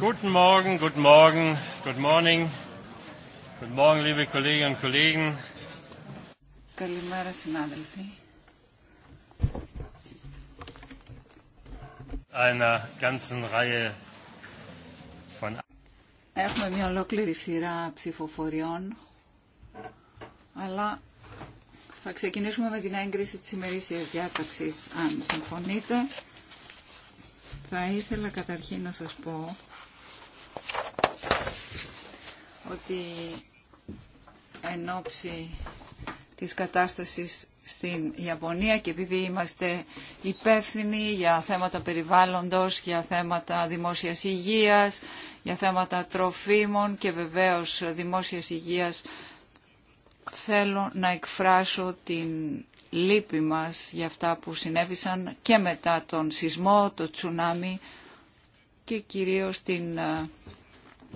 Guten Morgen, guten Morgen, good morning. Good morning, liebe Kolleginnen und Kollegen. Καλημέρα, συνάδελφοι. Einer ganzen Reihe von... Έχουμε μια ολόκληρη σειρά ψηφοφοριών, αλλά θα ξεκινήσουμε με την έγκριση της ημερήσιας διάταξης. Αν συμφωνείτε, θα ήθελα καταρχήν να σας πω ότι εν ώψη της κατάστασης στην Ιαπωνία και επειδή είμαστε υπεύθυνοι για θέματα περιβάλλοντος, για θέματα δημόσιας υγείας, για θέματα τροφίμων και βεβαίως δημόσιας υγείας θέλω να εκφράσω την λύπη μας για αυτά που συνέβησαν και μετά τον σεισμό, το τσουνάμι και κυρίως την ε,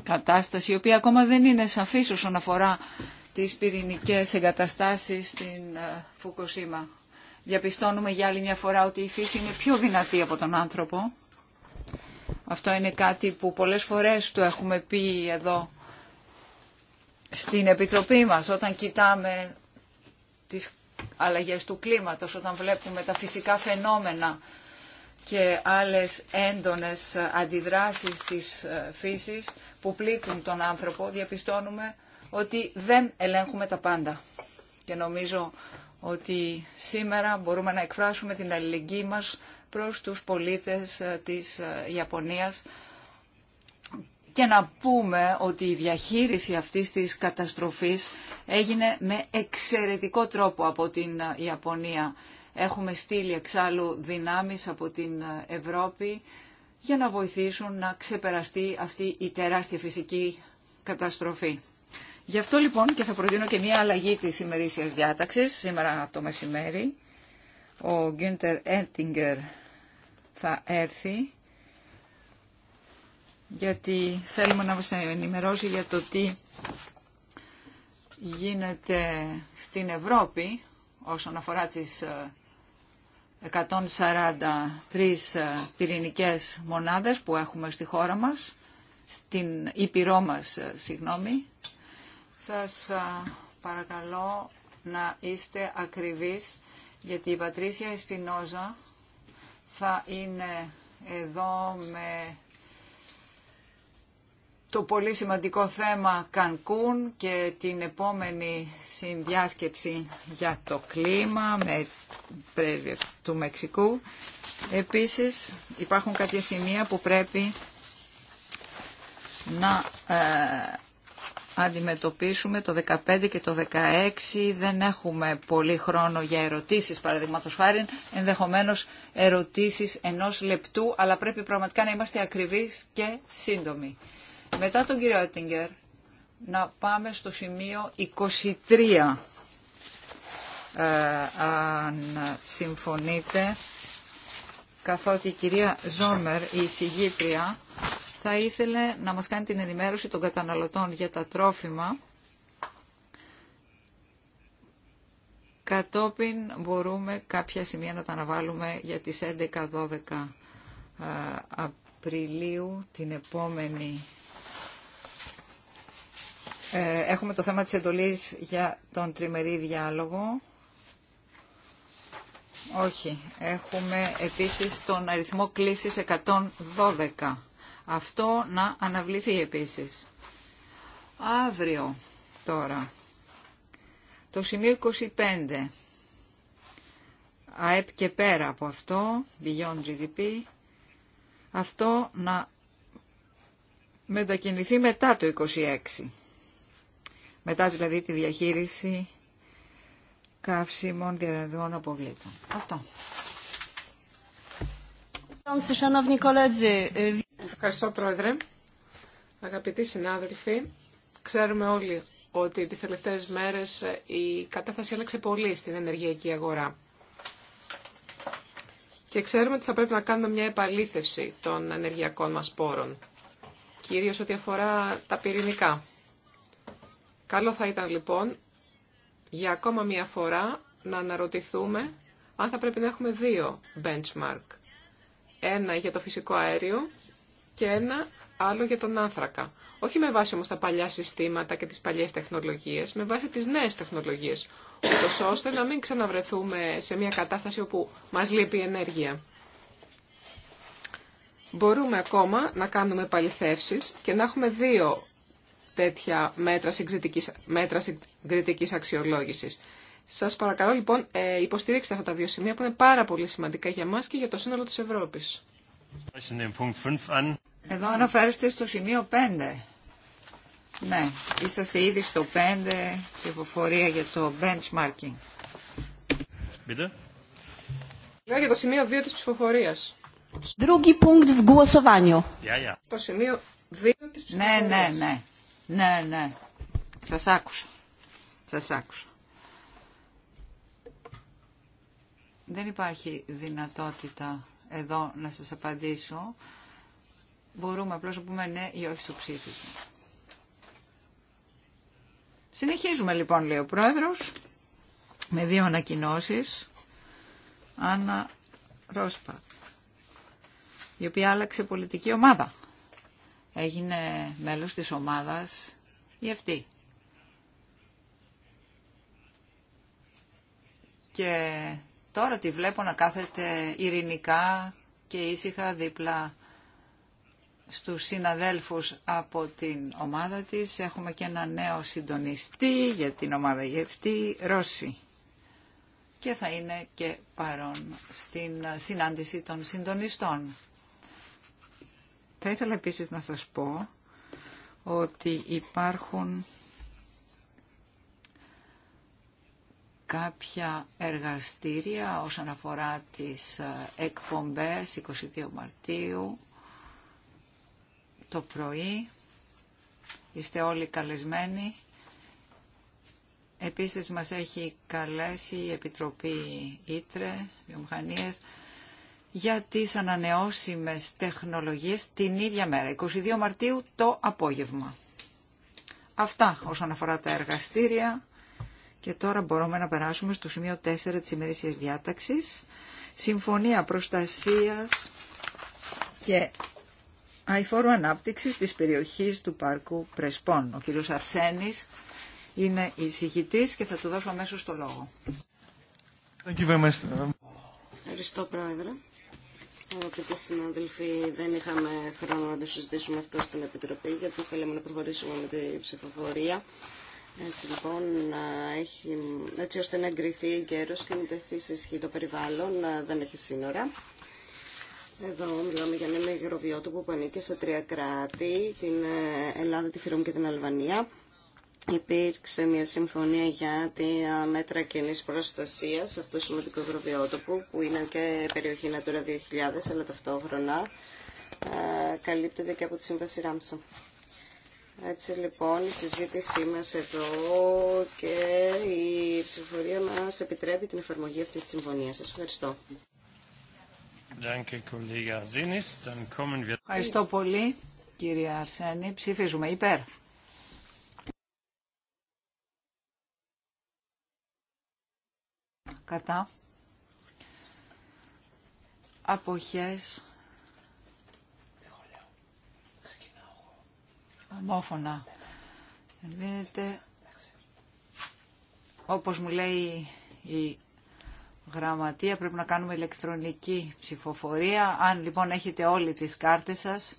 κατάσταση η οποία ακόμα δεν είναι σαφής όσον αφορά τις πυρηνικές εγκαταστάσεις στην ε, Φουκοσίμα. Διαπιστώνουμε για άλλη μια φορά ότι η φύση είναι πιο δυνατή από τον άνθρωπο. Αυτό είναι κάτι που πολλές φορές το έχουμε πει εδώ στην Επιτροπή μας όταν κοιτάμε τις αλλαγές του κλίματος, όταν βλέπουμε τα φυσικά φαινόμενα και άλλες έντονες αντιδράσεις της ε, φύσης που πλήττουν τον άνθρωπο, διαπιστώνουμε ότι δεν ελέγχουμε τα πάντα. Και νομίζω ότι σήμερα μπορούμε να εκφράσουμε την αλληλεγγύη μας προς τους πολίτες ε, της ε, Ιαπωνίας και να πούμε ότι η διαχείριση αυτής της καταστροφής έγινε με εξαιρετικό τρόπο από την Ιαπωνία. Έχουμε στείλει εξάλλου δυνάμεις από την Ευρώπη για να βοηθήσουν να ξεπεραστεί αυτή η τεράστια φυσική καταστροφή. Γι' αυτό λοιπόν και θα προτείνω και μια αλλαγή της ημερήσιας διάταξης σήμερα το μεσημέρι. Ο Γκίντερ Έντιγκερ θα έρθει γιατί θέλουμε να μας ενημερώσει για το τι γίνεται στην Ευρώπη όσον αφορά τις ε, 143 ε, πυρηνικές μονάδες που έχουμε στη χώρα μας, στην Ήπειρό μας, ε, συγγνώμη. Σας ε, παρακαλώ να είστε ακριβείς, γιατί η Πατρίσια Εσπινόζα θα είναι εδώ με το πολύ σημαντικό θέμα Κανκούν και την επόμενη συνδιάσκεψη για το κλίμα με πρέσβεια του Μεξικού. Επίσης υπάρχουν κάποια σημεία που πρέπει να ε, αντιμετωπίσουμε το 15 και το 16. Δεν έχουμε πολύ χρόνο για ερωτήσεις, παραδείγματο χάρη, ενδεχομένως ερωτήσεις ενός λεπτού, αλλά πρέπει πραγματικά να είμαστε ακριβείς και σύντομοι. Μετά τον κύριο Έτιγκερ, να πάμε στο σημείο 23. Ε, αν συμφωνείτε, καθότι η κυρία Ζόμερ, η συγγήτρια, θα ήθελε να μας κάνει την ενημέρωση των καταναλωτών για τα τρόφιμα. Κατόπιν μπορούμε κάποια σημεία να τα αναβάλουμε για τις 11-12 ε, Απριλίου την επόμενη ε, έχουμε το θέμα της εντολής για τον τριμερή διάλογο. Όχι. Έχουμε επίσης τον αριθμό κλήσης 112. Αυτό να αναβληθεί επίσης. Αύριο τώρα. Το σημείο 25. ΑΕΠ και πέρα από αυτό, Beyond GDP, αυτό να μετακινηθεί μετά το 26 μετά δηλαδή τη διαχείριση καυσίμων διαρρεδιών αποβλήτων. Αυτό. Ευχαριστώ Πρόεδρε. Αγαπητοί συνάδελφοι, ξέρουμε όλοι ότι τις τελευταίες μέρες η κατάσταση άλλαξε πολύ στην ενεργειακή αγορά. Και ξέρουμε ότι θα πρέπει να κάνουμε μια επαλήθευση των ενεργειακών μας πόρων, κυρίως ό,τι αφορά τα πυρηνικά. Καλό θα ήταν λοιπόν για ακόμα μία φορά να αναρωτηθούμε αν θα πρέπει να έχουμε δύο benchmark. Ένα για το φυσικό αέριο και ένα άλλο για τον άνθρακα. Όχι με βάση όμως τα παλιά συστήματα και τις παλιές τεχνολογίες, με βάση τις νέες τεχνολογίες, ούτως ώστε να μην ξαναβρεθούμε σε μια κατάσταση όπου μας λείπει η ενέργεια. Μπορούμε ακόμα να κάνουμε παληθεύσεις και να έχουμε δύο τέτοια μέτρα συγκριτικής, μέτρα συγκριτικής αξιολόγησης. Σας παρακαλώ λοιπόν ε, υποστηρίξτε αυτά τα δύο σημεία που είναι πάρα πολύ σημαντικά για μας και για το σύνολο της Ευρώπης. Εδώ αναφέρεστε στο σημείο 5. Ναι, είσαστε ήδη στο 5 ψηφοφορία για το benchmarking. Bitte? για το σημείο 2 της ψηφοφορίας. Το σημείο 2 της ναι, ναι, ψηφοφορίας. Ναι, ναι, ναι. Ναι, ναι. Σας άκουσα. Σας άκουσα. Δεν υπάρχει δυνατότητα εδώ να σας απαντήσω. Μπορούμε απλώς να πούμε ναι ή όχι στο ψήφισμα. Συνεχίζουμε λοιπόν, λέει ο Πρόεδρος, με δύο ανακοινώσεις. Άννα Ρόσπα, η οποία άλλαξε πολιτική ομάδα έγινε μέλος της ομάδας η αυτή. Και τώρα τη βλέπω να κάθεται ειρηνικά και ήσυχα δίπλα στους συναδέλφους από την ομάδα της. Έχουμε και ένα νέο συντονιστή για την ομάδα αυτή, Ρώση. Και θα είναι και παρόν στην συνάντηση των συντονιστών. Θα ήθελα επίσης να σας πω ότι υπάρχουν κάποια εργαστήρια όσον αφορά τις ε, εκπομπές 22 Μαρτίου το πρωί. Είστε όλοι καλεσμένοι. Επίσης μας έχει καλέσει η Επιτροπή Ήτρε, Βιομηχανίες για τις ανανεώσιμες τεχνολογίες την ίδια μέρα, 22 Μαρτίου το απόγευμα. Αυτά όσον αφορά τα εργαστήρια και τώρα μπορούμε να περάσουμε στο σημείο 4 της ημερήσιας διάταξης. Συμφωνία προστασίας και αηφόρου ανάπτυξης της περιοχής του Πάρκου Πρεσπών. Ο κύριος Αρσένης είναι εισηγητής και θα του δώσω αμέσως το λόγο. Ευχαριστώ, Πρόεδρε. Αγαπητοί συνάδελφοι, δεν είχαμε χρόνο να το συζητήσουμε αυτό στην Επιτροπή, γιατί θέλαμε να προχωρήσουμε με την ψηφοφορία. Έτσι λοιπόν, έχει, έτσι ώστε να εγκριθεί καιρό και να τεθεί σε ισχύ το περιβάλλον, δεν έχει σύνορα. Εδώ μιλάμε για ένα υγροβιότοπο που ανήκει σε τρία κράτη, την ε, Ελλάδα, τη Φιρόμ και την Αλβανία υπήρξε μια συμφωνία για τη μέτρα κοινή προστασία σε αυτό το σημαντικό που είναι και περιοχή Natura 2000 αλλά ταυτόχρονα καλύπτεται και από τη Σύμβαση Ράμσα. Έτσι λοιπόν η συζήτησή μας εδώ και η ψηφοφορία μας επιτρέπει την εφαρμογή αυτής της συμφωνίας. Σας ευχαριστώ. Ευχαριστώ πολύ κυρία Αρσένη. Ψηφίζουμε υπέρ. κατά αποχές ομόφωνα. όπως μου λέει η γραμματεία, πρέπει να κάνουμε ηλεκτρονική ψηφοφορία. Αν λοιπόν έχετε όλοι τις κάρτες σας,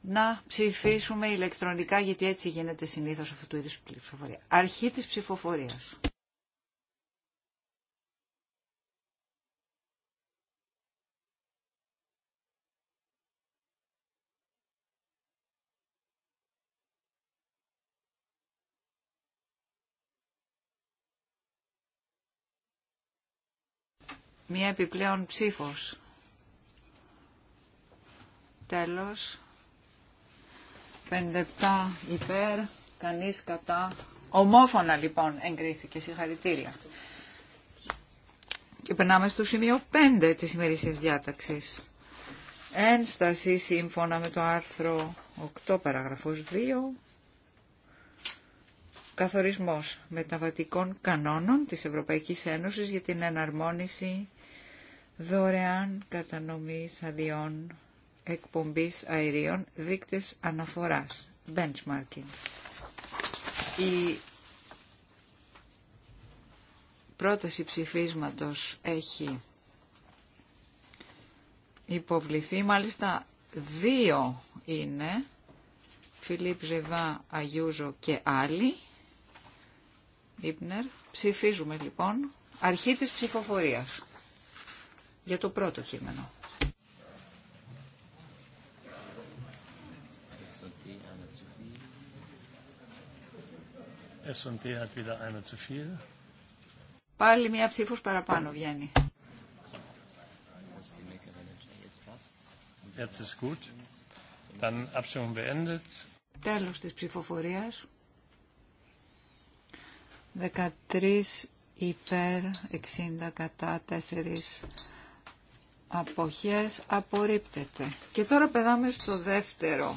να ψηφίσουμε ηλεκτρονικά, γιατί έτσι γίνεται συνήθως αυτού του είδους ψηφοφορία. Αρχή της ψηφοφορίας. μία επιπλέον ψήφος. Τέλος. 57 υπέρ, κανείς κατά. Ομόφωνα λοιπόν εγκρίθηκε, συγχαρητήρια. Και περνάμε στο σημείο 5 της ημερήσιας διάταξης. Ένσταση σύμφωνα με το άρθρο 8 παραγραφός 2. Καθορισμός μεταβατικών κανόνων της Ευρωπαϊκής Ένωσης για την εναρμόνιση δωρεάν κατανομής αδειών εκπομπής αερίων δείκτες αναφοράς, benchmarking. Η πρόταση ψηφίσματος έχει υποβληθεί, μάλιστα δύο είναι, Φιλίπ Ζεβά, Αγιούζο και άλλοι, Ήπνερ. Ψηφίζουμε λοιπόν, αρχή της ψηφοφορίας για το πρώτο κείμενο. Πάλι μία ψήφος παραπάνω βγαίνει. Jetzt ist gut. Τέλος της ψηφοφορίας. 13 υπέρ, 60 κατά, 4 Αποχές απορρίπτεται. Και τώρα περνάμε στο δεύτερο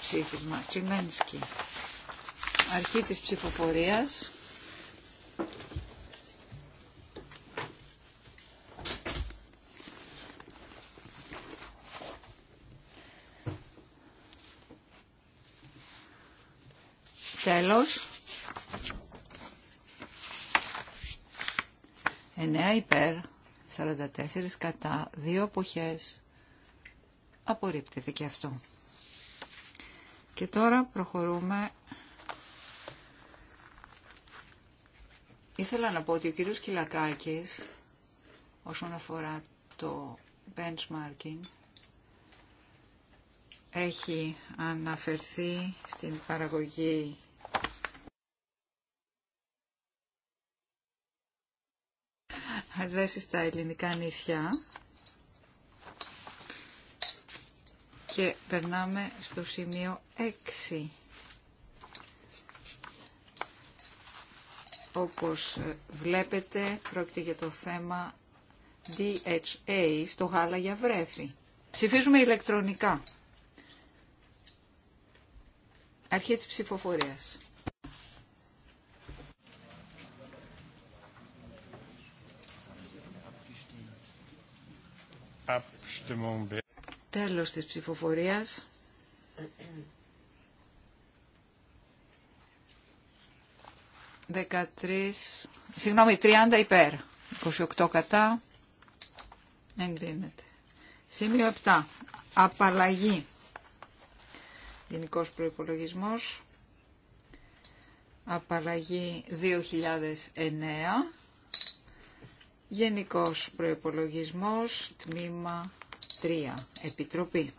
ψήφισμα. Τσιμένσκι. Αρχή της ψηφοφορίας. Τέλος. Εννέα υπέρ. 44 κατά, δύο εποχές Απορρίπτεται και αυτό. Και τώρα προχωρούμε. Ήθελα να πω ότι ο κύριος Κυλακάκης, όσον αφορά το benchmarking, έχει αναφερθεί στην παραγωγή δέσει στα ελληνικά νησιά και περνάμε στο σημείο 6. Όπως ε, βλέπετε, πρόκειται για το θέμα DHA στο γάλα για βρέφη. Ψηφίζουμε ηλεκτρονικά. Αρχή της ψηφοφορίας. Τέλος της ψηφοφορίας. Δεκατρεις... Συγγνώμη, 30 υπέρ. 28 κατά. Εγκρίνεται. Σημείο 7. Απαλλαγή. Γενικός προϋπολογισμός. Απαλλαγή 2009. Γενικός προϋπολογισμός, τμήμα 3, Επιτροπή.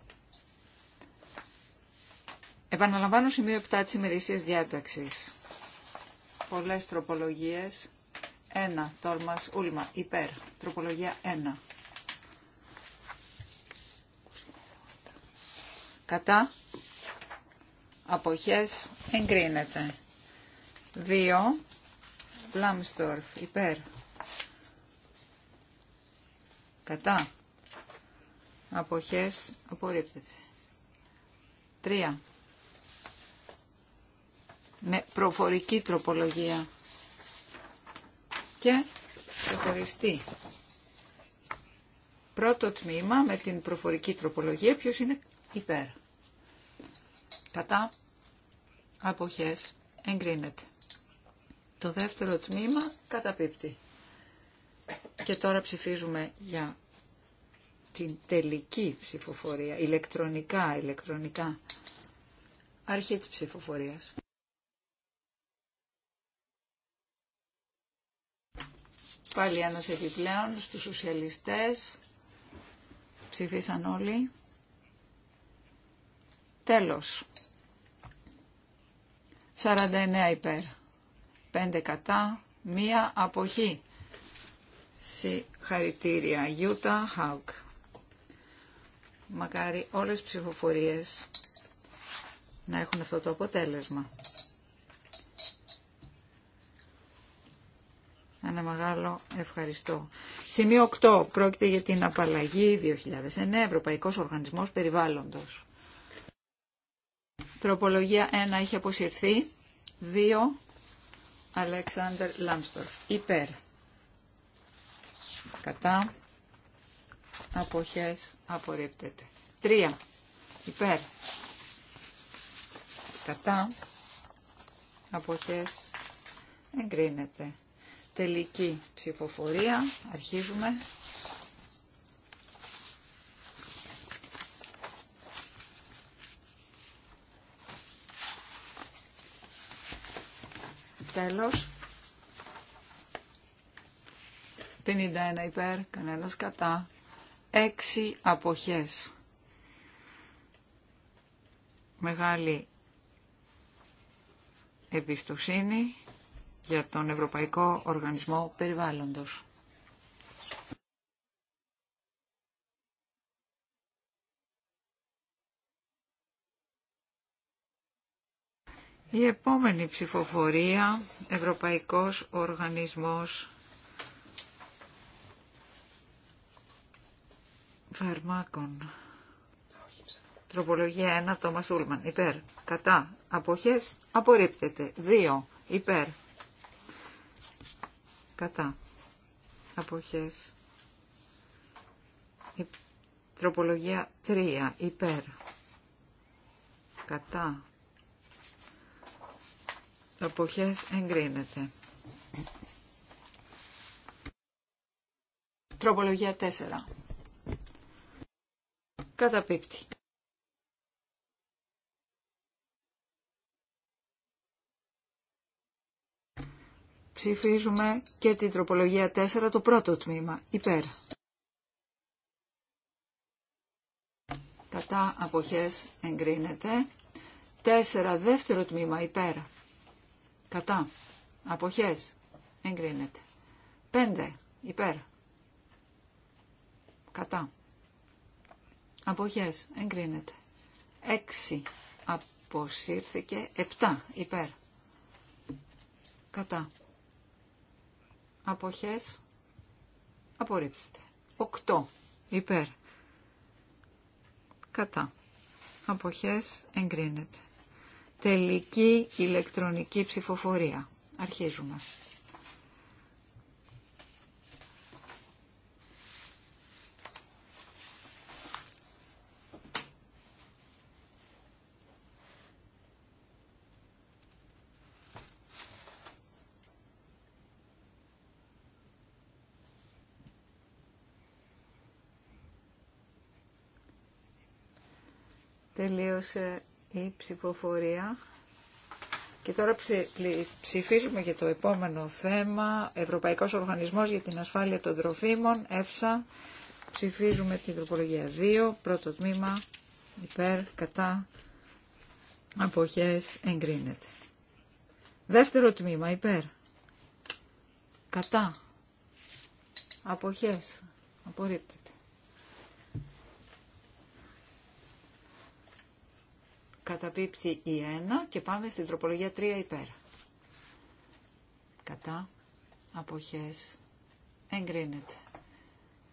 Επαναλαμβάνω σημείο 7 της ημερησίας διάταξης. Πολλές τροπολογίες. 1. Τόλμας Ούλμα. Υπέρ. Τροπολογία 1. Κατά. Αποχές. Εγκρίνεται. 2. Λάμστορφ. Υπέρ. Κατά. Αποχές απορρίπτεται. Τρία Με προφορική τροπολογία και ξεχωριστή. Πρώτο τμήμα με την προφορική τροπολογία ποιος είναι υπέρ. Κατά αποχές εγκρίνεται. Το δεύτερο τμήμα καταπίπτει. Και τώρα ψηφίζουμε για την τελική ψηφοφορία, ηλεκτρονικά, ηλεκτρονικά, αρχή της ψηφοφορίας. Πάλι ένας επιπλέον στους σοσιαλιστές. Ψηφίσαν όλοι. Τέλος. 49 υπέρ. 5 κατά. Μία αποχή. Συγχαρητήρια. Γιούτα Χάουκ. Μακάρι όλες οι ψηφοφορίες να έχουν αυτό το αποτέλεσμα. Ένα μεγάλο ευχαριστώ. Σημείο 8. Πρόκειται για την απαλλαγή 2009 Ευρωπαϊκός Οργανισμός Περιβάλλοντος. Τροπολογία 1 Είχε αποσυρθεί. 2. Αλέξανδρ Λάμστορφ. Υπέρ κατά, αποχές, απορρίπτεται. Τρία. Υπέρ, κατά, αποχές, εγκρίνεται. Τελική ψηφοφορία, αρχίζουμε. Τέλος. 51 υπέρ, κανένας κατά, 6 αποχές. Μεγάλη εμπιστοσύνη για τον Ευρωπαϊκό Οργανισμό Περιβάλλοντος. Η επόμενη ψηφοφορία, Ευρωπαϊκός Οργανισμός φαρμάκων. Τροπολογία 1, Τόμα Ούλμαν. Υπέρ. Κατά. απόχέ. Απορρίπτεται. 2. Υπέρ. Κατά. απόχέ. Τροπολογία 3. Υπέρ. Κατά. Αποχέ εγκρίνεται. Τροπολογία 4 καταπίπτει. Ψηφίζουμε και την τροπολογία 4, το πρώτο τμήμα, υπέρ. Κατά αποχές εγκρίνεται. 4, δεύτερο τμήμα, υπέρ. Κατά αποχές εγκρίνεται. 5, υπέρ. Κατά Αποχές. Εγκρίνεται. 6. Αποσύρθηκε. 7. Υπέρ. Κατά. Αποχές. Απορρίψτε. 8. Υπέρ. Κατά. Αποχές. Εγκρίνεται. Τελική ηλεκτρονική ψηφοφορία. Αρχίζουμε. τελείωσε η ψηφοφορία. Και τώρα ψηφίζουμε για το επόμενο θέμα, Ευρωπαϊκός Οργανισμός για την Ασφάλεια των Τροφίμων, ΕΦΣΑ. Ψηφίζουμε την τροπολογία 2, πρώτο τμήμα, υπέρ, κατά, αποχές, εγκρίνεται. Δεύτερο τμήμα, υπέρ, κατά, αποχές, απορρίπτεται. Καταπίπτει η 1 και πάμε στην τροπολογία 3 υπέρ. Κατά αποχές εγκρίνεται.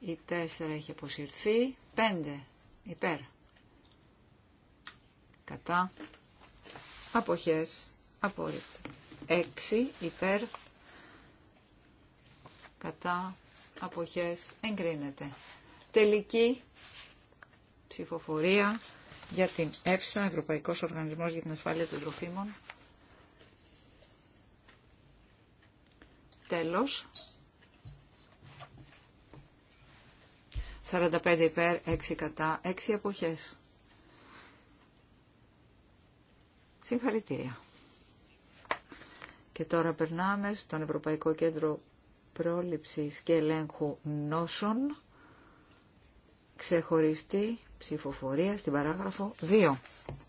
Η 4 έχει αποσυρθεί. 5 υπέρ. Κατά αποχές απορρίπτεται. 6 υπέρ. Κατά αποχές εγκρίνεται. Τελική ψηφοφορία για την ΕΦΣΑ, Ευρωπαϊκός Οργανισμός για την Ασφάλεια των Τροφίμων. Τέλος. 45 υπέρ, 6 κατά, 6 εποχέ. Συγχαρητήρια. Και τώρα περνάμε στον Ευρωπαϊκό Κέντρο Πρόληψης και Ελέγχου Νόσων, ξεχωριστή ψηφοφορία στην παράγραφο 2.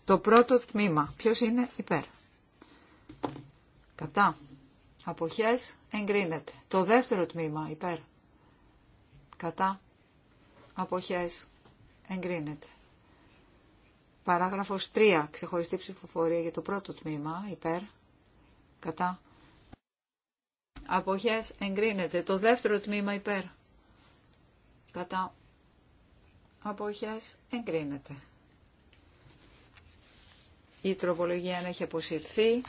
Το πρώτο τμήμα. Ποιος είναι υπέρ. Κατά. Αποχές εγκρίνεται. Το δεύτερο τμήμα υπέρ. Κατά. Αποχές εγκρίνεται. Παράγραφος 3. Ξεχωριστή ψηφοφορία για το πρώτο τμήμα υπέρ. Κατά. Αποχές εγκρίνεται. Το δεύτερο τμήμα υπέρ. Κατά αποχές εγκρίνεται. Η τροπολογία να έχει αποσυρθεί.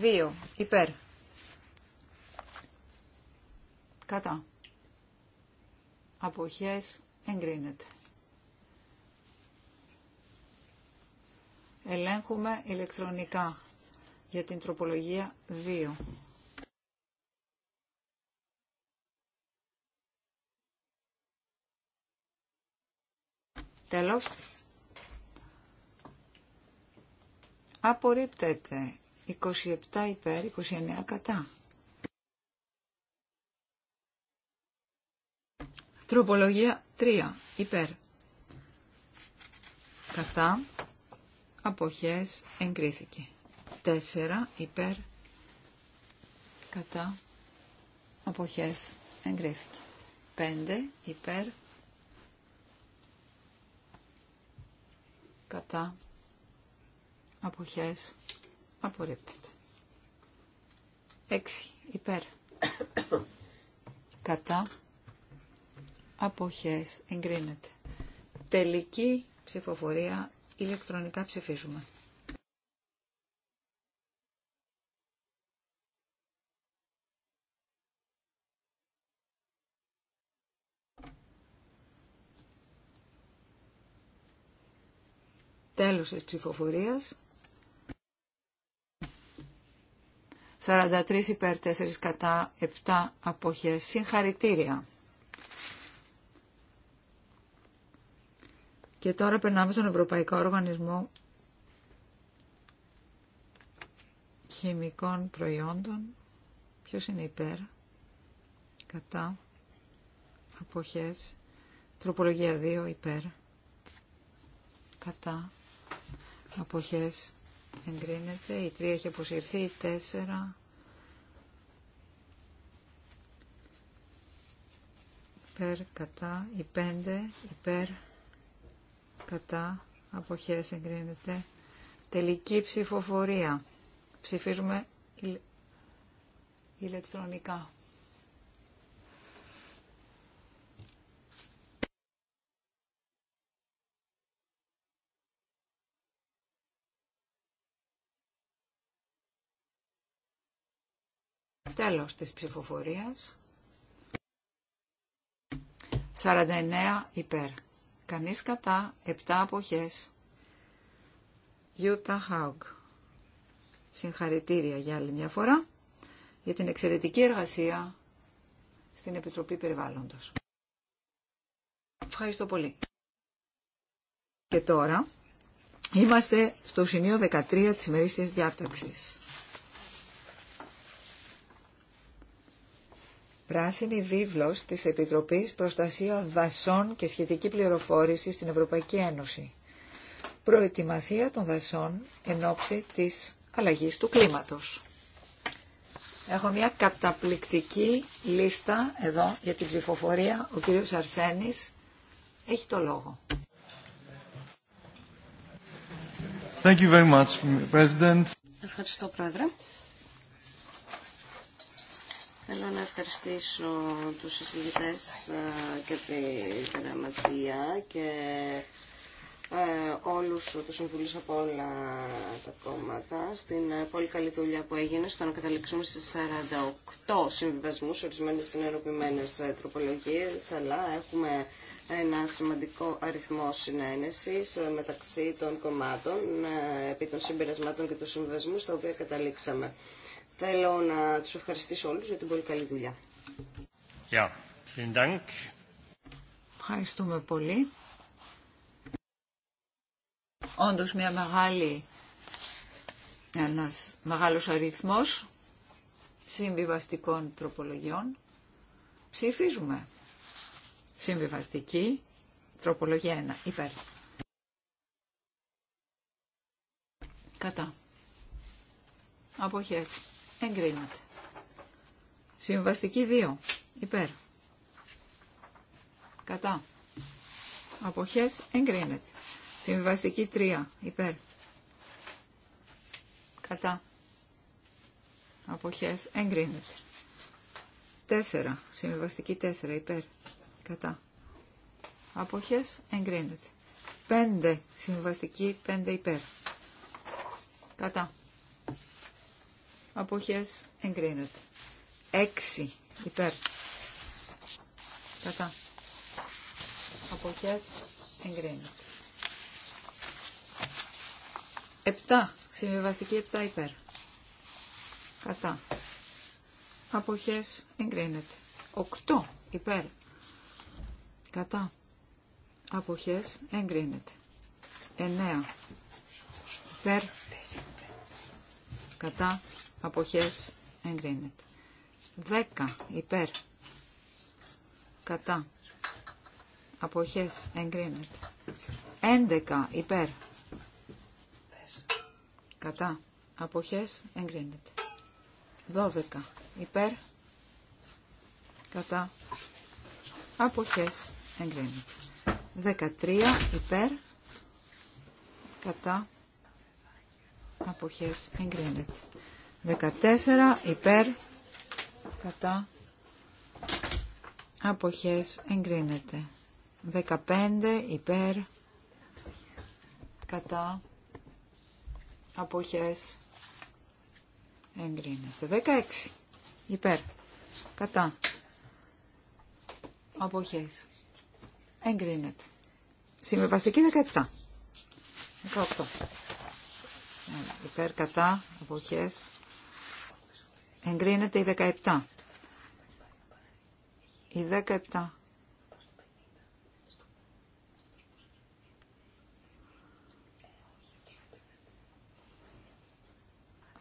2 υπέρ. Κατά. Αποχές εγκρίνεται. Ελέγχουμε ηλεκτρονικά για την τροπολογία 2. Τέλος. Απορρίπτεται. 27 υπέρ, 29 κατά. Τροπολογία 3 υπέρ. Κατά. Αποχές εγκρίθηκε. 4 υπέρ. Κατά. Αποχές εγκρίθηκε. 5 υπέρ. κατά αποχές απορρίπτεται. 6 υπέρ κατά αποχές εγκρίνεται. Τελική ψηφοφορία ηλεκτρονικά ψηφίζουμε. Τέλος της ψηφοφορίας. 43 υπέρ 4 κατά 7 αποχές. Συγχαρητήρια. Και τώρα περνάμε στον Ευρωπαϊκό Οργανισμό Χημικών Προϊόντων. Ποιος είναι υπέρ, κατά, αποχές, τροπολογία 2 υπέρ, κατά, αποχές εγκρίνεται, η τρία έχει αποσυρθεί, η 4 υπέρ, κατά, η πέντε υπέρ, κατά, αποχές εγκρίνεται, τελική ψηφοφορία. Ψηφίζουμε ηλεκτρονικά. Τέλος της ψηφοφορίας. 49 υπέρ. Κανείς κατά 7 αποχές. Γιούτα Χάουγκ. Συγχαρητήρια για άλλη μια φορά για την εξαιρετική εργασία στην Επιτροπή Περιβάλλοντος. Ευχαριστώ πολύ. Και τώρα είμαστε στο σημείο 13 της ημερήσιας διάταξης. πράσινη βίβλος της Επιτροπής Προστασία Δασών και σχετική πληροφόρηση στην Ευρωπαϊκή Ένωση. Προετοιμασία των δασών εν ώψη της αλλαγής του κλίματος. Έχω μια καταπληκτική λίστα εδώ για την ψηφοφορία. Ο κύριος Αρσένης έχει το λόγο. Thank you very much, President. Ευχαριστώ, Πρόεδρε. Θέλω να ευχαριστήσω τους συζητητές ε, και τη γραμματεία και ε, όλους τους συμβουλούς από όλα τα κόμματα στην ε, πολύ καλή δουλειά που έγινε στο να καταλήξουμε σε 48 συμβιβασμούς, ορισμένες ε, τροπολογίες, αλλά έχουμε ένα σημαντικό αριθμό συνένεσης μεταξύ των κομμάτων επί των συμπερασμάτων και του συμβιβασμού στα οποία καταλήξαμε. Θέλω να τους ευχαριστήσω όλους για την πολύ καλή δουλειά. vielen Dank. Ευχαριστούμε πολύ. Όντως μια μεγάλη, ένας μεγάλος αριθμός συμβιβαστικών τροπολογιών. Ψηφίζουμε. Συμβιβαστική τροπολογία 1. Υπέρ. Κατά. Αποχές εγκρίνεται. Συμβαστική 2. Υπέρ. Κατά. Αποχές εγκρίνεται. Συμβαστική 3. Υπέρ. Κατά. Αποχές εγκρίνεται. 4. Συμβαστική 4. Υπέρ. Κατά. Αποχές εγκρίνεται. 5. Συμβαστική 5 υπέρ. Κατά αποχές εγκρίνεται. Έξι. Υπέρ. Κατά. Αποχές εγκρίνεται. Επτά. Συμβιβαστική επτά υπέρ. Κατά. Αποχές εγκρίνεται. Οκτώ. Υπέρ. Κατά. Αποχές εγκρίνεται. Εννέα. Υπέρ. Κατά αποχές εγκρίνεται. 10 υπέρ κατά αποχές εγκρίνεται. 11 υπέρ κατά αποχές εγκρίνεται. 12 υπέρ κατά αποχές εγκρίνεται. 13 υπέρ κατά αποχές εγκρίνεται. 14 υπέρ κατά αποχές εγκρίνεται. 15 υπέρ κατά αποχές εγκρίνεται. 16 υπέρ κατά αποχές εγκρίνεται. Συμβεβαστική 17. 18. Υπέρ κατά αποχές Εγκρίνεται η 17. Η 17.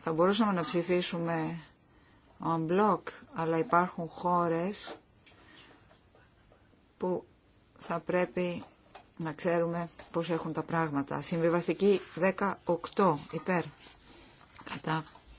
Θα μπορούσαμε να ψηφίσουμε on block, αλλά υπάρχουν χώρες που θα πρέπει να ξέρουμε πώς έχουν τα πράγματα. Συμβιβαστική 18 υπέρ κατά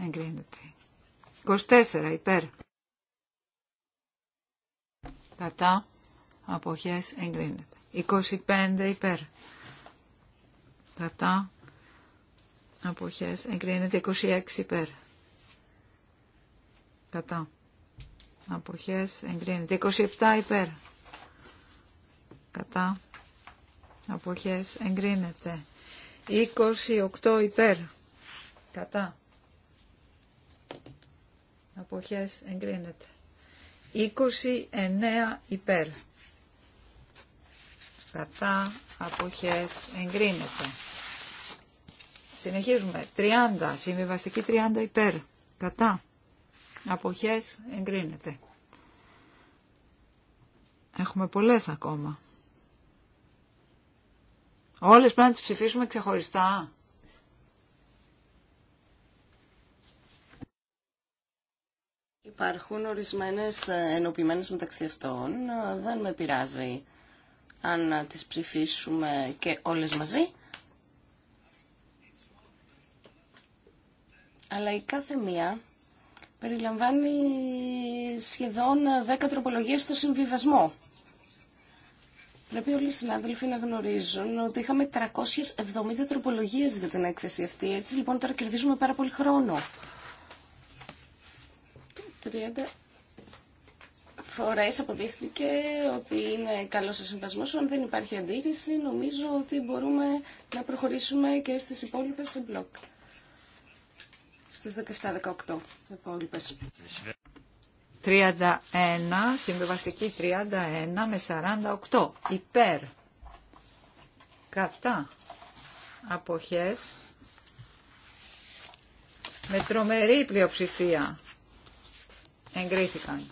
Εγκρίνεται. 24 υπέρ. Κατά. Αποχές εγκρίνεται. 25 υπέρ. Κατά. Αποχές εγκρίνεται. 26 υπέρ. Κατά. Αποχές εγκρίνεται. 27 υπέρ. Κατά. Αποχές εγκρίνεται. 28 υπέρ. Κατά. Αποχές εγκρίνεται. 29 υπέρ. Κατά αποχές εγκρίνεται. Συνεχίζουμε. 30. Συμβιβαστική 30 υπέρ. Κατά. Αποχές εγκρίνεται. Έχουμε πολλές ακόμα. Όλες πρέπει να τις ψηφίσουμε ξεχωριστά. Υπάρχουν ορισμένες ε, ενωπημένες μεταξύ αυτών. Ε, δεν με πειράζει αν ε, τις ψηφίσουμε και όλες μαζί. Αλλά η κάθε μία περιλαμβάνει σχεδόν 10 τροπολογίες στο συμβιβασμό. Πρέπει όλοι οι συνάδελφοι να γνωρίζουν ότι είχαμε 370 τροπολογίες για την έκθεση αυτή. Έτσι λοιπόν τώρα κερδίζουμε πάρα πολύ χρόνο. 30 φορές αποδείχθηκε ότι είναι καλός ο συμβασμός. Αν δεν υπάρχει αντίρρηση, νομίζω ότι μπορούμε να προχωρήσουμε και στις υπόλοιπες σε μπλοκ. Στις 17-18 υπόλοιπες. 31, συμβεβαστική 31 με 48, υπέρ, κατά, αποχές, με τρομερή πλειοψηφία εγκρίθηκαν.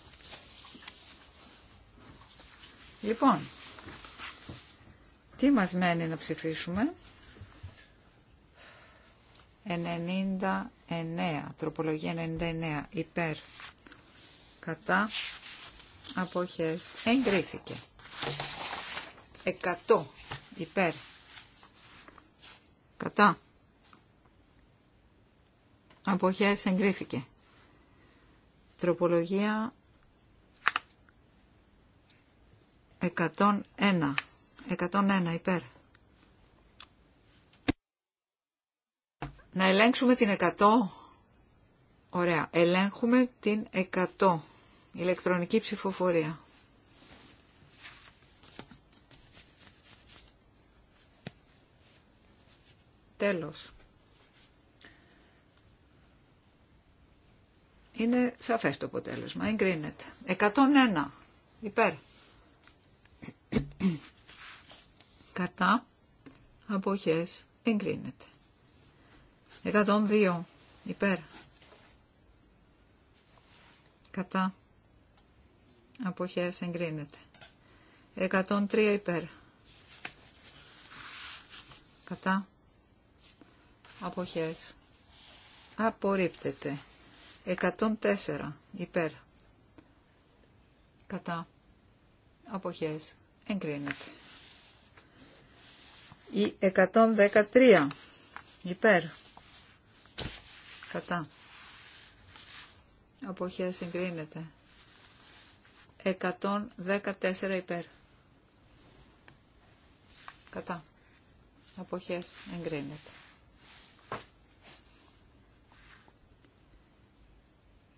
Λοιπόν, τι μας μένει να ψηφίσουμε. 99, τροπολογία 99, υπέρ, κατά, αποχές, εγκρίθηκε. 100, υπέρ, κατά, αποχές, εγκρίθηκε. Τροπολογία 101. 101 υπέρ. Να ελέγξουμε την 100. Ωραία. Ελέγχουμε την 100. Ηλεκτρονική ψηφοφορία. Τέλος. Είναι σαφές το αποτέλεσμα. Εγκρίνεται. 101. Υπέρ. Κατά. Αποχές. Εγκρίνεται. 102. Υπέρ. Κατά. Αποχές. Εγκρίνεται. 103. Υπέρ. Κατά. Αποχές. Απορρίπτεται. 104 υπέρ κατά αποχές εγκρίνεται. Η 113 υπέρ κατά αποχές εγκρίνεται. 114 υπέρ κατά αποχές εγκρίνεται.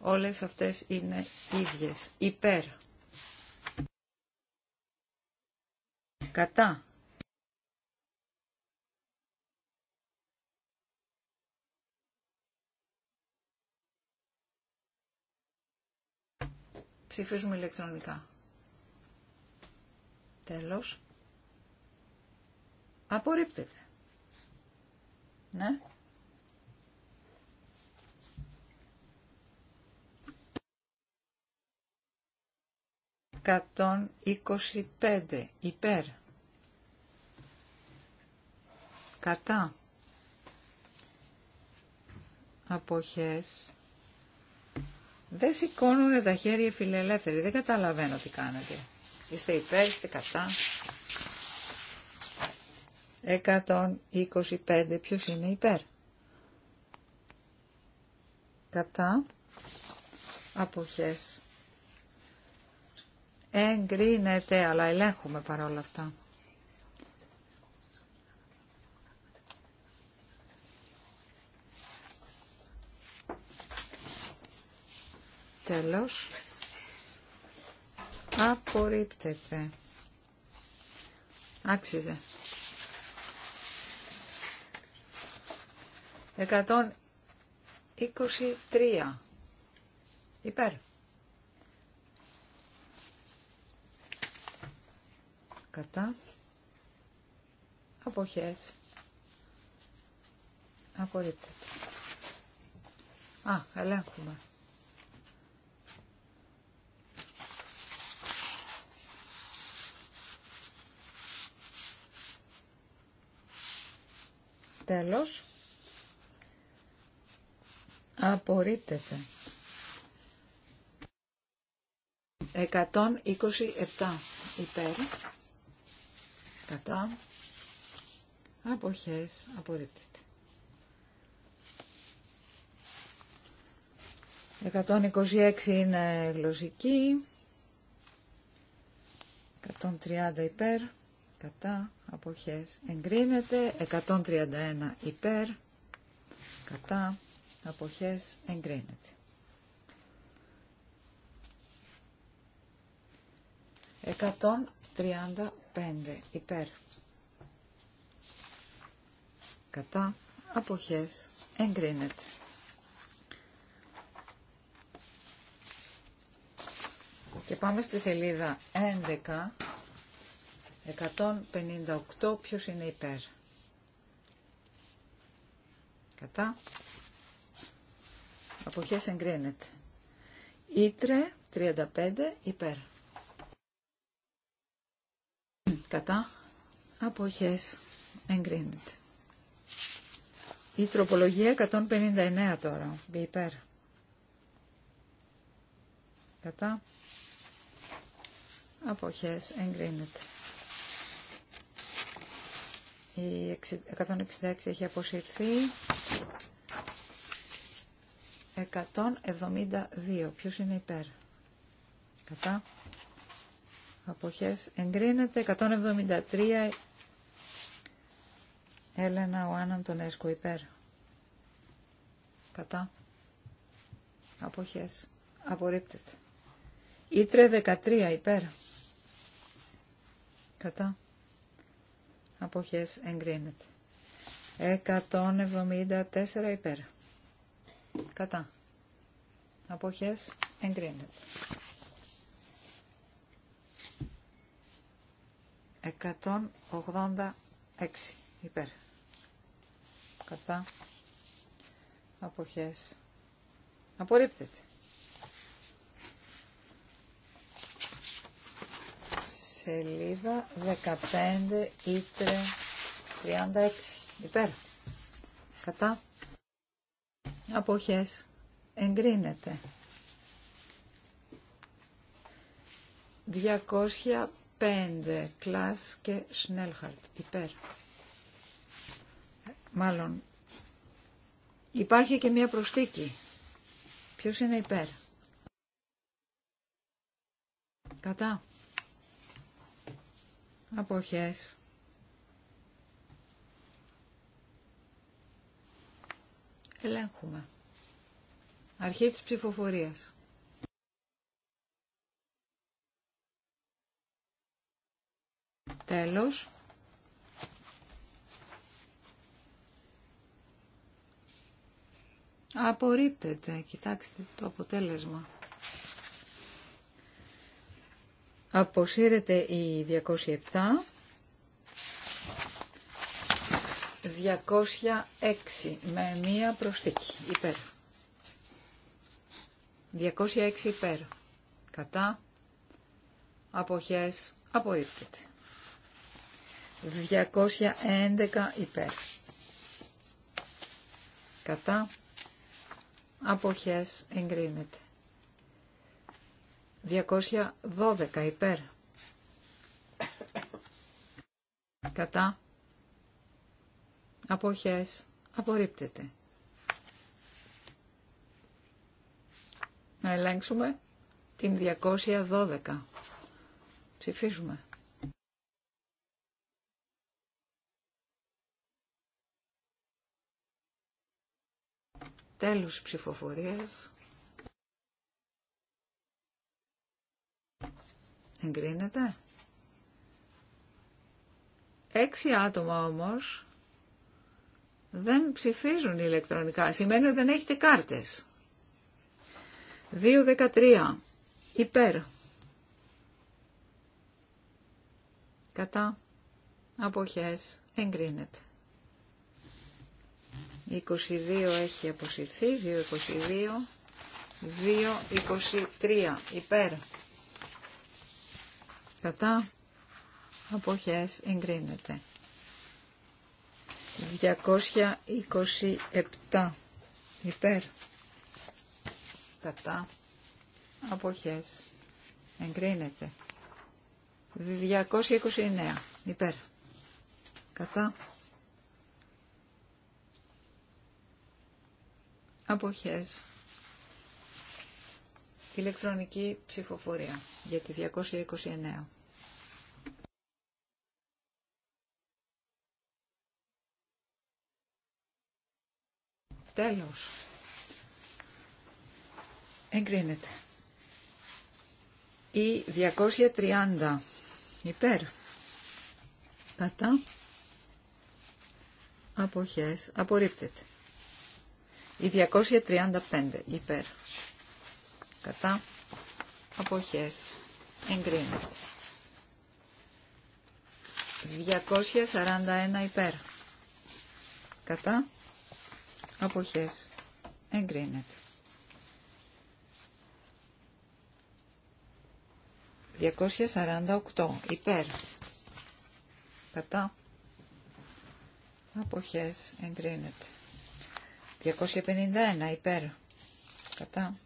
Όλες αυτές είναι ίδιες. Υπέρ. Κατά. Ψηφίζουμε ηλεκτρονικά. Τέλος. Απορρίπτεται. Ναι. 125 υπέρ κατά αποχές δεν σηκώνουν τα χέρια φιλελεύθεροι δεν καταλαβαίνω τι κάνετε είστε υπέρ, είστε κατά 125 ποιος είναι υπέρ κατά αποχές Εγκρίνεται, αλλά ελέγχουμε παρόλα αυτά. Τέλος. Απορρίπτεται. Άξιζε. 123. Υπέρ. κατά αποχές απορρίπτεται. Α, ελέγχουμε. Τέλος, απορρίπτεται. 127 υπέρ κατά, αποχές, απορρίπτεται. 126 είναι γλωσσική, 130 υπέρ, κατά, αποχές, εγκρίνεται, 131 υπέρ, κατά, αποχές, εγκρίνεται. 138 υπέρ. Κατά αποχές εγκρίνεται. Και πάμε στη σελίδα 11, 158, ποιος είναι υπέρ. Κατά. Αποχές εγκρίνεται. Ήτρε 35 υπέρ κατά αποχές εγκρίνεται. Η τροπολογία 159 τώρα, υπέρ. Κατά αποχές εγκρίνεται. Η 166 έχει αποσυρθεί. 172. Ποιος είναι υπέρ. Κατά αποχές εγκρίνεται 173 Έλενα ο άναν τον Έσκο υπέρ κατά αποχές απορρίπτεται Ήτρε 13 υπέρ κατά αποχές εγκρίνεται 174 υπέρ κατά αποχές εγκρίνεται 186 υπέρ. Κατά αποχές απορρίπτεται. Σελίδα 15 ήτρε 36 υπέρ. Κατά αποχές εγκρίνεται. 200. Πέντε, Κλάς και Σνέλχαρτ. Υπέρ. Μάλλον. Υπάρχει και μία προστίκη. Ποιος είναι υπέρ. Κατά. Αποχές. Ελέγχουμε. Αρχή της ψηφοφορίας. Τέλος. Απορρίπτεται. Κοιτάξτε το αποτέλεσμα. Αποσύρεται η 207. 206 με μία προσθήκη υπέρ. 206 υπέρ. Κατά. Αποχές. Απορρίπτεται. 211 υπέρ. Κατά αποχές εγκρίνεται. 212 υπέρ. Κατά αποχές απορρίπτεται. Να ελέγξουμε την 212. Ψηφίζουμε. Τέλους ψηφοφορίας. Εγκρίνεται. Έξι άτομα όμως δεν ψηφίζουν ηλεκτρονικά. Σημαίνει ότι δεν έχετε κάρτες. 2.13. Υπέρ. Κατά. Αποχές. Εγκρίνεται. 22 έχει αποσυρθεί, 2.22, 2.23 υπέρ. Κατά αποχές εγκρίνεται. 227 υπέρ. Κατά αποχές εγκρίνεται. 229 υπέρ. Κατά αποχές. Ηλεκτρονική ψηφοφορία για τη 229. Τέλος. Εγκρίνεται. Η 230 υπέρ. Κατά. Αποχές. Απορρίπτεται. Η 235 υπέρ. Κατά αποχές εγκρίνεται. 241 υπέρ. Κατά αποχές εγκρίνεται. 248 υπέρ. Κατά αποχές εγκρίνεται. 251 υπέρ. Κατά.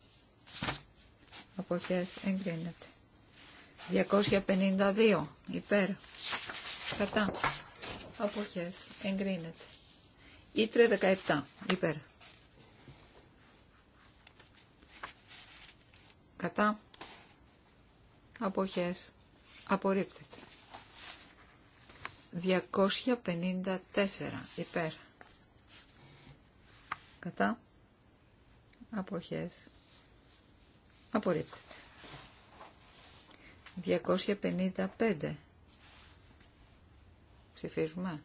Αποχές εγκρίνεται. 252 υπέρ. Κατά. Αποχές εγκρίνεται. Ήτρε 17 υπέρ. Κατά. Αποχές απορρίπτεται. 254 υπέρ. Κατά. Αποχές. Απορρίπτεται. 255. Ψηφίζουμε.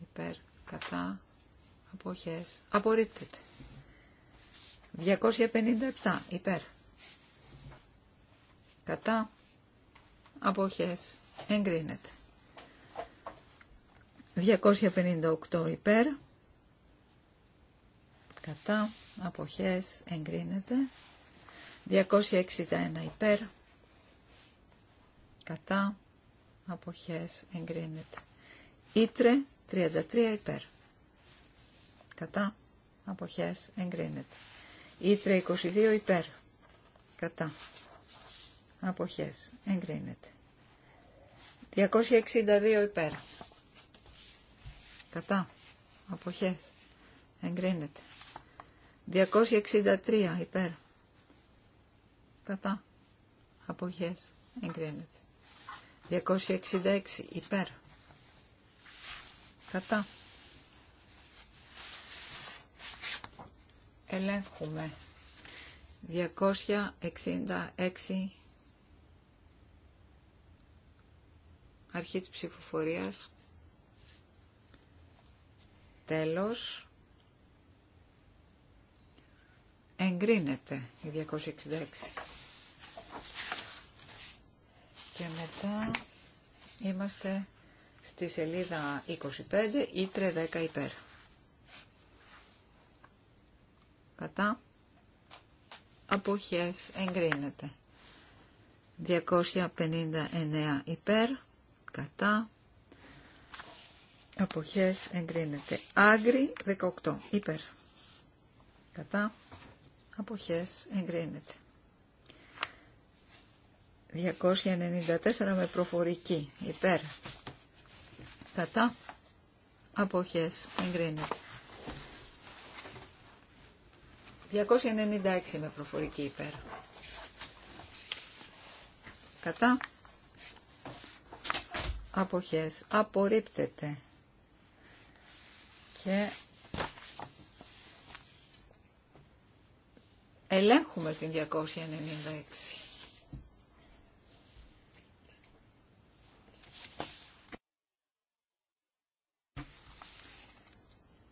Υπέρ. Κατά. Αποχές. Απορρίπτεται. 257. Υπέρ. Κατά. Αποχές. Εγκρίνεται. 258 υπέρ κατά αποχές εγκρίνεται 261 υπέρ κατά αποχές εγκρίνεται Ήτρε 33 υπέρ κατά αποχές εγκρίνεται Ήτρε 22 υπέρ κατά αποχές εγκρίνεται 262 υπέρ κατά αποχές εγκρίνεται 263 υπέρ. Κατά. Αποχές. Εγκρίνεται. 266 υπέρ. Κατά. Ελέγχουμε. 266 αρχή της ψηφοφορίας τέλος Εγκρίνεται η 266. Και μετά είμαστε στη σελίδα 25 ή 310 υπέρ. Κατά. Αποχές εγκρίνεται. 259 υπέρ. Κατά. Αποχές εγκρίνεται. άγρι 18 υπέρ. Κατά αποχές εγκρίνεται. 294 με προφορική υπέρ κατά αποχές εγκρίνεται. 296 με προφορική υπέρ. Κατά. Αποχές. Απορρίπτεται. Και Ελέγχουμε την 296.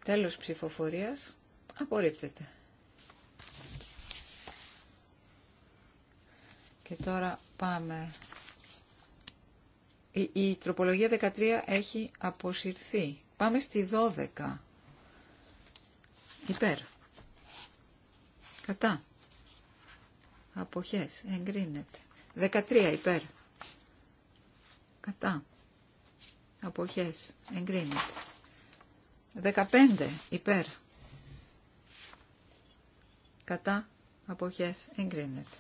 Τέλος ψηφοφορίας. Απορρίπτεται. Και τώρα πάμε. Η, η τροπολογία 13 έχει αποσυρθεί. Πάμε στη 12. Υπέρ. Κατά. Αποχές. Εγκρίνεται. 13 υπέρ. Κατά. Αποχές. Εγκρίνεται. 15 υπέρ. Κατά. Αποχές. Εγκρίνεται.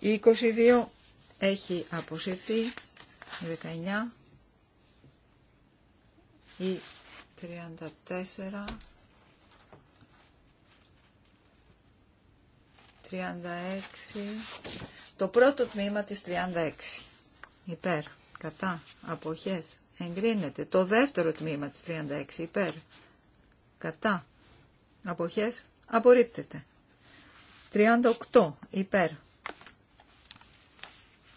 22 έχει αποσυρθεί. 19 ή 34 36, το πρώτο τμήμα της 36. Υπέρ, κατά, αποχές, εγκρίνεται. Το δεύτερο τμήμα της 36, υπέρ, κατά, αποχές, απορρίπτεται. 38, υπέρ,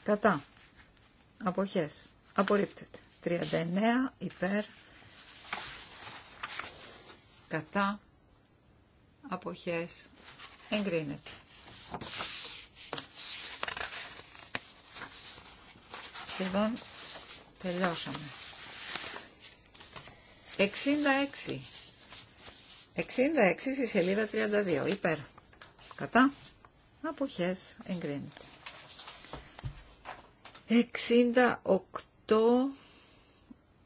κατά, αποχές, απορρίπτεται. 39, υπέρ, κατά, αποχές, εγκρίνεται. Σχεδόν λοιπόν, τελειώσαμε. 66. 66 στη σελίδα 32. Υπέρ. Κατά. Αποχές. Εγκρίνεται. 68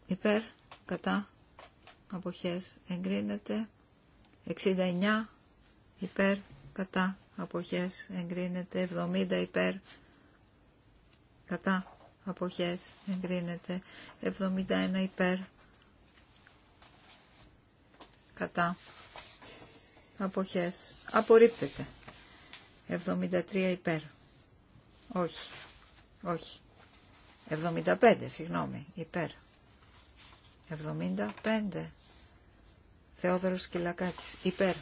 υπέρ, κατά, αποχές, εγκρίνεται. 69 υπέρ, κατά, αποχές εγκρίνεται 70 υπέρ κατά αποχές εγκρίνεται 71 υπέρ κατά αποχές απορρίπτεται 73 υπέρ όχι όχι 75 συγγνώμη υπέρ 75 Θεόδωρος Κυλακάκης υπέρ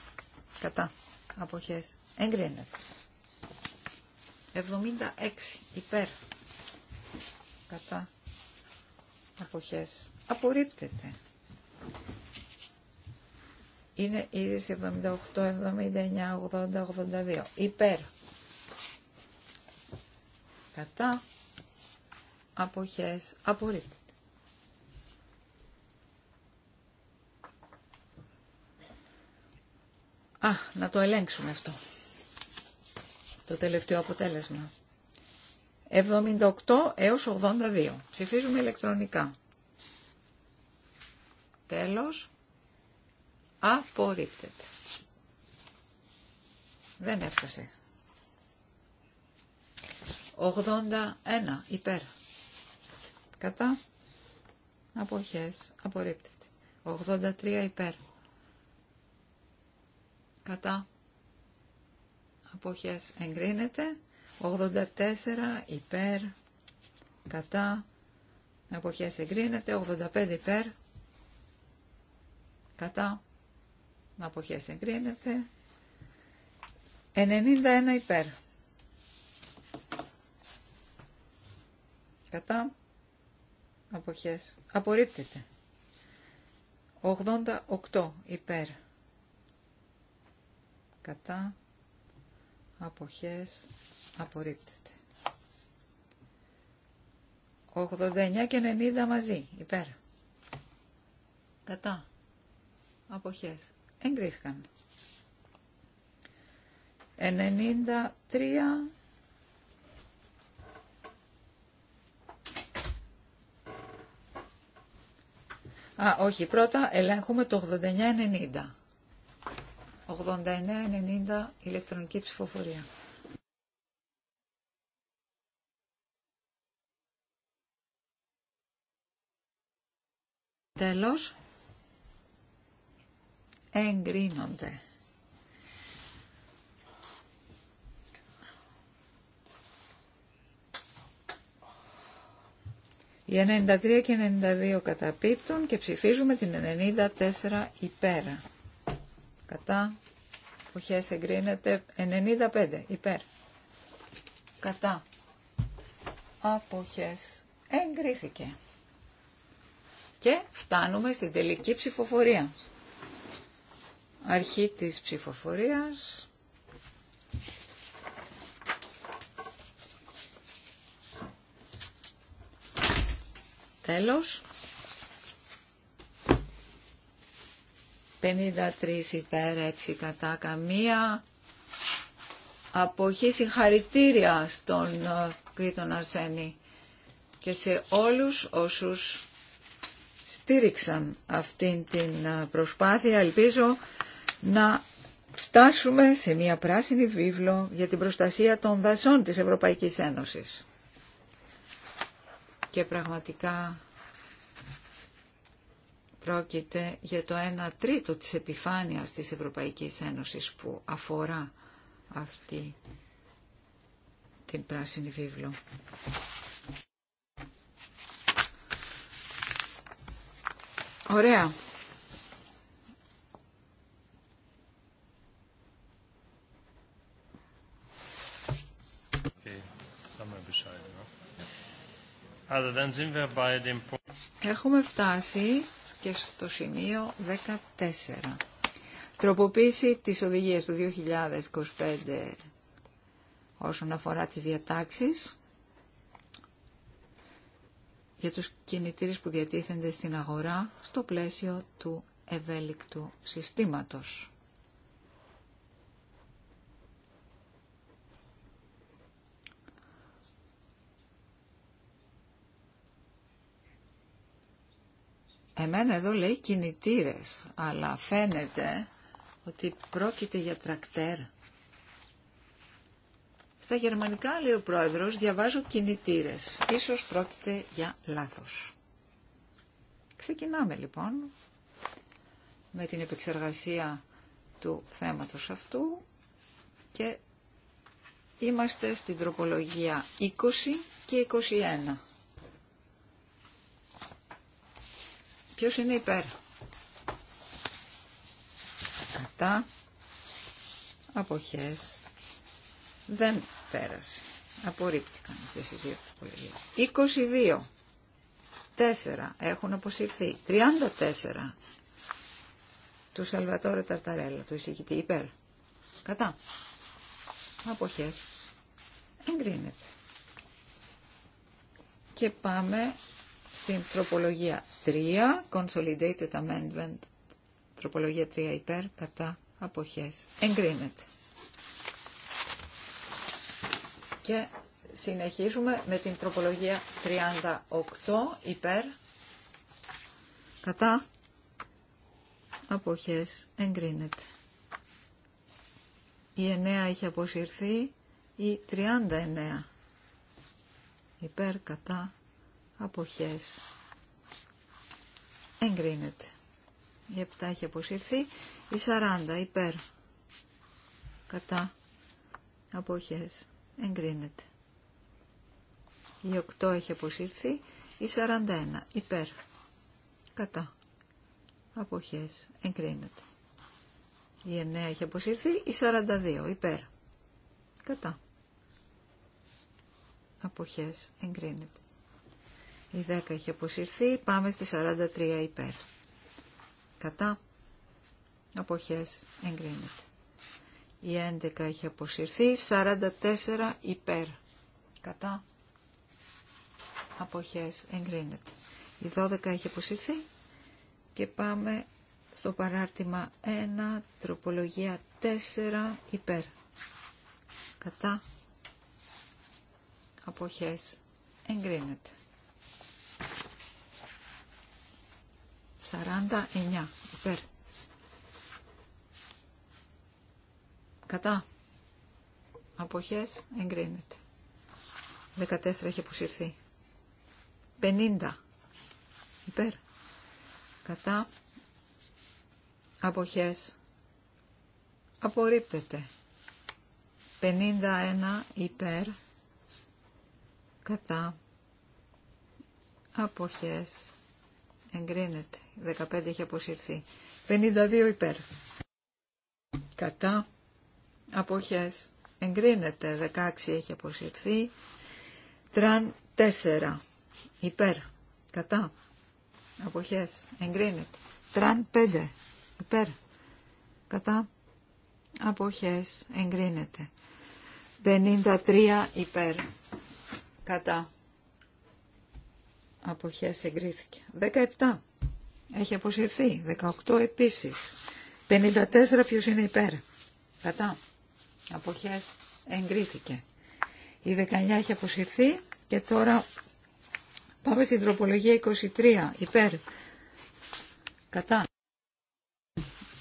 κατά αποχές Εγκρίνεται. 76 υπέρ. Κατά. Αποχές. Απορρίπτεται. Είναι ήδη 78, 79, 80, 82. Υπέρ. Κατά. Αποχές. Απορρίπτεται. Α, να το ελέγξουμε αυτό το τελευταίο αποτέλεσμα. 78 έως 82. Ψηφίζουμε ηλεκτρονικά. Τέλος. Απορρίπτεται. Δεν έφτασε. 81 υπέρ. Κατά. Αποχές. Απορρίπτεται. 83 υπέρ. Κατά. Εποχές εγκρίνεται 84 υπέρ κατά Εποχές εγκρίνεται 85 υπέρ κατά Εποχές εγκρίνεται 91 υπέρ κατά αποχές απορρίπτεται 88 υπέρ κατά αποχές απορρίπτεται. 89 και 90 μαζί, υπέρ. Κατά. Αποχές. Εγκρίθηκαν. 93 Α, όχι, πρώτα ελέγχουμε το 89-90. 89-90 ηλεκτρονική ψηφοφορία. Τέλος, εγκρίνονται. Οι 93 και 92 καταπίπτουν και ψηφίζουμε την 94 υπέρα κατά, αποχές εγκρίνεται 95 υπέρ, κατά, αποχές εγκρίθηκε. Και φτάνουμε στην τελική ψηφοφορία. Αρχή της ψηφοφορίας. Τέλος. 53 υπέρ 6 κατά καμία αποχή συγχαρητήρια στον ε, Κρήτον Αρσένη και σε όλους όσους στήριξαν αυτήν την ε, προσπάθεια. Ελπίζω να φτάσουμε σε μια πράσινη βίβλο για την προστασία των δασών της Ευρωπαϊκής Ένωσης. Και πραγματικά Πρόκειται για το 1 τρίτο της επιφάνειας της Ευρωπαϊκής Ένωσης που αφορά αυτή την πράσινη βίβλο. Ωραία. Έχουμε φτάσει και στο σημείο 14. Τροποποίηση της οδηγίας του 2025 όσον αφορά τις διατάξεις για τους κινητήρες που διατίθενται στην αγορά στο πλαίσιο του ευέλικτου συστήματος. Εμένα εδώ λέει κινητήρες, αλλά φαίνεται ότι πρόκειται για τρακτέρ. Στα γερμανικά, λέει ο πρόεδρος, διαβάζω κινητήρες. Ίσως πρόκειται για λάθος. Ξεκινάμε λοιπόν με την επεξεργασία του θέματος αυτού και είμαστε στην τροπολογία 20 και 21. Ποιος είναι υπέρ. Κατά αποχές δεν πέρασε. Απορρίπτηκαν αυτέ οι δύο τυπολογίες. 22. 4 έχουν αποσυρθεί. 34 του Σαλβατόρε Ταρταρέλα, του εισηγητή υπέρ. Κατά. Αποχές. Εγκρίνεται. Και πάμε στην τροπολογία 3, Consolidated Amendment, τροπολογία 3 υπέρ, κατά, αποχές. Εγκρίνεται. Και συνεχίζουμε με την τροπολογία 38 υπέρ, κατά, αποχές. Εγκρίνεται. Η 9 έχει αποσυρθεί, η 39 υπέρ, κατά, αποχές εγκρίνεται. Η 7 έχει αποσυρθεί. Η 40 υπέρ κατά αποχές εγκρίνεται. Η 8 έχει αποσυρθεί. Η 41 υπέρ κατά αποχές εγκρίνεται. Η 9 έχει αποσυρθεί. Η 42 υπέρ κατά αποχές εγκρίνεται. Η 10 έχει αποσυρθεί. Πάμε στη 43 υπέρ. Κατά. Αποχές εγκρίνεται. Η 11 έχει αποσυρθεί. 44 υπέρ. Κατά. Αποχές εγκρίνεται. Η 12 έχει αποσυρθεί. Και πάμε στο παράρτημα 1, τροπολογία 4 υπέρ. Κατά. Αποχές εγκρίνεται. 49 υπέρ. Κατά. Αποχές εγκρίνεται. 14 έχει αποσυρθεί. 50 υπέρ. Κατά. Αποχές απορρίπτεται. 51 υπέρ. Κατά. Αποχές εγκρίνεται. 15 έχει αποσυρθεί. 52 υπέρ. Κατά αποχές εγκρίνεται. 16 έχει αποσυρθεί. Τραν 4 υπέρ. Κατά αποχές εγκρίνεται. Τραν 5 υπέρ. Κατά αποχές εγκρίνεται. 53 υπέρ. Κατά αποχές εγκρίθηκε. 17 έχει αποσυρθεί. 18 επίσης. 54 ποιος είναι υπέρ. Κατά. Αποχές εγκρίθηκε. Η 19 έχει αποσυρθεί και τώρα πάμε στην τροπολογία 23. Υπέρ. Κατά.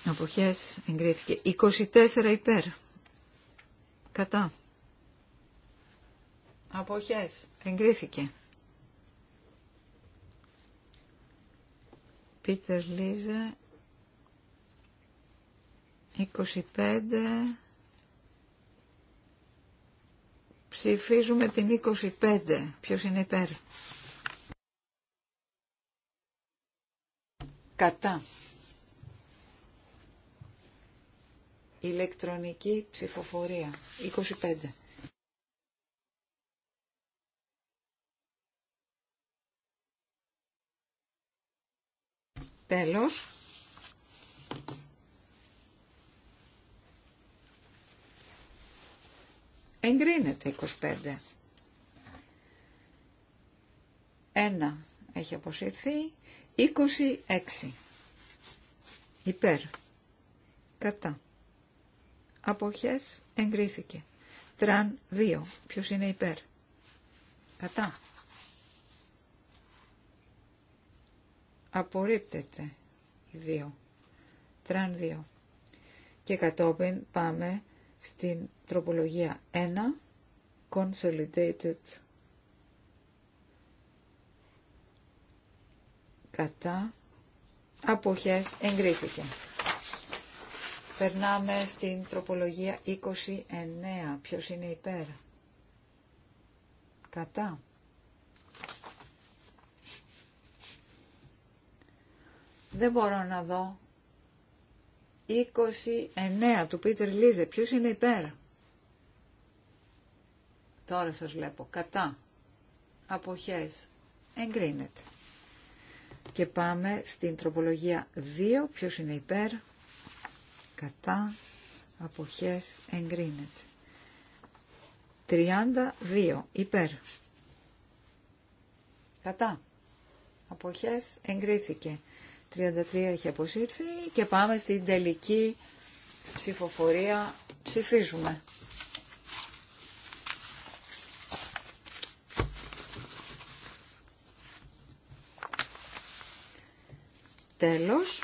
Αποχές εγκρίθηκε. 24 υπέρ. Κατά. Αποχές εγκρίθηκε. Πίτερ Λίζε 25 ψηφίζουμε την 25 ποιος είναι υπέρ κατά ηλεκτρονική ψηφοφορία 25 Τέλος. Εγκρίνεται 25. Ένα έχει αποσυρθεί. 26. Υπέρ. Κατά. Αποχές εγκρίθηκε. Τραν 2. Ποιος είναι υπέρ. Κατά. απορρίπτεται 2. Τραν 2. Και κατόπιν πάμε στην τροπολογία 1, consolidated κατά αποχές εγκρίθηκε. Περνάμε στην τροπολογία 29. Ποιος είναι υπέρ. Κατά. Δεν μπορώ να δω. 29 του Πίτερ Λίζε. Ποιος είναι υπέρ. Τώρα σας βλέπω. Κατά. Αποχές. Εγκρίνεται. Και πάμε στην τροπολογία 2. Ποιος είναι υπέρ. Κατά. Αποχές. Εγκρίνεται. 32. Υπέρ. Κατά. Αποχές εγκρίθηκε. 33 έχει αποσύρθει και πάμε στην τελική ψηφοφορία. Ψηφίζουμε. Τέλος.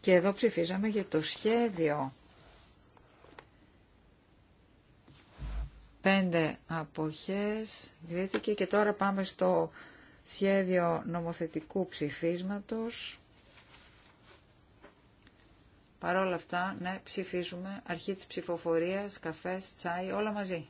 Και εδώ ψηφίζαμε για το σχέδιο. Πέντε αποχές. Γρίθηκε και τώρα πάμε στο σχέδιο νομοθετικού ψηφίσματος. Παρόλα αυτά, ναι, ψηφίζουμε αρχή της ψηφοφορίας, καφές, τσάι, όλα μαζί.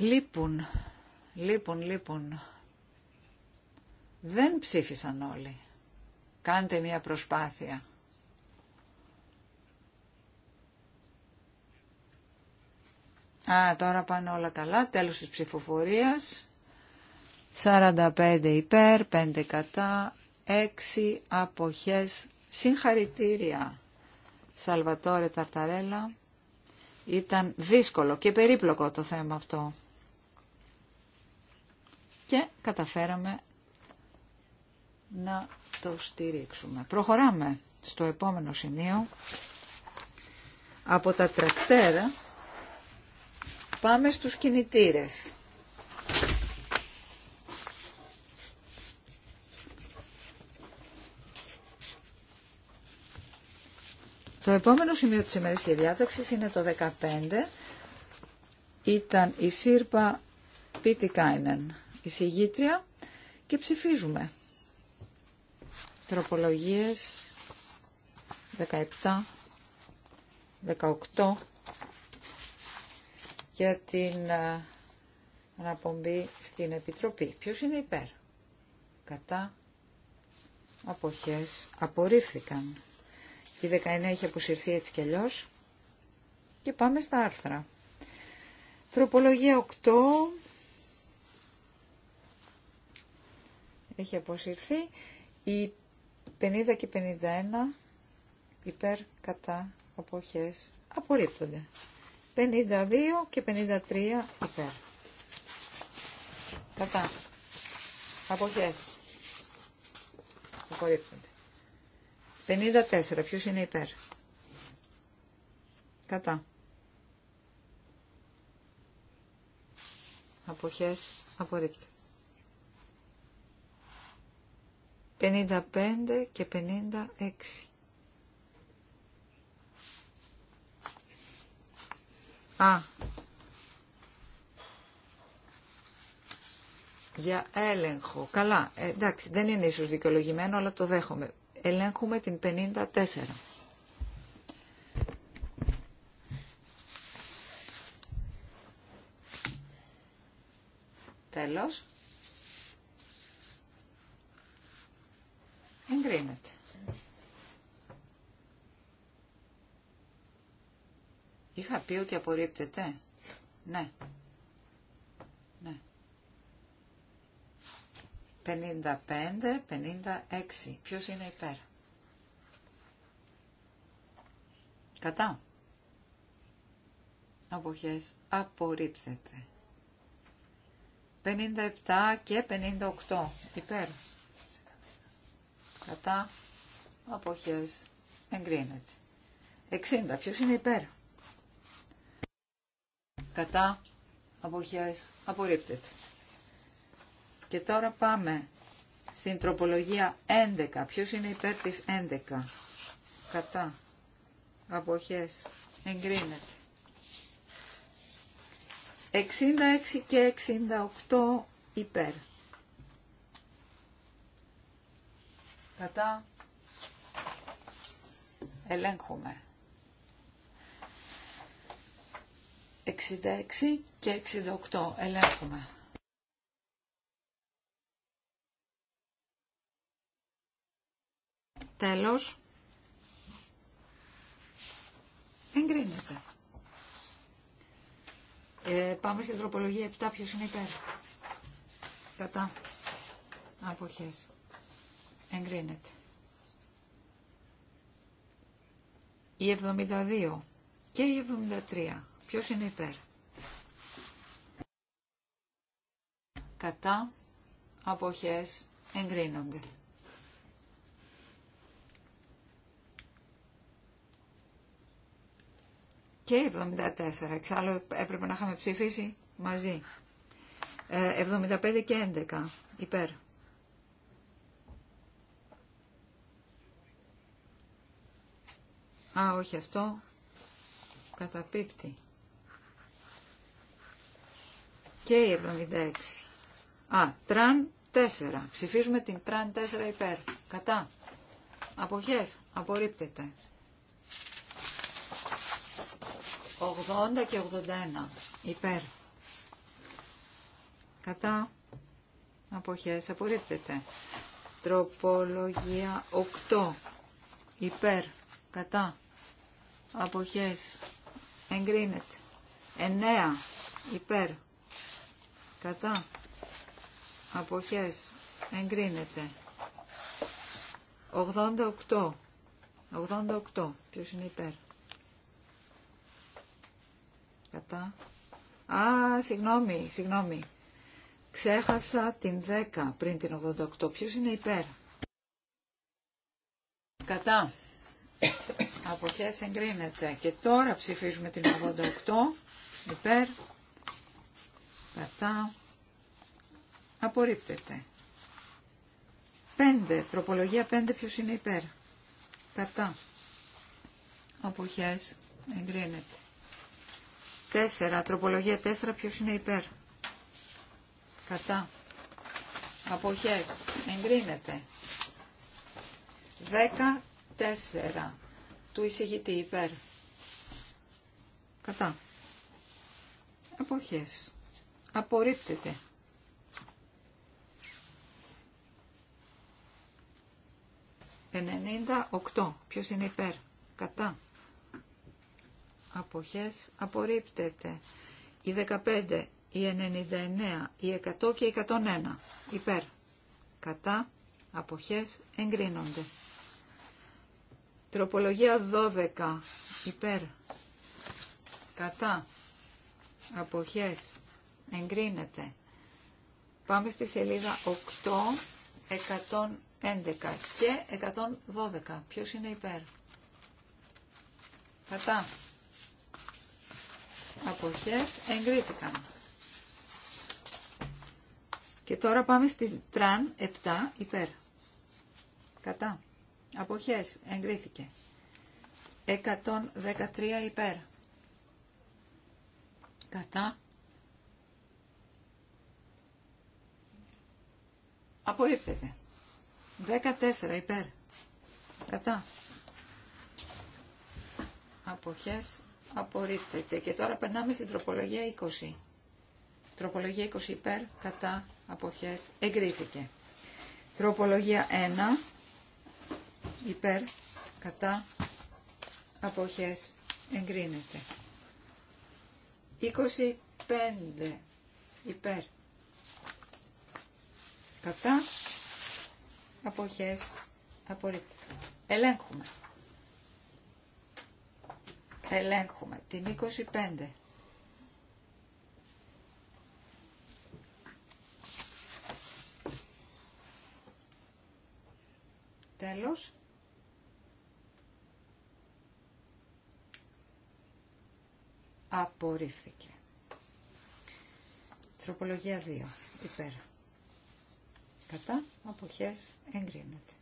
Λείπουν, λείπουν, λείπουν. Δεν ψήφισαν όλοι. Κάντε μια προσπάθεια. Α, τώρα πάνε όλα καλά. Τέλος της ψηφοφορίας. 45 υπέρ, 5 κατά, 6 αποχές. Συγχαρητήρια, Σαλβατόρε Ταρταρέλα. Ήταν δύσκολο και περίπλοκο το θέμα αυτό και καταφέραμε να το στηρίξουμε. Προχωράμε στο επόμενο σημείο. Από τα τρακτέρα πάμε στους κινητήρες. Το επόμενο σημείο της ημέρης και διάταξης είναι το 15. Ήταν η Σύρπα Πίτι Κάινεν εισηγήτρια και ψηφίζουμε. Τροπολογίες 17, 18 για την ε, αναπομπή στην Επιτροπή. Ποιος είναι υπέρ. Κατά αποχές απορρίφθηκαν. Η 19 έχει αποσυρθεί έτσι κι Και πάμε στα άρθρα. Τροπολογία 8 έχει αποσυρθεί. Η 50 και 51 υπέρ κατά αποχές απορρίπτονται. 52 και 53 υπέρ. Κατά. Αποχές. Απορρίπτονται. 54. Ποιος είναι υπέρ. Κατά. Αποχές. απορρίπτονται. 55 και 56. Α, για έλεγχο. Καλά, ε, εντάξει, δεν είναι ίσως δικαιολογημένο, αλλά το δέχομαι. Ελέγχουμε την 54. Τέλος. Εγκρίνεται. Είχα πει ότι απορρίπτεται. Ναι. Ναι. 55, 56. Ποιος είναι υπέρ. Κατά. Αποχές. Απορρίπτεται. 57 και 58. Υπέρ. Κατά. Αποχές. Εγκρίνεται. 60. Ποιος είναι υπέρ. Κατά. Αποχές. Απορρίπτεται. Και τώρα πάμε στην τροπολογία 11. Ποιος είναι υπέρ της 11. Κατά. Αποχές. Εγκρίνεται. 66 και 68 υπέρ. Κατά. Ελέγχουμε. 66 και 68. Ελέγχουμε. Τέλος. Εγκρίνεται. Ε, πάμε στην τροπολογία 7. Ποιος είναι υπέρ. Κατά. Αποχές εγκρίνεται. Η 72 και η 73. Ποιος είναι υπέρ. Κατά αποχές εγκρίνονται. Και 74. Εξάλλου έπρεπε να είχαμε ψηφίσει μαζί. 75 ε, και 11. Υπέρ. Α, όχι, αυτό καταπίπτει. Και η 76. Α, τραν 4. Ψηφίζουμε την τραν 4 υπέρ. Κατά. Αποχές. Απορρίπτεται. 80 και 81. Υπέρ. Κατά. Αποχές. Απορρίπτεται. Τροπολογία 8. Υπέρ. Κατά αποχές εγκρίνεται 9 υπέρ κατά αποχές εγκρίνεται 88 88 ποιος είναι υπέρ κατά α συγγνώμη συγγνώμη ξέχασα την 10 πριν την 88 ποιος είναι υπέρ κατά αποχές εγκρίνεται. Και τώρα ψηφίζουμε την 88 υπέρ, κατά, απορρίπτεται. 5, τροπολογία 5 ποιος είναι υπέρ, κατά, αποχές εγκρίνεται. 4, τροπολογία 4 ποιος είναι υπέρ, κατά, αποχές εγκρίνεται. Εγκρίνεται. 4 του εισηγητή υπέρ. Κατά. Αποχές. Απορρίπτεται. 98. Ποιο είναι υπέρ. Κατά. Αποχές. Απορρίπτεται. Η 15, η 99, η 100 και η 101. Υπέρ. Κατά. Αποχές. Εγκρίνονται. Τροπολογία 12. Υπέρ. Κατά. Αποχές. Εγκρίνεται. Πάμε στη σελίδα 8, 111 και 112. Ποιος είναι υπέρ. Κατά. Αποχές εγκρίθηκαν. Και τώρα πάμε στη τραν 7 υπέρ. Κατά. Αποχές. Εγκρίθηκε. 113 υπέρ. Κατά. Απορρίπτεται. 14 υπέρ. Κατά. Αποχές. Απορρίπτεται. Και τώρα περνάμε στην τροπολογία 20. Τροπολογία 20 υπέρ. Κατά. Αποχές. Εγκρίθηκε. Τροπολογία 1 υπέρ κατά αποχές εγκρίνεται. 25 υπέρ κατά αποχές απορρίπτεται. Ελέγχουμε. Ελέγχουμε την 25. Τέλος. Απορρίφθηκε. Τροπολογία 2. Υπέρ. Κατά. Αποχές. Εγκρίνεται.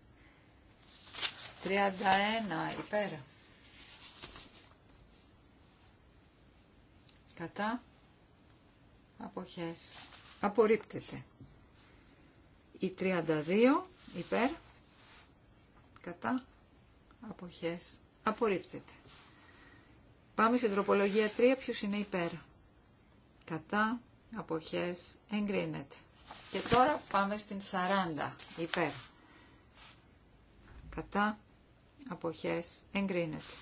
31. Υπέρ. Κατά. Αποχές. Απορρίπτεται. Η 32. Υπέρ. Κατά. Αποχές. Απορρίπτεται. Πάμε στην τροπολογία 3. Ποιο είναι υπέρ. Κατά. Αποχές. Εγκρίνεται. Και τώρα πάμε στην 40. Υπέρ. Κατά. Αποχές. Εγκρίνεται.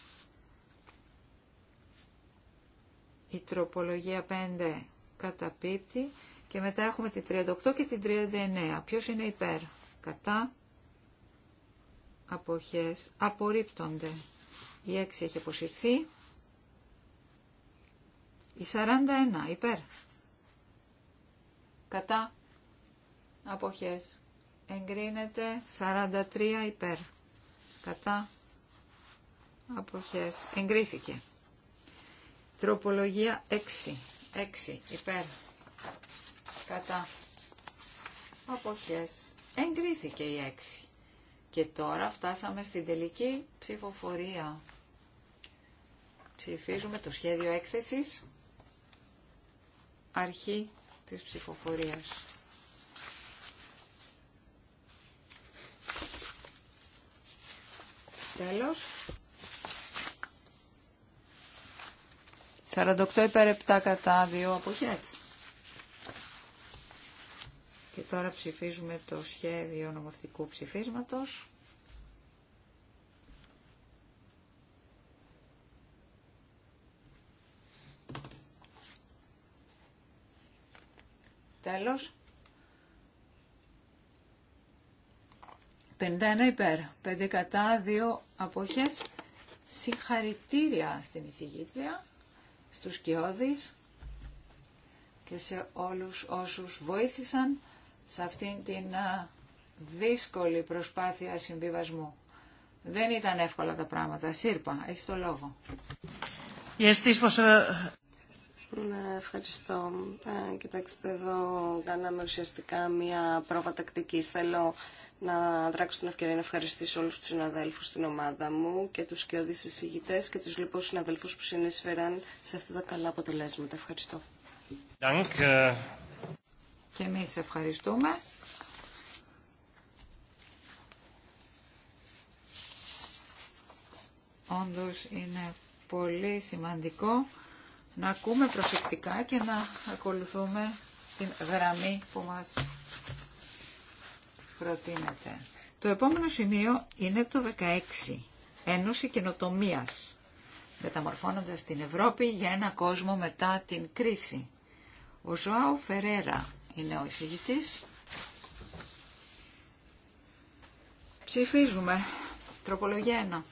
Η τροπολογία 5 καταπίπτει. Και μετά έχουμε την 38 και την 39. Ποιος είναι υπέρ. Κατά. Αποχές. Απορρίπτονται. Η 6 έχει αποσυρθεί. Η 41 υπέρ. Κατά αποχές εγκρίνεται 43 υπέρ. Κατά αποχές εγκρίθηκε. Τροπολογία 6. 6 υπέρ. Κατά αποχές εγκρίθηκε η 6. Και τώρα φτάσαμε στην τελική ψηφοφορία. Ψηφίζουμε το σχέδιο έκθεσης αρχή της ψηφοφορίας. Τέλος. 48 υπέρ 7 κατά 2 αποχές. Και τώρα ψηφίζουμε το σχέδιο νομοθετικού ψηφίσματος. Τέλος. 51 υπέρ, 5 κατά, 2 αποχές. Συγχαρητήρια στην εισηγήτρια, στους κοιόδης και σε όλους όσους βοήθησαν σε αυτήν την δύσκολη προσπάθεια συμβιβασμού. Δεν ήταν εύκολα τα πράγματα. Σύρπα, έχει το λόγο. Ναι, ευχαριστώ. Ε, κοιτάξτε, εδώ κάναμε ουσιαστικά μια πρόβα τακτικής. Θέλω να δράξω την ευκαιρία να ευχαριστήσω όλους τους συναδέλφους στην ομάδα μου και τους σκιώδεις εισηγητές και τους λοιπούς συναδέλφους που συνέσφεραν σε αυτά τα καλά αποτελέσματα. Ευχαριστώ. Ε. Και εμείς ευχαριστούμε. Όντως είναι πολύ σημαντικό να ακούμε προσεκτικά και να ακολουθούμε την γραμμή που μας προτείνεται. Το επόμενο σημείο είναι το 16. Ένωση καινοτομία. Μεταμορφώνοντας την Ευρώπη για ένα κόσμο μετά την κρίση. Ο Ζωάου Φερέρα είναι ο εισηγητής. Ψηφίζουμε. Τροπολογία 1.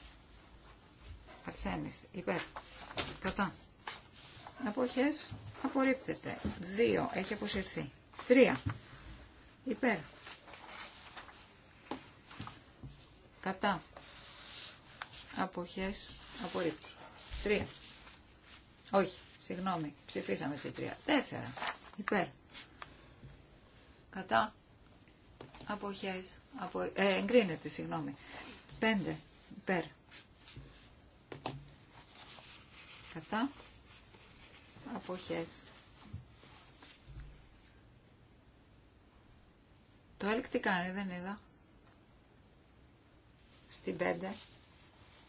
Αρσένης. Υπέρ. Κατά. Αποχές απορρίπτεται. 2. Έχει αποσυρθεί. 3. Υπέρ. Κατά. Αποχές απορρίπτεται. 3. Όχι. Συγγνώμη. Ψηφίσαμε τη 3. 4. Υπέρ. Κατά. Αποχές. Απο... Ε, εγκρίνεται. Συγγνώμη. 5. Υπέρ. Κατά αποχές. Το ΕΛΚ κάνει, δεν είδα. Στην 5.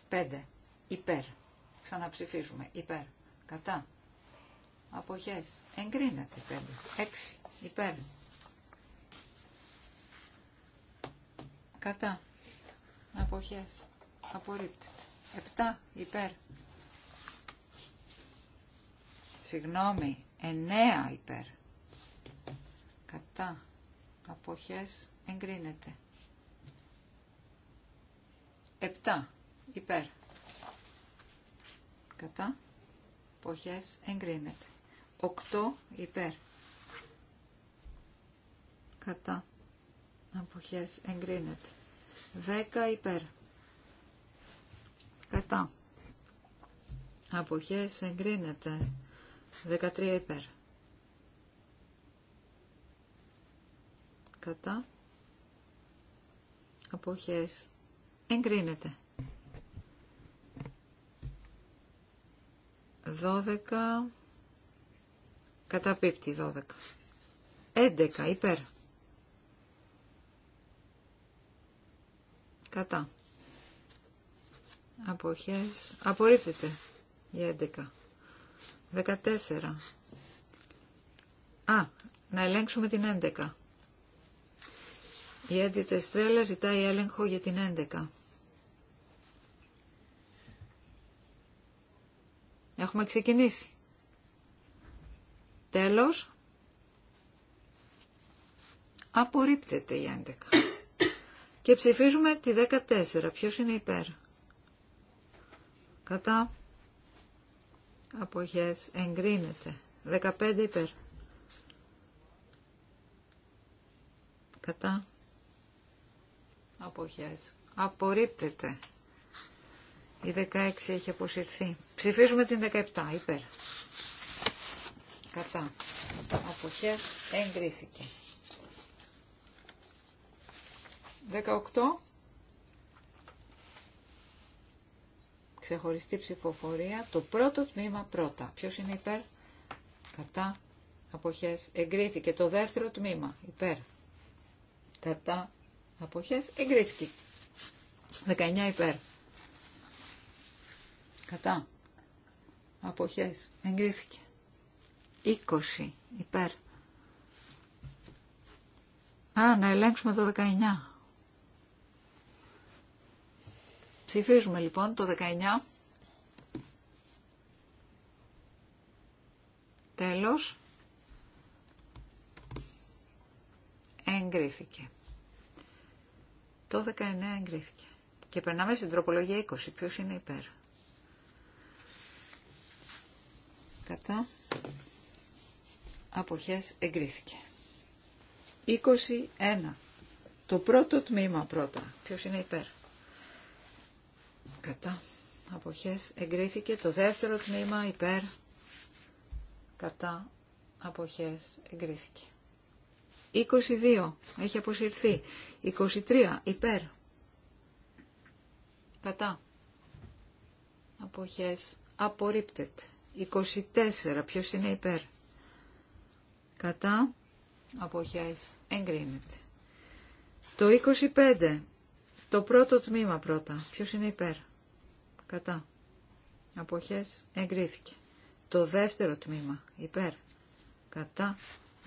5. Υπέρ. Ξαναψηφίζουμε. Υπέρ. Κατά. Αποχές. Εγκρίνεται 5. 6. Υπέρ. Κατά. Αποχές. Απορρίπτεται. 7. Υπέρ συγγνώμη, 9 υπέρ. Κατά. απόχέ εγκρίνεται. 7 υπέρ. Κατά. Αποχές εγκρίνεται. 8 υπέρ. Κατά. Αποχέ εγκρίνεται. 10 υπέρ. Κατά. Αποχέ εγκρίνεται. 13 υπέρ. Κατά. Αποχές. Εγκρίνεται. 12. Καταπίπτει 12. 11 υπέρ. Κατά. Αποχές. Απορρίπτεται. η 11. 14. Α, να ελέγξουμε την 11. Η έντιτε στρέλα ζητάει έλεγχο για την 11. Έχουμε ξεκινήσει. Τέλος. Απορρίπτεται η 11. Και ψηφίζουμε τη 14. Ποιος είναι υπέρ. Κατά αποχές εγκρίνεται 15 υπέρ κατά αποχές απορρίπτεται η 16 έχει αποσυρθεί ψηφίζουμε την 17 υπέρ κατά αποχές εγκρίθηκε 18 Ξεχωριστή ψηφοφορία. Το πρώτο τμήμα πρώτα. Ποιο είναι υπέρ. Κατά. Αποχές. Εγκρίθηκε. Το δεύτερο τμήμα. Υπέρ. Κατά. Αποχές. Εγκρίθηκε. 19 υπέρ. Κατά. Αποχές. Εγκρίθηκε. 20 υπέρ. Α, να ελέγξουμε το 19. Ψηφίζουμε λοιπόν το 19. Τέλος. Εγκρίθηκε. Το 19 εγκρίθηκε. Και περνάμε στην τροπολογία 20. Ποιος είναι υπέρ. Κατά. Αποχές εγκρίθηκε. 21. Το πρώτο τμήμα πρώτα. Ποιος είναι υπέρ κατά αποχές εγκρίθηκε το δεύτερο τμήμα υπέρ κατά αποχές εγκρίθηκε 22 έχει αποσυρθεί 23 υπέρ κατά αποχές απορρίπτεται 24 ποιος είναι υπέρ κατά αποχές εγκρίνεται το 25 το πρώτο τμήμα πρώτα. Ποιος είναι υπέρ. Κατά. Αποχές εγκρίθηκε. Το δεύτερο τμήμα υπέρ. Κατά.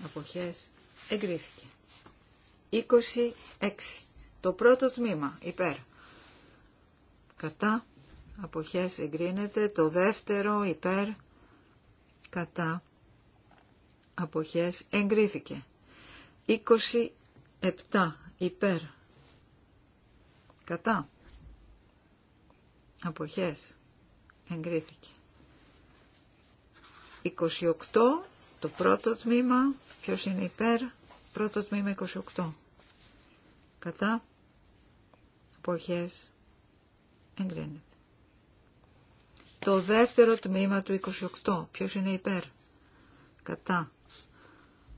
Αποχές εγκρίθηκε. 26. Το πρώτο τμήμα υπέρ. Κατά. Αποχές εγκρίνεται. Το δεύτερο υπέρ. Κατά. Αποχές εγκρίθηκε. 27. Υπέρ Κατά. Αποχές. Εγκρίθηκε. 28. Το πρώτο τμήμα. Ποιος είναι υπέρ. Πρώτο τμήμα 28. Κατά. Αποχές. Εγκρίνεται. Το δεύτερο τμήμα του 28. Ποιος είναι υπέρ. Κατά.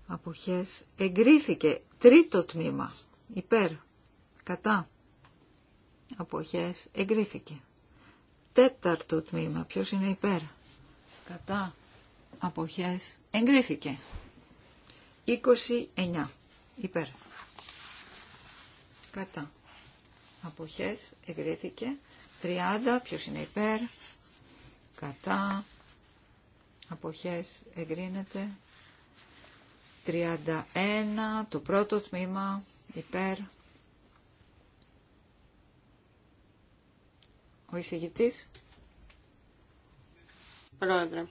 Αποχές. Εγκρίθηκε. Τρίτο τμήμα. Υπέρ. Κατά αποχές εγκρίθηκε. Τέταρτο τμήμα, ποιος είναι υπέρ, κατά, αποχές εγκρίθηκε. 29 υπέρ, κατά, αποχές εγκρίθηκε. 30 ποιος είναι υπέρ, κατά, αποχές εγκρίνεται. 31 το πρώτο τμήμα υπέρ, Ο εισηγητής. Πρόεδρε,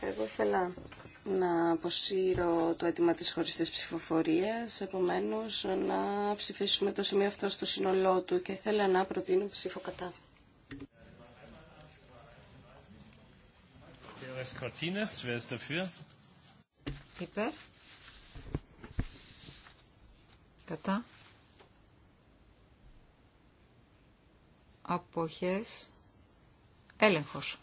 εγώ ήθελα να αποσύρω το αίτημα της χωριστής ψηφοφορίας, επομένως να ψηφίσουμε το σημείο αυτό στο σύνολό του και ήθελα να προτείνω ψήφο κατά. Υπέρ. Κατά. αποχές, έλεγχος.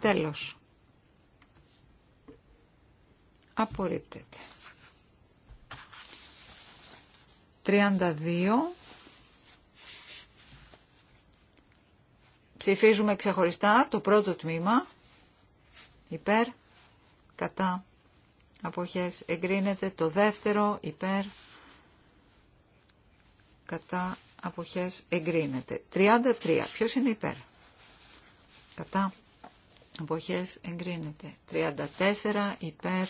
Τέλος. Απορρίπτεται. 32 Ψηφίζουμε ξεχωριστά το πρώτο τμήμα. Υπέρ. Κατά. Αποχές εγκρίνεται το δεύτερο υπέρ κατά αποχές εγκρίνεται. 33. Ποιος είναι υπέρ. Κατά αποχές εγκρίνεται. 34 υπέρ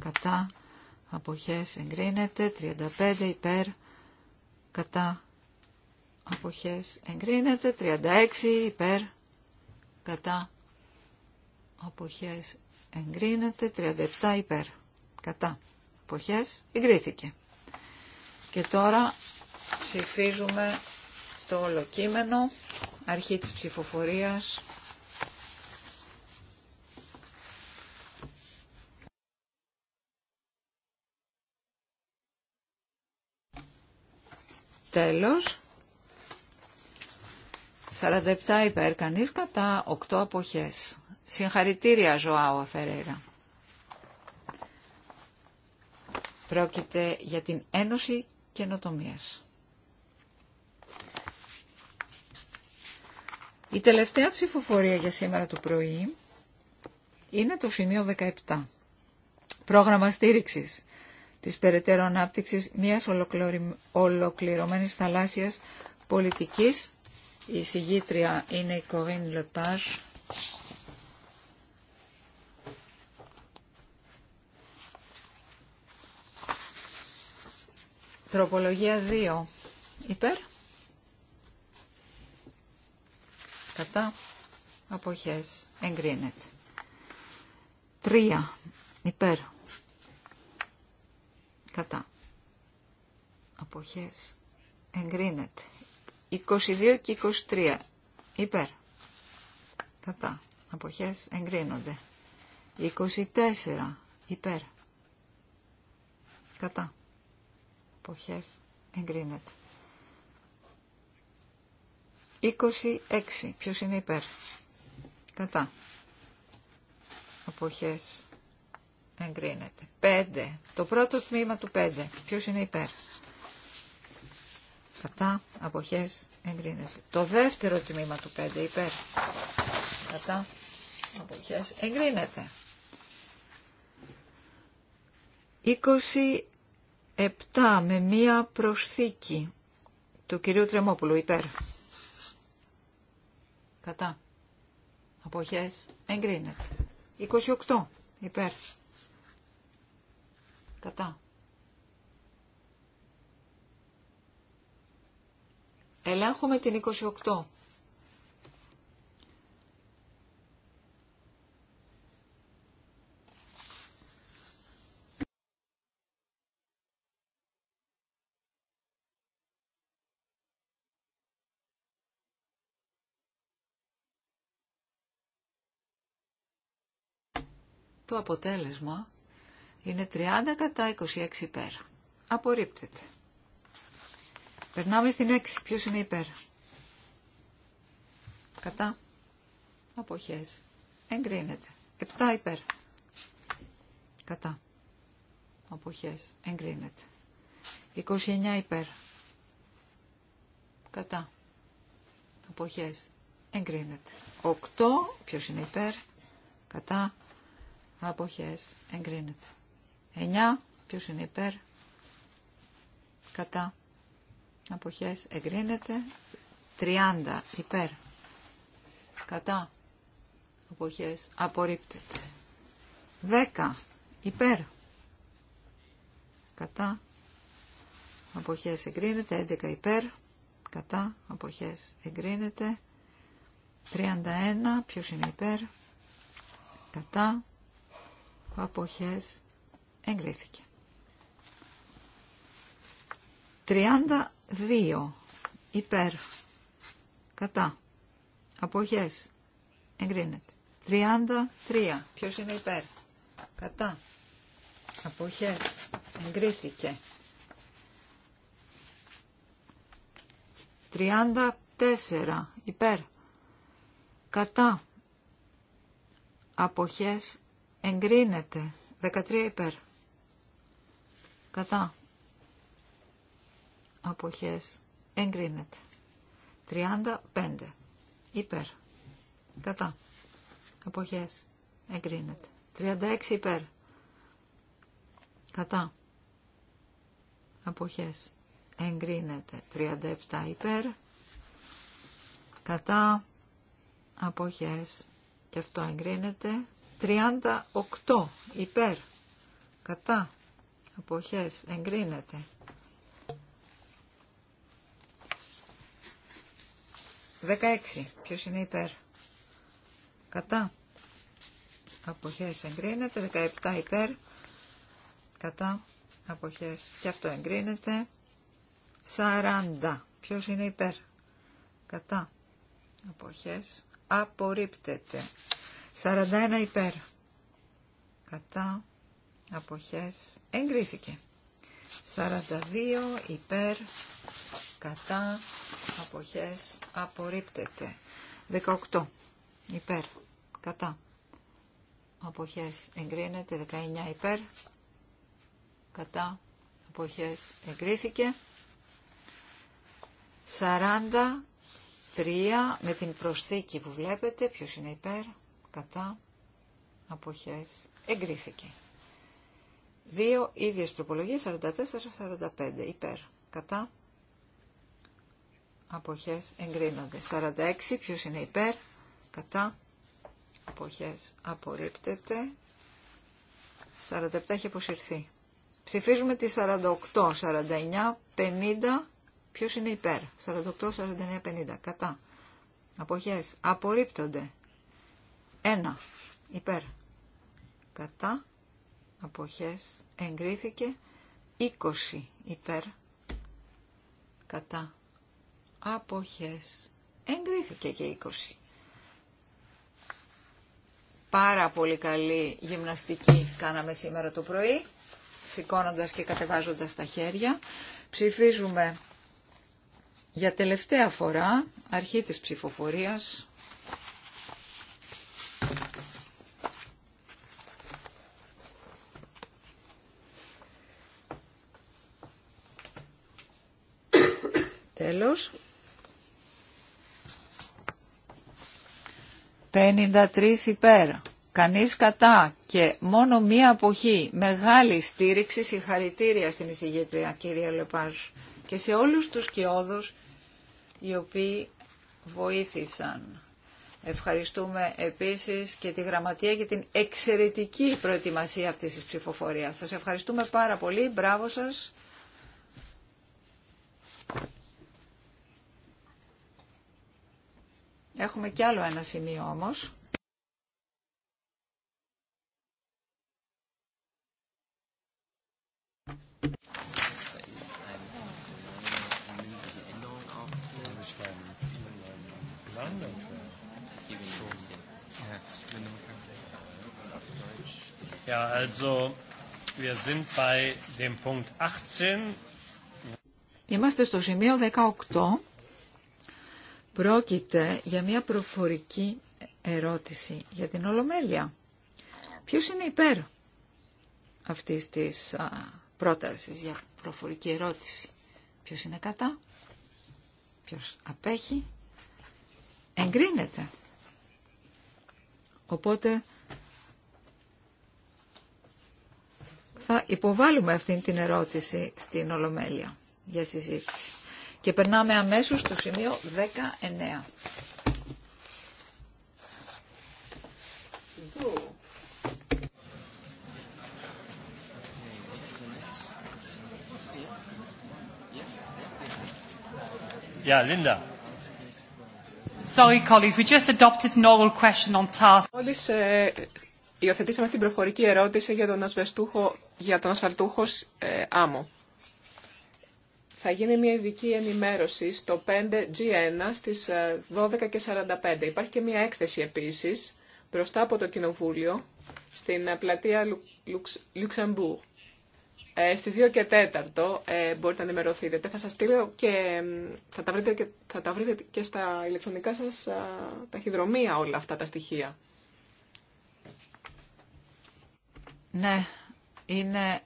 κατά αποχές εγκρίνεται. 35 υπέρ κατά αποχές εγκρίνεται 36 υπέρ κατά αποχές εγκρίνεται 37 υπέρ κατά αποχές εγκρίθηκε και τώρα ψηφίζουμε το ολοκείμενο αρχή της ψηφοφορίας τέλος 47 υπέρ, κανείς κατά, 8 αποχές. Συγχαρητήρια Ζωάου Αφερέρα. Πρόκειται για την Ένωση Καινοτομίας. Η τελευταία ψηφοφορία για σήμερα το πρωί είναι το σημείο 17. Πρόγραμμα στήριξης της περαιτέρω ανάπτυξης μιας ολοκληρωμένης θαλάσσιας πολιτικής η συγγήτρια είναι η Κορίν Λεπάζ. Τροπολογία 2. Υπέρ. Κατά. Αποχές. Εγκρίνεται. Τρία. Υπέρ. Κατά. Αποχές. Εγκρίνεται. 22 και 23. Υπέρ. Κατά. Αποχές εγκρίνονται. 24. Υπέρ. Κατά. Αποχές εγκρίνεται. 26. Ποιος είναι υπέρ. Κατά. Αποχές εγκρίνεται. 5. Το πρώτο τμήμα του 5. Ποιος είναι υπέρ. Κατά. Αποχές. Εγκρίνεται. Το δεύτερο τμήμα του 5 υπέρ. Κατά. Αποχές. Εγκρίνεται. 27 με μία προσθήκη του κυρίου Τρεμόπουλου υπέρ. Κατά. Αποχές. Εγκρίνεται. 28 υπέρ. Κατά. Ελέγχουμε την 28. Το αποτέλεσμα είναι 30 κατά 26 υπέρ. Απορρίπτεται. Περνάμε στην 6. Ποιος είναι υπέρ. Κατά. Αποχές. Εγκρίνεται. 7 υπέρ. Κατά. Αποχές. Εγκρίνεται. 29 υπέρ. Κατά. Αποχές. Εγκρίνεται. 8. Ποιος είναι υπέρ. Κατά. Αποχές. Εγκρίνεται. 9. Ποιος είναι υπέρ. Κατά αποχές εγκρίνεται 30 υπέρ κατά αποχές απορρίπτεται 10 υπέρ κατά αποχές εγκρίνεται 11 υπέρ κατά αποχές εγκρίνεται 31 ποιος είναι υπέρ κατά αποχές εγκρίθηκε 30 2. Υπέρ. Κατά. Αποχές. Εγκρίνεται. 33. Ποιος είναι υπέρ. Κατά. Αποχές. εγκρίνεται. 34. Υπέρ. Κατά. Αποχές. Εγκρίνεται. 13 υπέρ. Κατά αποχές εγκρίνεται. 35 υπέρ. Κατά. Αποχές εγκρίνεται. 36 υπέρ. Κατά. Αποχές εγκρίνεται. 37 υπέρ. Κατά. Αποχές. Και αυτό εγκρίνεται. 38 υπέρ. Κατά. Αποχές εγκρίνεται. 16. Ποιος είναι υπέρ. Κατά. Αποχές εγκρίνεται. 17 υπέρ. Κατά. Αποχές. Και αυτό εγκρίνεται. 40. Ποιος είναι υπέρ. Κατά. Αποχές. Απορρίπτεται. 41 υπέρ. Κατά. Αποχές. Εγκρίθηκε. 42 υπέρ κατά, αποχές, απορρίπτεται. 18. Υπέρ, κατά, αποχές, εγκρίνεται. 19. Υπέρ, κατά, αποχές, εγκρίθηκε. 43 με την προσθήκη που βλέπετε, ποιος είναι υπέρ, κατά, αποχές, εγκρίθηκε. Δύο ίδιες τροπολογίες, 44-45, υπέρ, κατά, αποχές εγκρίνονται. 46 ποιος είναι υπέρ, κατά, αποχές απορρίπτεται. 47 έχει αποσυρθεί. Ψηφίζουμε τη 48, 49, 50, ποιος είναι υπέρ. 48, 49, 50, κατά. Αποχές απορρίπτονται. 1 υπέρ, κατά, αποχές εγκρίθηκε. 20 υπέρ, κατά, αποχές. Εγκρίθηκε και 20. Πάρα πολύ καλή γυμναστική κάναμε σήμερα το πρωί, σηκώνοντα και κατεβάζοντας τα χέρια. Ψηφίζουμε για τελευταία φορά, αρχή της ψηφοφορίας, τέλος 53 υπέρ, κανείς κατά και μόνο μία αποχή. Μεγάλη στήριξη, συγχαρητήρια στην εισηγήτρια κυρία Λεπάζ και σε όλους τους κοιόδους οι οποίοι βοήθησαν. Ευχαριστούμε επίσης και τη Γραμματεία για την εξαιρετική προετοιμασία αυτής της ψηφοφορίας. Σας ευχαριστούμε πάρα πολύ. Μπράβο σας. Έχουμε κι άλλο ένα σημείο όμως. Ja, also wir sind bei dem Punkt 18. Είμαστε στο σημείο 18 Πρόκειται για μια προφορική ερώτηση για την Ολομέλεια. Ποιος είναι υπέρ αυτής της πρότασης για προφορική ερώτηση. Ποιος είναι κατά, ποιος απέχει, εγκρίνεται. Οπότε θα υποβάλουμε αυτή την ερώτηση στην Ολομέλεια για συζήτηση. Και περνάμε αμέσως στο σημείο 19. Yeah, Linda. Sorry, colleagues, we just adopted an oral question on task. Μόλις ε, υιοθετήσαμε την προφορική ερώτηση για τον ασβεστούχο, για τον ασφαλτούχο ε, άμμο θα γίνει μια ειδική ενημέρωση στο 5G1 στις 12.45. Ε, Υπάρχει και μια έκθεση επίσης μπροστά από το Κοινοβούλιο στην ε, πλατεία Λουξ, ε, στις 2 και 4 μπορείτε να ενημερωθείτε. Θα σας στείλω και θα τα βρείτε και, θα τα βρείτε και στα ηλεκτρονικά σας α, ταχυδρομεία όλα αυτά τα στοιχεία. Ναι, είναι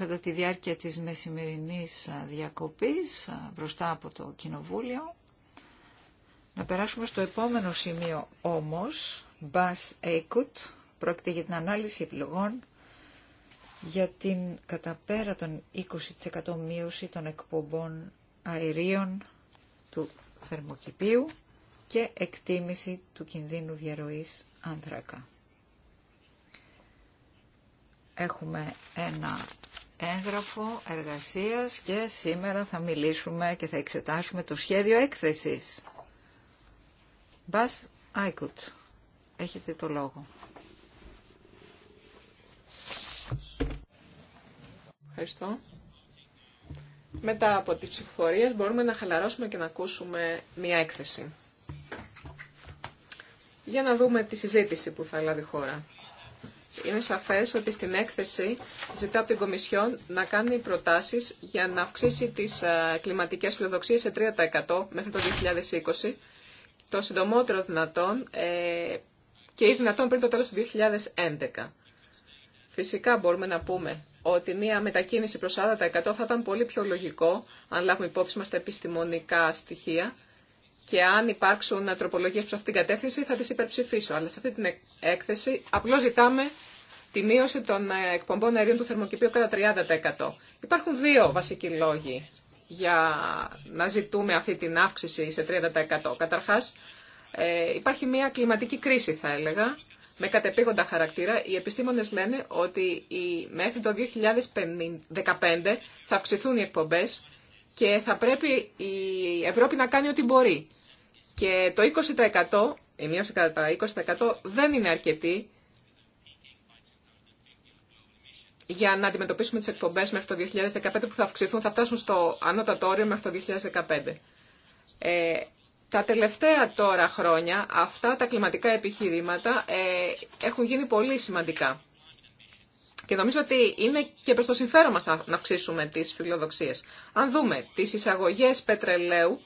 κατά τη διάρκεια της μεσημερινής διακοπής μπροστά από το Κοινοβούλιο. Να περάσουμε στο επόμενο σημείο όμως, Μπάς Έικουτ, πρόκειται για την ανάλυση επιλογών για την καταπέρα των 20% μείωση των εκπομπών αερίων του θερμοκηπίου και εκτίμηση του κινδύνου διαρροής άνθρακα. Έχουμε ένα έγγραφο εργασίας και σήμερα θα μιλήσουμε και θα εξετάσουμε το σχέδιο έκθεσης. Μπας Άικουτ, έχετε το λόγο. Ευχαριστώ. Μετά από τις ψηφοφορίες μπορούμε να χαλαρώσουμε και να ακούσουμε μια έκθεση. Για να δούμε τη συζήτηση που θα λάβει η χώρα είναι σαφές ότι στην έκθεση ζητά από την Κομισιόν να κάνει προτάσεις για να αυξήσει τις ε, κλιματικές φιλοδοξίες σε 3% μέχρι το 2020, το συντομότερο δυνατόν ε, και ή δυνατόν πριν το τέλος του 2011. Φυσικά μπορούμε να πούμε ότι μια μετακίνηση προς 40% θα ήταν πολύ πιο λογικό, αν λάβουμε υπόψη μας τα επιστημονικά στοιχεία, και αν υπάρξουν τροπολογίες προς αυτήν την κατεύθυνση θα τις υπερψηφίσω. Αλλά σε αυτή την έκθεση απλώς ζητάμε τη μείωση των ε, εκπομπών αερίων του θερμοκηπίου κατά 30%. Υπάρχουν δύο βασικοί λόγοι για να ζητούμε αυτή την αύξηση σε 30%. Καταρχάς, ε, υπάρχει μια κλιματική κρίση, θα έλεγα, με κατεπήγοντα χαρακτήρα. Οι επιστήμονες λένε ότι μέχρι το 2015 θα αυξηθούν οι εκπομπές και θα πρέπει η Ευρώπη να κάνει ό,τι μπορεί. Και το 20%, η μείωση κατά 20% δεν είναι αρκετή για να αντιμετωπίσουμε τις εκπομπές μέχρι το 2015 που θα αυξηθούν, θα φτάσουν στο ανώτατο όριο μέχρι το 2015. Ε, τα τελευταία τώρα χρόνια αυτά τα κλιματικά επιχειρήματα ε, έχουν γίνει πολύ σημαντικά. Και νομίζω ότι είναι και προς το συμφέρον μας να αυξήσουμε τις φιλοδοξίες. Αν δούμε τις εισαγωγές πετρελαίου,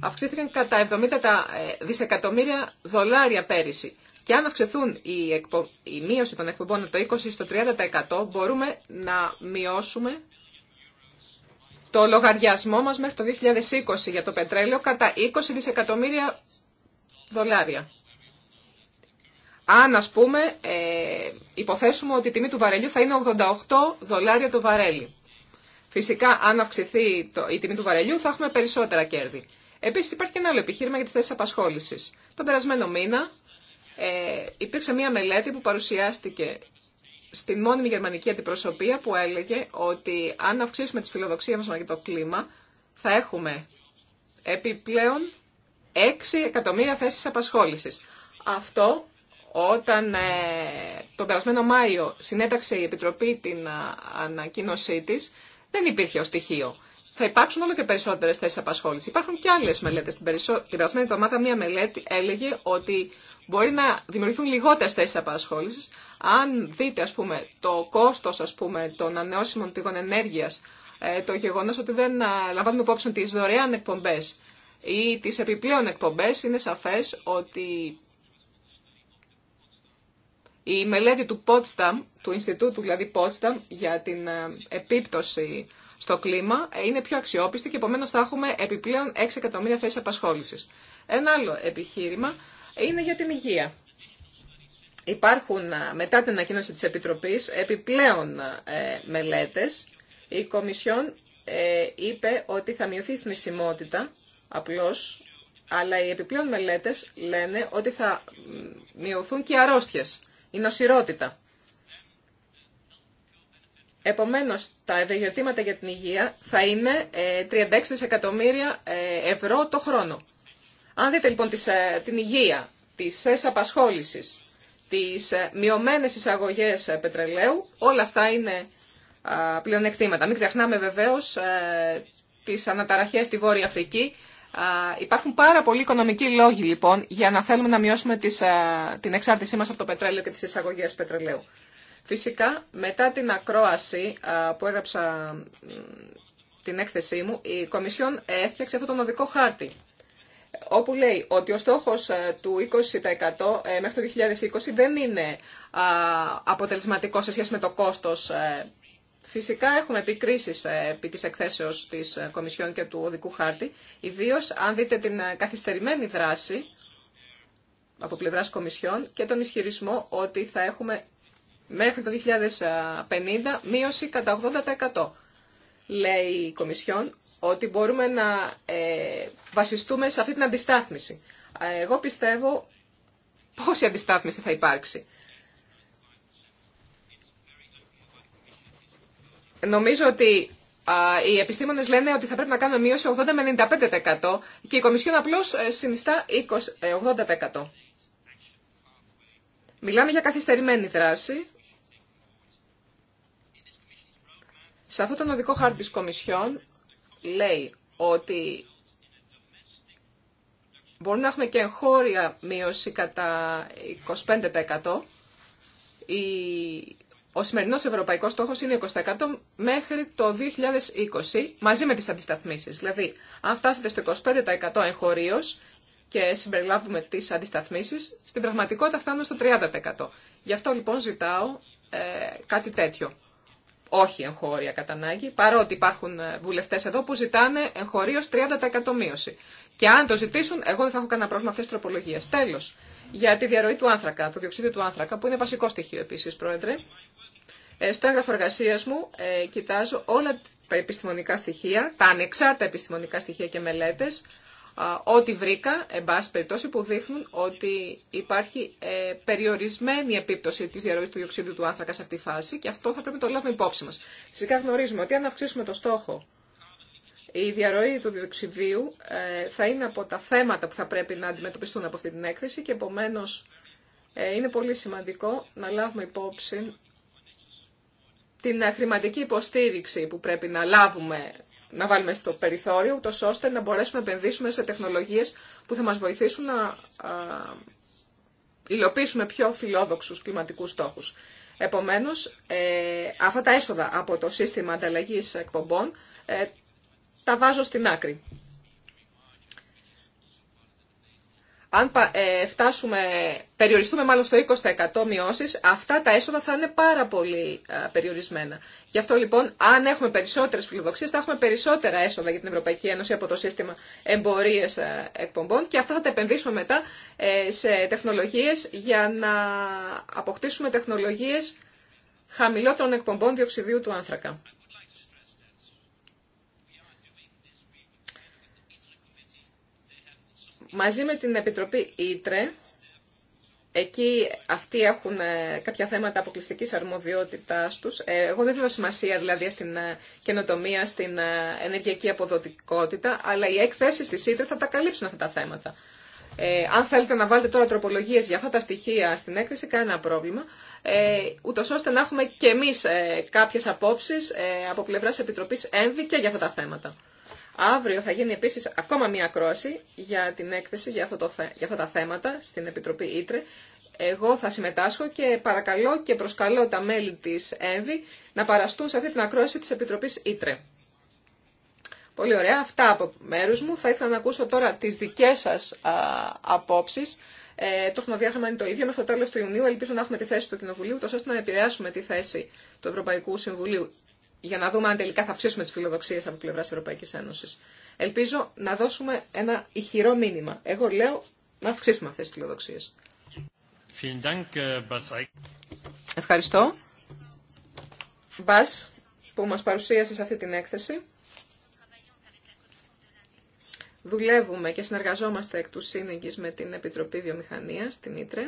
αυξήθηκαν κατά 70 ε, δισεκατομμύρια δολάρια πέρυσι. Και αν αυξηθούν η, εκπο... μείωση των εκπομπών από το 20% στο 30% μπορούμε να μειώσουμε το λογαριασμό μας μέχρι το 2020 για το πετρέλαιο κατά 20 δισεκατομμύρια δολάρια. Αν ας πούμε ε, υποθέσουμε ότι η τιμή του βαρελιού θα είναι 88 δολάρια το βαρέλι. Φυσικά αν αυξηθεί το, η τιμή του βαρελιού θα έχουμε περισσότερα κέρδη. Επίσης υπάρχει και ένα άλλο επιχείρημα για τις θέσεις απασχόλησης. Τον περασμένο μήνα ε, υπήρξε μία μελέτη που παρουσιάστηκε στην μόνιμη γερμανική αντιπροσωπεία που έλεγε ότι αν αυξήσουμε τις φιλοδοξίες μας για το κλίμα θα έχουμε επιπλέον 6 εκατομμύρια θέσεις απασχόλησης. Αυτό όταν ε, τον περασμένο Μάιο συνέταξε η Επιτροπή την ε, ανακοίνωσή της δεν υπήρχε ως στοιχείο θα υπάρξουν όλο και περισσότερε θέσει απασχόληση. Υπάρχουν και άλλε μελέτε. Την, περισσο... την περασμένη εβδομάδα, μία μελέτη έλεγε ότι μπορεί να δημιουργηθούν λιγότερε θέσει απασχόληση. Αν δείτε, α πούμε, το κόστο των ανεώσιμων πηγών ενέργεια, ε, το γεγονό ότι δεν λαμβάνουμε υπόψη τι δωρεάν εκπομπέ ή τι επιπλέον εκπομπέ, είναι σαφέ ότι η μελέτη του Potsdam, του Ινστιτούτου δηλαδή Potsdam, για την ε, επίπτωση στο κλίμα ε, είναι πιο αξιόπιστη και επομένω θα έχουμε επιπλέον 6 εκατομμύρια θέσει απασχόληση. Ένα άλλο επιχείρημα είναι για την υγεία. Υπάρχουν μετά την ανακοίνωση της Επιτροπής επιπλέον ε, μελέτες. Η Κομισιόν ε, είπε ότι θα μειωθεί η θνησιμότητα απλώς, αλλά οι επιπλέον μελέτες λένε ότι θα μειωθούν και οι αρρώστιες, η νοσηρότητα. Επομένως, τα ευεργετήματα για την υγεία θα είναι 36 ε, δισεκατομμύρια ε, ευρώ το χρόνο. Αν δείτε λοιπόν ε, την υγεία, τις ΕΣ απασχόλησης, τις μειωμένες εισαγωγές πετρελαίου, όλα αυτά είναι πλεονεκτήματα. Μην ξεχνάμε βεβαίως τις αναταραχές στη Βόρεια Αφρική. Υπάρχουν πάρα πολλοί οικονομικοί λόγοι λοιπόν για να θέλουμε να μειώσουμε την εξάρτησή μας από το πετρέλαιο και τις εισαγωγές πετρελαίου. Φυσικά, μετά την ακρόαση που έγραψα την έκθεσή μου, η Κομισιόν έφτιαξε αυτόν τον οδικό χάρτη, όπου λέει ότι ο στόχος του 20% ε, μέχρι το 2020 δεν είναι αποτελεσματικός σε σχέση με το κόστος. Ε. Φυσικά έχουμε επικρίσεις ε, επί της εκθέσεως της Κομισιόν και του οδικού χάρτη, ιδίως αν δείτε την καθυστερημένη δράση από πλευράς Κομισιόν και τον ισχυρισμό ότι θα έχουμε μέχρι το 2050 μείωση κατά 80%. Λέει η Κομισιόν ότι μπορούμε να ε, βασιστούμε σε αυτή την αντιστάθμιση. Εγώ πιστεύω πόση αντιστάθμιση θα υπάρξει. Νομίζω ότι οι επιστήμονες λένε ότι θα πρέπει να κάνουμε μείωση 80 με 95% και η Κομισιόν απλώς ε, συνιστά 80%. Ε, Μιλάμε για καθυστερημένη δράση Σε αυτόν τον οδικό χάρτη της Κομισιόν λέει ότι μπορούμε να έχουμε και εγχώρια μείωση κατά 25%. Ο σημερινό ευρωπαϊκό στόχο είναι 20% μέχρι το 2020 μαζί με τι αντισταθμίσει. Δηλαδή, αν φτάσετε στο 25% εγχωρίω και συμπεριλάβουμε τι αντισταθμίσει, στην πραγματικότητα φτάνουμε στο 30%. Γι' αυτό λοιπόν ζητάω ε, κάτι τέτοιο όχι εγχώρια κατά ανάγκη, παρότι υπάρχουν ε, βουλευτέ εδώ που ζητάνε εγχωρίω 30% μείωση. Και αν το ζητήσουν, εγώ δεν θα έχω κανένα πρόβλημα αυτέ τι τροπολογίε. Τέλο, για τη διαρροή του άνθρακα, το διοξείδιο του άνθρακα, που είναι βασικό στοιχείο επίση, Πρόεδρε. Ε, στο έγγραφο εργασία μου ε, κοιτάζω όλα τα επιστημονικά στοιχεία, τα ανεξάρτητα επιστημονικά στοιχεία και μελέτε, ό,τι βρήκα, εν πάση περιπτώσει, που δείχνουν ότι υπάρχει ε, περιορισμένη επίπτωση τη διαρροή του διοξίδιου του άνθρακα σε αυτή τη φάση και αυτό θα πρέπει να το λάβουμε υπόψη μα. Φυσικά γνωρίζουμε ότι αν αυξήσουμε το στόχο, η διαρροή του διοξιδίου ε, θα είναι από τα θέματα που θα πρέπει να αντιμετωπιστούν από αυτή την έκθεση και επομένω ε, είναι πολύ σημαντικό να λάβουμε υπόψη την χρηματική υποστήριξη που πρέπει να λάβουμε να βάλουμε στο περιθώριο, ούτως ώστε να μπορέσουμε να επενδύσουμε σε τεχνολογίες που θα μας βοηθήσουν να υλοποιήσουμε πιο φιλόδοξους κλιματικούς στόχους. Επομένως, ε, αυτά τα έσοδα από το σύστημα ανταλλαγής εκπομπών ε, τα βάζω στην άκρη. αν ε, φτάσουμε, περιοριστούμε μάλλον στο 20% μειώσει, αυτά τα έσοδα θα είναι πάρα πολύ περιορισμένα. Γι' αυτό λοιπόν, αν έχουμε περισσότερες φιλοδοξίε, θα έχουμε περισσότερα έσοδα για την Ευρωπαϊκή Ένωση από το σύστημα εμπορίες ε, εκπομπών και αυτά θα τα επενδύσουμε μετά ε, σε τεχνολογίες για να αποκτήσουμε τεχνολογίε χαμηλότερων εκπομπών διοξιδίου του άνθρακα. μαζί με την Επιτροπή Ήτρε, εκεί αυτοί έχουν ε, κάποια θέματα αποκλειστική αρμοδιότητάς τους. Ε, εγώ δεν δίνω σημασία δηλαδή στην ε, καινοτομία, στην ενεργειακή αποδοτικότητα, αλλά οι εκθέσεις της Ήτρε θα τα καλύψουν αυτά τα θέματα. Ε, αν θέλετε να βάλετε τώρα τροπολογίες για αυτά τα στοιχεία στην έκθεση, κανένα πρόβλημα. Ε, ούτως ώστε να έχουμε και εμείς ε, κάποιες απόψεις από πλευράς Επιτροπής ΕΝΔΙ και για αυτά τα θέματα. Αύριο θα γίνει επίσης ακόμα μία ακρόαση για την έκθεση για, αυτό για αυτά τα θέματα στην Επιτροπή Ήτρε. Εγώ θα συμμετάσχω και παρακαλώ και προσκαλώ τα μέλη της ΕΝΒΗ να παραστούν σε αυτή την ακρόαση της Επιτροπής Ήτρε. Πολύ ωραία. Αυτά από μέρους μου. Θα ήθελα να ακούσω τώρα τις δικές σας α, απόψεις. Ε, το χρονοδιάγραμμα είναι το ίδιο μέχρι το τέλο του Ιουνίου. Ελπίζω να έχουμε τη θέση του Κοινοβουλίου, τόσο ώστε να επηρεάσουμε τη θέση του Ευρωπαϊκού Συμβουλίου για να δούμε αν τελικά θα αυξήσουμε τι φιλοδοξίες από πλευράς Ευρωπαϊκής Ένωσης. Ελπίζω να δώσουμε ένα ηχηρό μήνυμα. Εγώ λέω να αυξήσουμε αυτέ τι φιλοδοξίε. Ε, Ευχαριστώ. Μπα που μας παρουσίασε αυτή την έκθεση. Δουλεύουμε και συνεργαζόμαστε εκ του σύνεγγυς με την Επιτροπή Βιομηχανίας, την Ήτρε.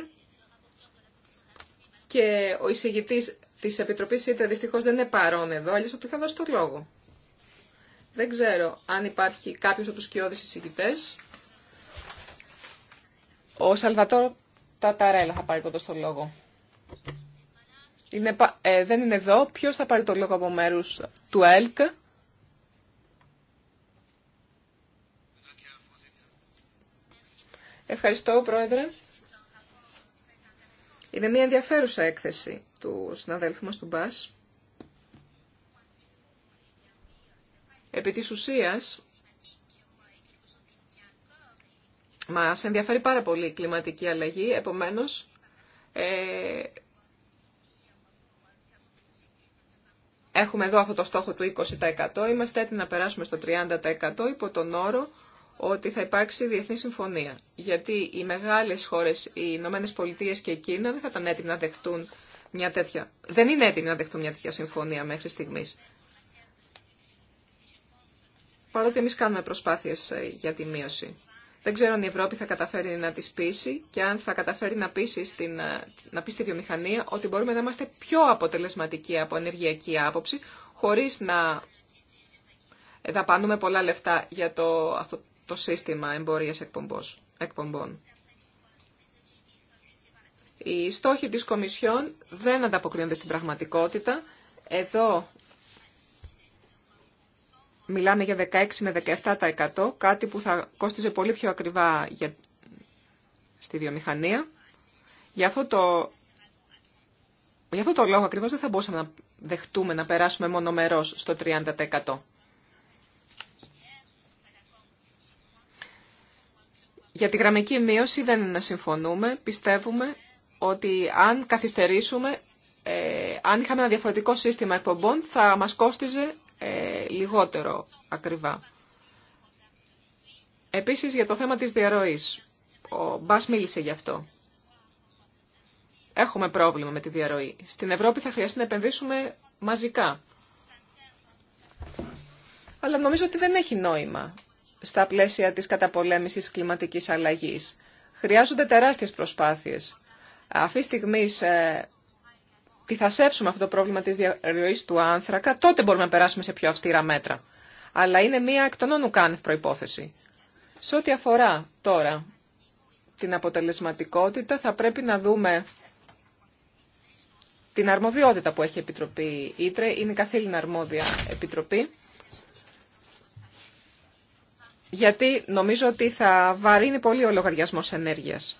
Και ο εισηγητής Τη επιτροπή είτε δυστυχώ δεν είναι παρόν εδώ, αλλιώ θα του είχα δώσει το λόγο. Δεν ξέρω αν υπάρχει κάποιο από του κοιόδης συζητητέ. Ο Σαλβατόρ Ταταρέλα θα πάρει πρώτο το λόγο. Ε, δεν είναι εδώ. Ποιο θα πάρει το λόγο από μέρου του ΕΛΚ. Ευχαριστώ, Πρόεδρε. Είναι μια ενδιαφέρουσα έκθεση του συναδέλφου μας του Μπάς. Επί της ουσίας, μας ενδιαφέρει πάρα πολύ η κλιματική αλλαγή, επομένως, ε, έχουμε εδώ αυτό το στόχο του 20%, είμαστε έτοιμοι να περάσουμε στο 30% υπό τον όρο ότι θα υπάρξει διεθνή συμφωνία. Γιατί οι μεγάλε χώρε, οι Ηνωμένε Πολιτείε και η Κίνα δεν θα ήταν έτοιμοι να δεχτούν μια τέτοια... Δεν είναι έτοιμοι να δεχτούν μια τέτοια συμφωνία μέχρι στιγμή. Παρότι εμεί κάνουμε προσπάθειες ε, για τη μείωση. Δεν ξέρω αν η Ευρώπη θα καταφέρει να τις πείσει και αν θα καταφέρει να πείσει, στην, ε, να πείσει τη βιομηχανία ότι μπορούμε να είμαστε πιο αποτελεσματικοί από ενεργειακή άποψη χωρί να δαπανούμε πολλά λεφτά για το, αυτό, το σύστημα εμπορίας εκπομπών. Οι στόχοι της Κομισιόν δεν ανταποκρίνονται στην πραγματικότητα. Εδώ μιλάμε για 16 με 17%, κάτι που θα κόστιζε πολύ πιο ακριβά για... στη βιομηχανία. Για αυτό το... αυτό το λόγο ακριβώς δεν θα μπορούσαμε να δεχτούμε να περάσουμε μονομερός στο 30%. Για τη γραμμική μείωση δεν είναι να συμφωνούμε. Πιστεύουμε ότι αν καθυστερήσουμε, ε, αν είχαμε ένα διαφορετικό σύστημα εκπομπών, θα μας κόστιζε ε, λιγότερο ακριβά. Επίσης, για το θέμα της διαρροής. Ο Μπάς μίλησε γι' αυτό. Έχουμε πρόβλημα με τη διαρροή. Στην Ευρώπη θα χρειαστεί να επενδύσουμε μαζικά. Αλλά νομίζω ότι δεν έχει νόημα στα πλαίσια της καταπολέμησης κλιματικής αλλαγής. Χρειάζονται τεράστιες προσπάθειες. Αυτή τη στιγμή ε, τι θα σέψουμε αυτό το πρόβλημα της διαρροής του άνθρακα, τότε μπορούμε να περάσουμε σε πιο αυστηρά μέτρα. Αλλά είναι μία εκ των όνου προϋπόθεση. Σε ό,τι αφορά τώρα την αποτελεσματικότητα, θα πρέπει να δούμε την αρμοδιότητα που έχει η Επιτροπή Ήτρε. Είναι καθήλυνα αρμόδια επιτροπή γιατί νομίζω ότι θα βαρύνει πολύ ο λογαριασμός ενέργειας.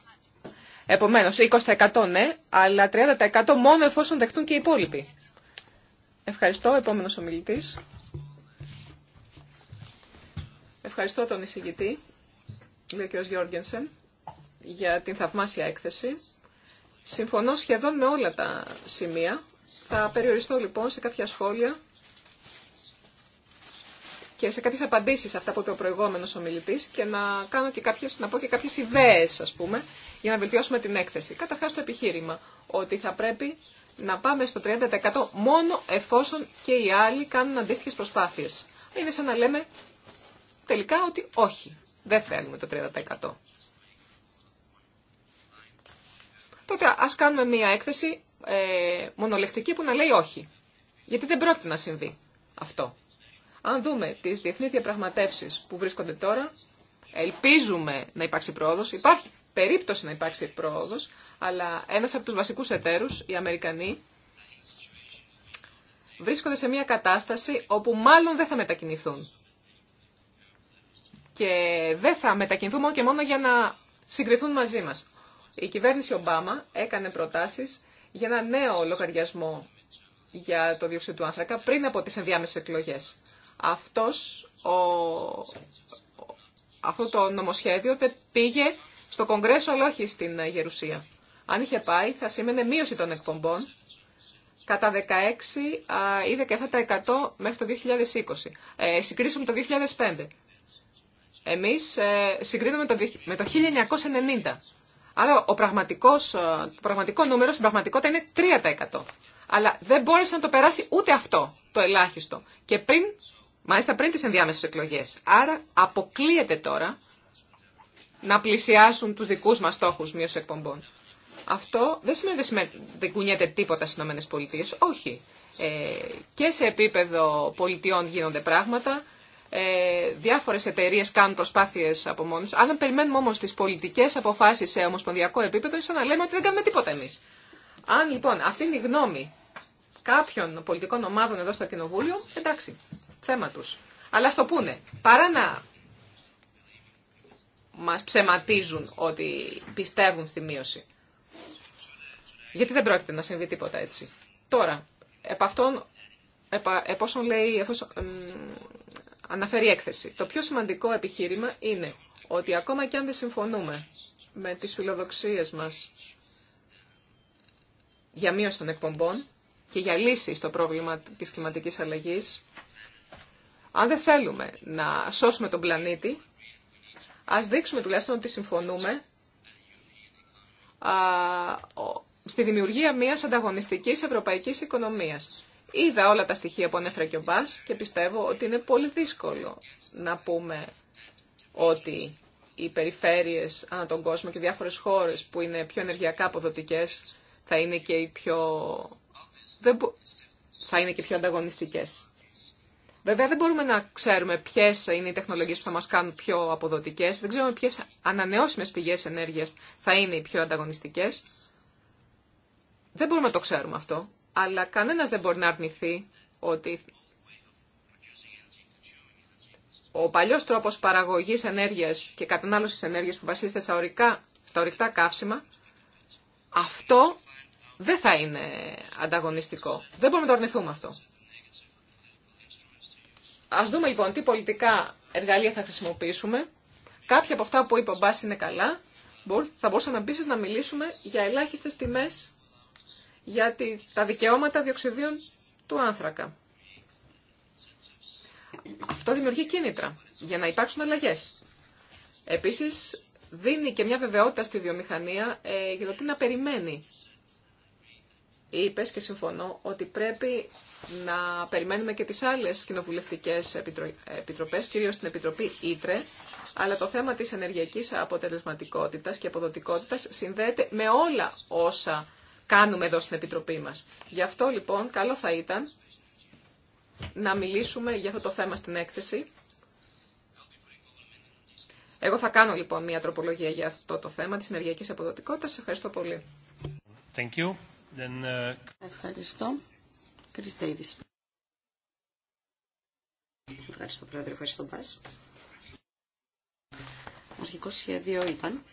Επομένω, 20% ναι, αλλά 30% μόνο εφόσον δεχτούν και οι υπόλοιποι. Ευχαριστώ, επόμενο ομιλητή. Ευχαριστώ τον εισηγητή, λέει ο κ. Γιώργενσεν, για την θαυμάσια έκθεση. Συμφωνώ σχεδόν με όλα τα σημεία. Θα περιοριστώ λοιπόν σε κάποια σχόλια και σε κάποιες απαντήσεις αυτά που είπε ο προηγούμενο ομιλητής και να, κάνω και κάποιες, να πω και κάποιες ιδέες, ας πούμε, για να βελτιώσουμε την έκθεση. Καταρχά το επιχείρημα ότι θα πρέπει να πάμε στο 30% μόνο εφόσον και οι άλλοι κάνουν αντίστοιχε προσπάθειες. Είναι σαν να λέμε τελικά ότι όχι, δεν θέλουμε το 30%. Τότε ας κάνουμε μία έκθεση ε, μονολεκτική που να λέει όχι. Γιατί δεν πρόκειται να συμβεί αυτό. Αν δούμε τις διεθνείς διαπραγματεύσει που βρίσκονται τώρα, ελπίζουμε να υπάρξει πρόοδος, υπάρχει περίπτωση να υπάρξει πρόοδος, αλλά ένας από τους βασικούς εταίρους, οι Αμερικανοί, βρίσκονται σε μια κατάσταση όπου μάλλον δεν θα μετακινηθούν. Και δεν θα μετακινηθούν μόνο και μόνο για να συγκριθούν μαζί μας. Η κυβέρνηση Ομπάμα έκανε προτάσεις για ένα νέο λογαριασμό για το διοξείδιο του άνθρακα πριν από τις ενδιάμεσες εκλογές αυτός ο, αυτό το νομοσχέδιο δεν πήγε στο Κογκρέσο αλλά όχι στην Γερουσία. Αν είχε πάει θα σήμαινε μείωση των εκπομπών κατά 16 ή 17% μέχρι το 2020. Ε, συγκρίσουμε το 2005. Εμείς ε, συγκρίνουμε το, με το 1990. Άρα ο πραγματικός, ε, το πραγματικό νούμερο στην πραγματικότητα είναι 3%. Αλλά δεν μπόρεσε να το περάσει ούτε αυτό το ελάχιστο. Και πριν Μάλιστα πριν τι ενδιάμεσε εκλογές. Άρα αποκλείεται τώρα να πλησιάσουν τους δικούς μας στόχους μείωση εκπομπών. Αυτό δεν σημαίνει ότι δεν κουνιέται τίποτα στις ΗΠΑ. Όχι. Ε, και σε επίπεδο πολιτιών γίνονται πράγματα. Ε, διάφορες εταιρείες κάνουν προσπάθειες από μόνους. Αν περιμένουμε όμως τις πολιτικές αποφάσεις σε ομοσπονδιακό επίπεδο, είναι σαν να λέμε ότι δεν κάνουμε τίποτα εμείς. Αν λοιπόν αυτή είναι η γνώμη κάποιων πολιτικών ομάδων εδώ στο Κοινοβούλιο, εντάξει θέμα Αλλά στο πούνε. Παρά να μας ψεματίζουν ότι πιστεύουν στη μείωση. Γιατί δεν πρόκειται να συμβεί τίποτα έτσι. Τώρα, επ' αυτόν, επ' όσον λέει, εφόσον, αναφέρει έκθεση. Το πιο σημαντικό επιχείρημα είναι ότι ακόμα και αν δεν συμφωνούμε με τις φιλοδοξίες μας για μείωση των εκπομπών και για λύση στο πρόβλημα της κλιματικής αλλαγής, αν δεν θέλουμε να σώσουμε τον πλανήτη, ας δείξουμε τουλάχιστον ότι συμφωνούμε στη δημιουργία μιας ανταγωνιστικής ευρωπαϊκής οικονομίας. Είδα όλα τα στοιχεία που ανέφερε και ο Μπάς και πιστεύω ότι είναι πολύ δύσκολο να πούμε ότι οι περιφέρειες ανά τον κόσμο και διάφορες χώρες που είναι πιο ενεργειακά αποδοτικές θα είναι και οι πιο, θα είναι και ανταγωνιστικές. Βέβαια δεν μπορούμε να ξέρουμε ποιε είναι οι τεχνολογίε που θα μα κάνουν πιο αποδοτικέ, δεν ξέρουμε ποιε ανανεώσιμε πηγέ ενέργεια θα είναι οι πιο ανταγωνιστικέ. Δεν μπορούμε να το ξέρουμε αυτό, αλλά κανένα δεν μπορεί να αρνηθεί ότι ο παλιό τρόπο παραγωγή ενέργεια και κατανάλωση ενέργεια που βασίζεται στα, ορικά στα ορυκτά καύσιμα, αυτό δεν θα είναι ανταγωνιστικό. Δεν μπορούμε να το αρνηθούμε αυτό. Ας δούμε λοιπόν τι πολιτικά εργαλεία θα χρησιμοποιήσουμε. Κάποια από αυτά που είπε ο Μπάς είναι καλά. Θα μπορούσαμε επίση να μιλήσουμε για ελάχιστες τιμές για τα δικαιώματα διοξιδίων του άνθρακα. Αυτό δημιουργεί κίνητρα για να υπάρξουν αλλαγέ. Επίσης, δίνει και μια βεβαιότητα στη βιομηχανία ε, για το τι να περιμένει είπες και συμφωνώ ότι πρέπει να περιμένουμε και τις άλλες κοινοβουλευτικές επιτροπές, κυρίως την Επιτροπή Ήτρε, αλλά το θέμα της ενεργειακής αποτελεσματικότητας και αποδοτικότητας συνδέεται με όλα όσα κάνουμε εδώ στην Επιτροπή μας. Γι' αυτό λοιπόν καλό θα ήταν να μιλήσουμε για αυτό το θέμα στην έκθεση. Εγώ θα κάνω λοιπόν μια τροπολογία για αυτό το θέμα της ενεργειακής αποδοτικότητας. ευχαριστώ πολύ. Thank you. Uh, Ευχαριστώ. Chris Ευχαριστώ, Πρόεδρε. Ευχαριστώ, Μπάς. Αρχικό σχέδιο ήταν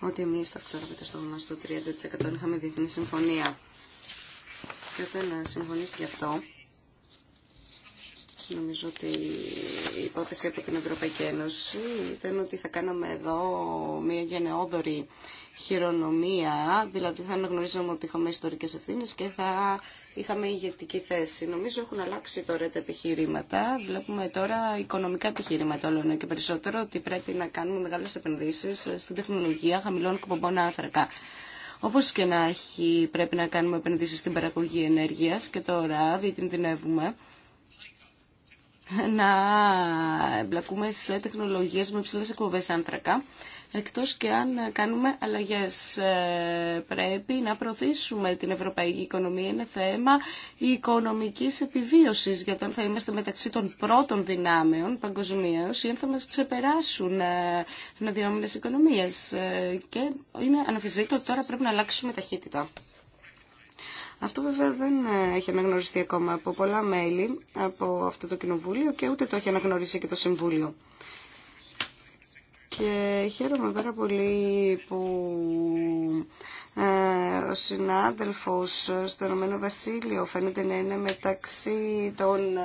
ότι εμεί θα αυξάναμε το στόχο μα στο 30% είχαμε διεθνή συμφωνία. Και όταν ε, συμφωνήθηκε αυτό, Νομίζω ότι η υπόθεση από την Ευρωπαϊκή Ένωση ήταν ότι θα κάναμε εδώ μια γενναιόδορη χειρονομία, δηλαδή θα αναγνωρίζαμε ότι είχαμε ιστορικές ευθύνες και θα είχαμε ηγετική θέση. Νομίζω έχουν αλλάξει τώρα τα επιχειρήματα. Βλέπουμε τώρα οικονομικά επιχειρήματα όλο και περισσότερο ότι πρέπει να κάνουμε μεγάλες επενδύσεις στην τεχνολογία χαμηλών κομπομπών άνθρακα. Όπω και να έχει, πρέπει να κάνουμε επενδύσει στην παραγωγή ενέργεια και τώρα διακινδυνεύουμε να εμπλακούμε σε τεχνολογίες με ψηλές εκπομπές άνθρακα εκτός και αν κάνουμε αλλαγές. Ε, πρέπει να προωθήσουμε την ευρωπαϊκή οικονομία. Είναι θέμα η οικονομικής επιβίωσης, γιατί αν θα είμαστε μεταξύ των πρώτων δυνάμεων παγκοσμίω ή αν θα μας ξεπεράσουν ε, αναδυόμενες οικονομίες. Ε, και είναι αναφυσβήτητο ότι τώρα πρέπει να αλλάξουμε ταχύτητα. Αυτό βέβαια δεν ε, έχει αναγνωριστεί ακόμα από πολλά μέλη από αυτό το κοινοβούλιο και ούτε το έχει αναγνωρίσει και το Συμβούλιο. Και χαίρομαι πάρα πολύ που ε, ο συνάδελφος στο Ηνωμένο Βασίλειο φαίνεται να είναι μεταξύ των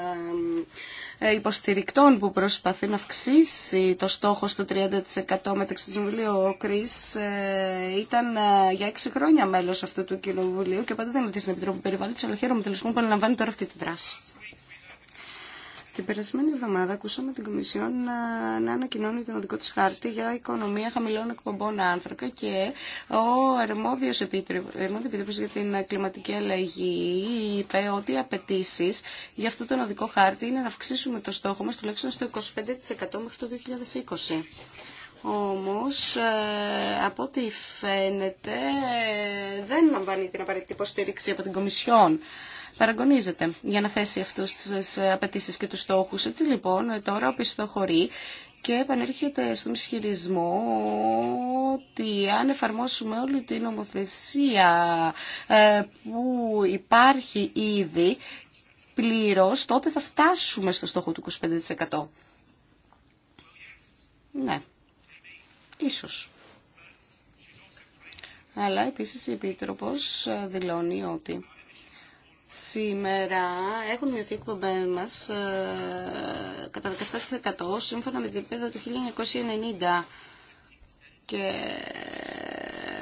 ε, ε, υποστηρικτών που προσπαθεί να αυξήσει το στόχο στο 30% μεταξύ του Συμβουλίου. Ο Κρίς ήταν για έξι χρόνια μέλος αυτού του Κοινοβουλίου και πάντα δεν ήταν στην Επιτροπή Περιβάλλοντος, αλλά χαίρομαι τελικά που αναλαμβάνει τώρα αυτή τη δράση. Την περασμένη εβδομάδα ακούσαμε την Κομισιόν να, ε, να ανακοινώνει τον οδικό της χάρτη για οικονομία χαμηλών εκπομπών άνθρακα και ο αρμόδιος επίτροπος για την κλιματική αλλαγή είπε ότι οι απαιτήσει για αυτό τον οδικό χάρτη είναι να αυξήσουμε το στόχο μας τουλάχιστον στο 25% μέχρι το 2020. Όμως, ε, από ό,τι φαίνεται, δεν λαμβάνει την απαραίτητη υποστήριξη από την Κομισιόν. Παραγωνίζεται για να θέσει αυτούς τις απαιτήσει και τους στόχους. Έτσι λοιπόν, τώρα οπισθοχωρεί και επανέρχεται στον ισχυρισμό ότι αν εφαρμόσουμε όλη την νομοθεσία ε, που υπάρχει ήδη πλήρως, τότε θα φτάσουμε στο στόχο του 25%. Ναι. Ίσως. Αλλά επίσης η Επίτροπος δηλώνει ότι σήμερα έχουν μειωθεί οι εκπομπέ μα ε, κατά 17% σύμφωνα με την επίπεδο του 1990. Και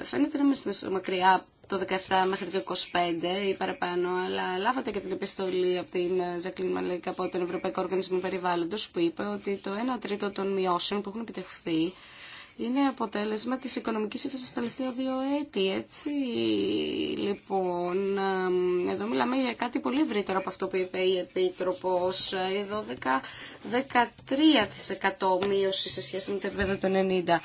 φαίνεται να είμαστε μακριά το 17 μέχρι το 25 ή παραπάνω, αλλά λάβατε και την επιστολή από την Ζακλίν Μαλέκ από τον Ευρωπαϊκό Οργανισμό Περιβάλλοντος που είπε ότι το 1 τρίτο των μειώσεων που έχουν επιτευχθεί είναι αποτέλεσμα της οικονομικής ύφεσης τα τελευταία δύο έτη. Έτσι, λοιπόν, εδώ μιλάμε για κάτι πολύ ευρύτερο από αυτό που είπε η Επίτροπος. Εδώ 13% μείωση σε σχέση με το επίπεδο των 90%.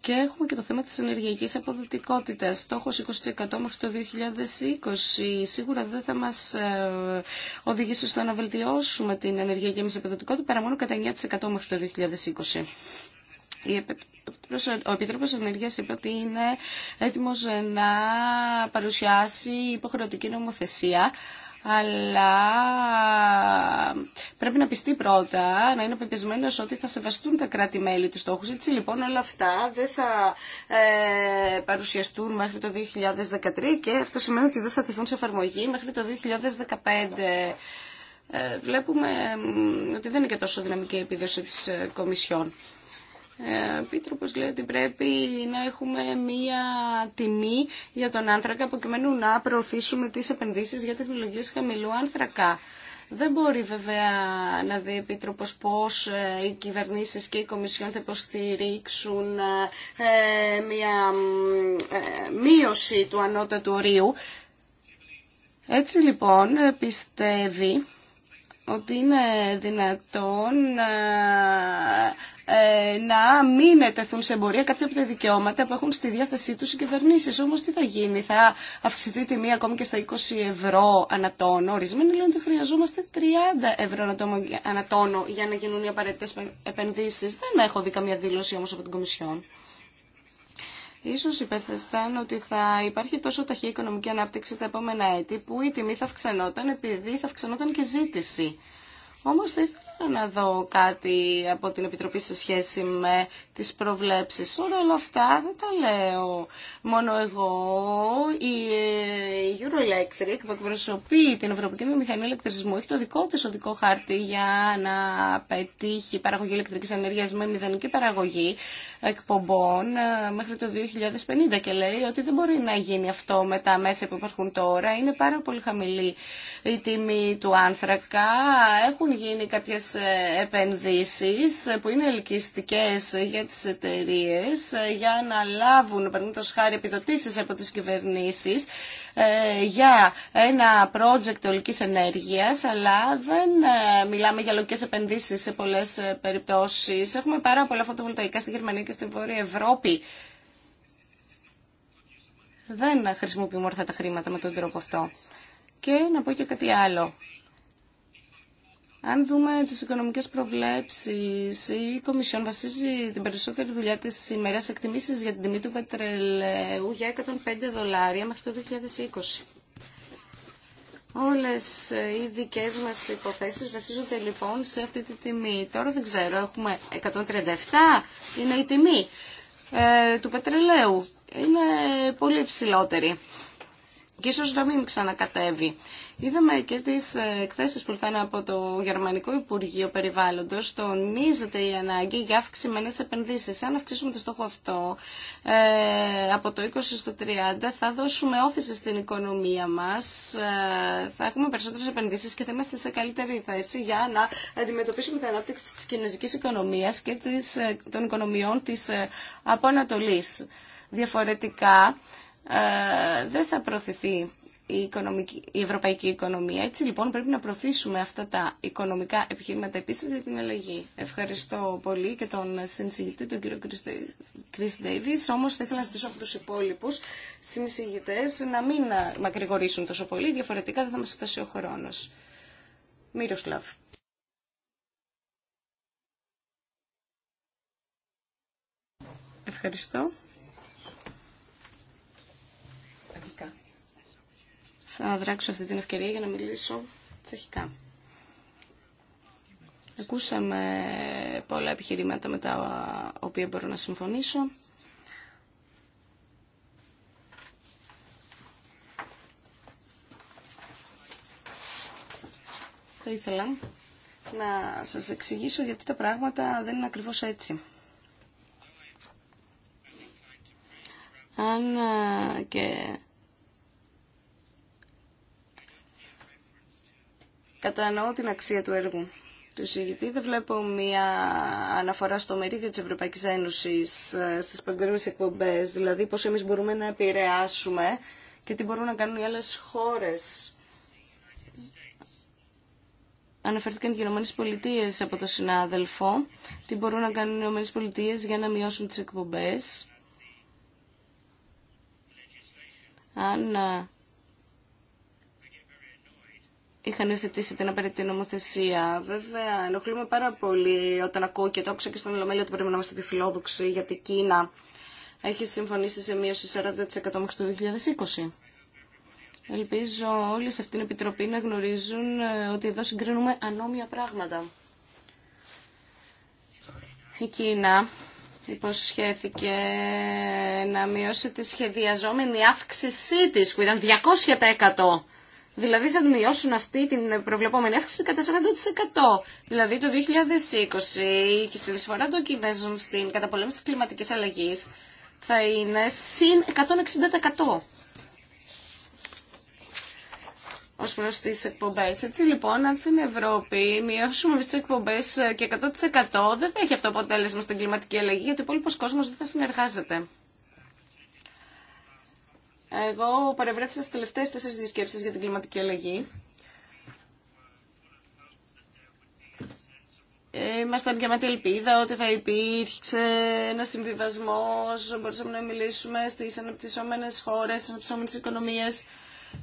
Και έχουμε και το θέμα της ενεργειακής αποδοτικότητας. Στόχος 20% μέχρι το 2020. Σίγουρα δεν θα μας ε, οδηγήσει στο να βελτιώσουμε την ενεργειακή μας αποδοτικότητα παρά μόνο κατά 9% μέχρι το 2020 ο Επίτροπο ενέργεια είπε ότι είναι έτοιμο να παρουσιάσει υποχρεωτική νομοθεσία αλλά πρέπει να πιστεί πρώτα, να είναι πεπισμένο ότι θα σεβαστούν τα κράτη-μέλη του στόχου. Έτσι λοιπόν όλα αυτά δεν θα ε, παρουσιαστούν μέχρι το 2013 και αυτό σημαίνει ότι δεν θα τεθούν σε εφαρμογή μέχρι το 2015. Ε, βλέπουμε ότι δεν είναι και τόσο δυναμική η επίδοση της ε, Κομισιόν. Ε, Επίτροπος λέει ότι πρέπει να έχουμε μία τιμή για τον άνθρακα προκειμένου να προωθήσουμε τις επενδύσεις για τεχνολογίες χαμηλού άνθρακα. Δεν μπορεί βέβαια να δει επίτροπο πώς ε, οι κυβερνήσεις και οι Κομισιόν θα υποστηρίξουν ε, μια μείωση του ανώτατου ορίου. Έτσι λοιπόν πιστεύει ότι είναι δυνατόν ε, να μην ετεθούν σε εμπορία κάποια από τα δικαιώματα που έχουν στη διάθεσή του οι κυβερνήσει. Όμως τι θα γίνει, θα αυξηθεί η τιμή ακόμη και στα 20 ευρώ ανατόνο. Ορισμένοι λένε ότι χρειαζόμαστε 30 ευρώ ανατόνο για να γίνουν οι απαραίτητες επενδύσει. Δεν έχω δει καμία δήλωση όμω από την Κομισιόν. Ίσως υπέθεσταν ότι θα υπάρχει τόσο ταχύ οικονομική ανάπτυξη τα επόμενα έτη που η τιμή θα αυξανόταν επειδή θα αυξανόταν και ζήτηση. Όμως να δω κάτι από την Επιτροπή σε σχέση με τις προβλέψεις. Όλα όλα αυτά δεν τα λέω μόνο εγώ. Η ε, Euroelectric που εκπροσωπεί την Ευρωπαϊκή Μηχανή Ελεκτρισμού έχει το δικό της οδικό χάρτη για να πετύχει παραγωγή ηλεκτρικής ενέργειας με μηδενική παραγωγή εκπομπών ε, μέχρι το 2050 και λέει ότι δεν μπορεί να γίνει αυτό με τα μέσα που υπάρχουν τώρα. Είναι πάρα πολύ χαμηλή η τιμή του άνθρακα. Έχουν γίνει κάποιες επενδύσεις που είναι ελκυστικές για τις εταιρείε για να λάβουν, παραδείγματος χάρη, επιδοτήσεις από τις κυβερνήσεις ε, για ένα project ολικής ενέργειας, αλλά δεν ε, μιλάμε για λογικές επενδύσεις σε πολλές ε, περιπτώσεις. Έχουμε πάρα πολλά φωτοβολταϊκά στη Γερμανία και στην Βόρεια Ευρώπη. Δεν χρησιμοποιούμε όρθα τα χρήματα με τον τρόπο αυτό. Και να πω και κάτι άλλο. Αν δούμε τις οικονομικές προβλέψεις, η Κομισιόν βασίζει την περισσότερη δουλειά της σήμερα σε εκτιμήσεις για την τιμή του πετρελαίου για 105 δολάρια μέχρι το 2020. Όλες οι δικές μας υποθέσεις βασίζονται λοιπόν σε αυτή τη τιμή. Τώρα δεν ξέρω, έχουμε 137, είναι η τιμή ε, του πετρελαίου. Είναι πολύ υψηλότερη και ίσως να μην ξανακατεύει. Είδαμε και τις ε, εκθέσει που ήρθαν από το Γερμανικό Υπουργείο Περιβάλλοντος. Τονίζεται η ανάγκη για αυξημένε επενδύσεις. Αν αυξήσουμε το στόχο αυτό ε, από το 20 στο 30 θα δώσουμε όθηση στην οικονομία μας. Ε, θα έχουμε περισσότερες επενδύσεις και θα είμαστε σε καλύτερη θέση για να αντιμετωπίσουμε την ανάπτυξη τη κινέζικης οικονομία και των οικονομιών της από Διαφορετικά δεν θα προωθηθεί η, η ευρωπαϊκή οικονομία. Έτσι λοιπόν πρέπει να προωθήσουμε αυτά τα οικονομικά επιχειρήματα επίση για την αλλαγή. Ευχαριστώ πολύ και τον συνσηγητή τον κύριο Κρίς Ντέιβις. Όμως θα ήθελα να ζητήσω από τους υπόλοιπους συνεισηγητές να μην μακρηγορήσουν τόσο πολύ, διαφορετικά δεν θα μας φτάσει ο χρόνος. Μύροσλαβ. Ευχαριστώ. Θα δράξω αυτή την ευκαιρία για να μιλήσω τσεχικά. Ακούσαμε πολλά επιχειρήματα με τα οποία μπορώ να συμφωνήσω. Θα ήθελα να σας εξηγήσω γιατί τα πράγματα δεν είναι ακριβώς έτσι. Αν και κατανοώ την αξία του έργου του συζητητή. Δεν βλέπω μία αναφορά στο μερίδιο της Ευρωπαϊκής Ένωσης ε, στις παγκόσμιες εκπομπές, δηλαδή πώς εμείς μπορούμε να επηρεάσουμε και τι μπορούν να κάνουν οι άλλες χώρες. Αναφέρθηκαν οι Ηνωμένε Πολιτείε από τον συνάδελφο. Τι μπορούν να κάνουν οι Ηνωμένε Πολιτείε για να μειώσουν τις εκπομπές. Αν ε, είχαν υιοθετήσει την απαραίτητη νομοθεσία. Βέβαια, ενοχλούμε πάρα πολύ όταν ακούω και το άκουσα και στον Ελλομέλιο ότι πρέπει να είμαστε επιφιλόδοξοι, γιατί η Κίνα έχει συμφωνήσει σε μείωση 40% μέχρι το 2020. Ελπίζω όλοι σε αυτήν την επιτροπή να γνωρίζουν ε, ότι εδώ συγκρίνουμε ανώμια πράγματα. Η Κίνα υποσχέθηκε να μειώσει τη σχεδιαζόμενη αύξησή της, που ήταν 200%. Δηλαδή θα μειώσουν αυτή την προβλεπόμενη αύξηση κατά 40%. Δηλαδή το 2020 η συνεισφορά των Κινέζων στην καταπολέμηση της κλιματικής αλλαγής θα είναι συν 160%. Ω προ τι εκπομπέ. Έτσι λοιπόν, αν στην Ευρώπη μειώσουμε τι εκπομπέ και 100%, δεν θα έχει αυτό αποτέλεσμα στην κλιματική αλλαγή, γιατί ο υπόλοιπο κόσμο δεν θα συνεργάζεται. Εγώ παρευρέθησα στις τελευταίες τέσσερις διασκέψεις για την κλιματική αλλαγή. Ήμασταν και με την ελπίδα ότι θα υπήρξε ένα συμβιβασμό, μπορούσαμε να μιλήσουμε στι αναπτυσσόμενε χώρε, στι αναπτυσσόμενε οικονομίε.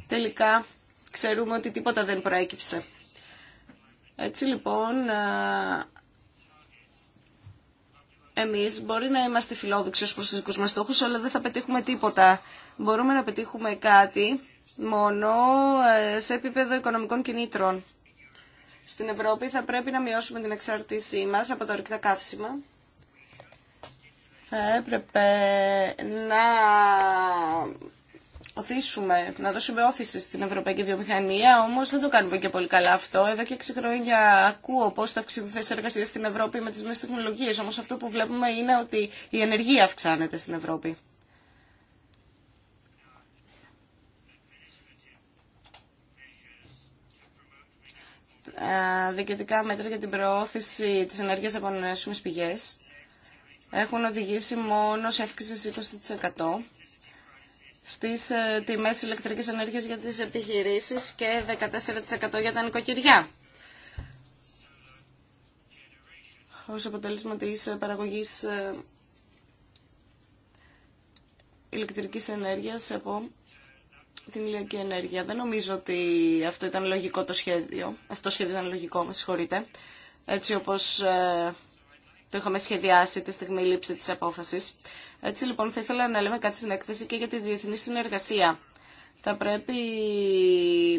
Τελικά ξέρουμε ότι τίποτα δεν προέκυψε. Έτσι λοιπόν Εμεί μπορεί να είμαστε φιλόδοξοι ως προς μας αλλά δεν θα πετύχουμε τίποτα. Μπορούμε να πετύχουμε κάτι μόνο ε, σε επίπεδο οικονομικών κινήτρων. Στην Ευρώπη θα πρέπει να μειώσουμε την εξάρτησή μας από τα ορυκτά καύσιμα. Θα έπρεπε να προωθήσουμε, να δώσουμε όθηση στην ευρωπαϊκή βιομηχανία, όμω δεν το κάνουμε και πολύ καλά αυτό. Εδώ και 6 χρόνια ακούω πώ θα αυξηθούν θέσει εργασία στην Ευρώπη με τι νέε τεχνολογίε. Όμω αυτό που βλέπουμε είναι ότι η ενεργία αυξάνεται στην Ευρώπη. Ε, διοικητικά μέτρα για την προώθηση τη ενέργεια από νέε πηγέ έχουν οδηγήσει μόνο σε αύξηση 20% στις ε, τιμές ηλεκτρικής ενέργειας για τις επιχειρήσεις και 14% για τα νοικοκυριά. Ως αποτέλεσμα της παραγωγής ε, ηλεκτρικής ενέργειας από την ηλιακή ενέργεια. Δεν νομίζω ότι αυτό ήταν λογικό το σχέδιο. Αυτό το σχέδιο ήταν λογικό, με συγχωρείτε. Έτσι όπως ε, το είχαμε σχεδιάσει τη στιγμή λήψη της απόφασης. Έτσι λοιπόν θα ήθελα να λέμε κάτι στην έκθεση και για τη διεθνή συνεργασία. Θα πρέπει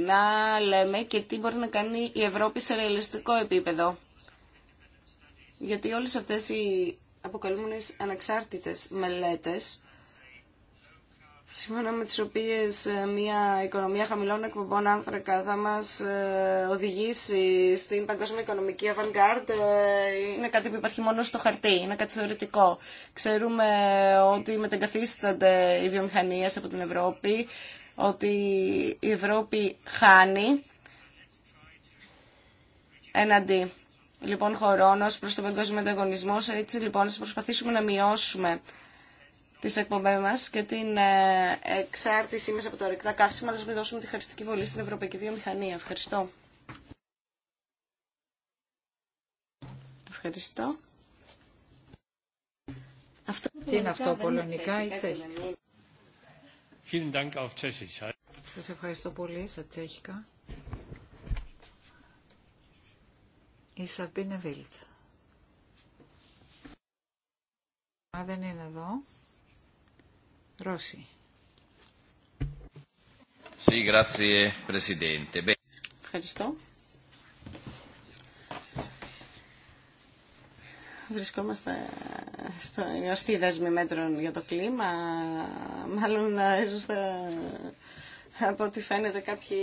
να λέμε και τι μπορεί να κάνει η Ευρώπη σε ρεαλιστικό επίπεδο. Γιατί όλες αυτές οι αποκαλούμενες ανεξάρτητες μελέτες σύμφωνα με τις οποίες ε, μια οικονομία χαμηλών εκπομπών άνθρακα θα μας ε, οδηγήσει στην παγκόσμια οικονομική ε, είναι κάτι που υπάρχει μόνο στο χαρτί, είναι κάτι θεωρητικό. Ξέρουμε ότι μετεγκαθίστανται οι βιομηχανίες από την Ευρώπη, ότι η Ευρώπη χάνει εναντί λοιπόν χωρών ως προς τον παγκόσμιο ανταγωνισμό. Έτσι λοιπόν, θα προσπαθήσουμε να μειώσουμε τις εκπομπές μας και την ε, εξάρτησή μα από τα ορυκτά καύσιμα, αλλά μην δώσουμε τη χαριστική βολή στην Ευρωπαϊκή Βιομηχανία. Ευχαριστώ. Ευχαριστώ. Αυτό Τι είναι αυτό, πολωνικά ή τσέχικα. Σας ευχαριστώ πολύ, στα τσέχικα. Η τσεχικα σα ευχαριστω πολυ στα Βίλτσα. Α, δεν είναι εδώ. Ρώση. Ευχαριστώ. Βρισκόμαστε στο γνωστή δέσμη μέτρων για το κλίμα, μάλλον ίσως ε, θα από ό,τι φαίνεται κάποιοι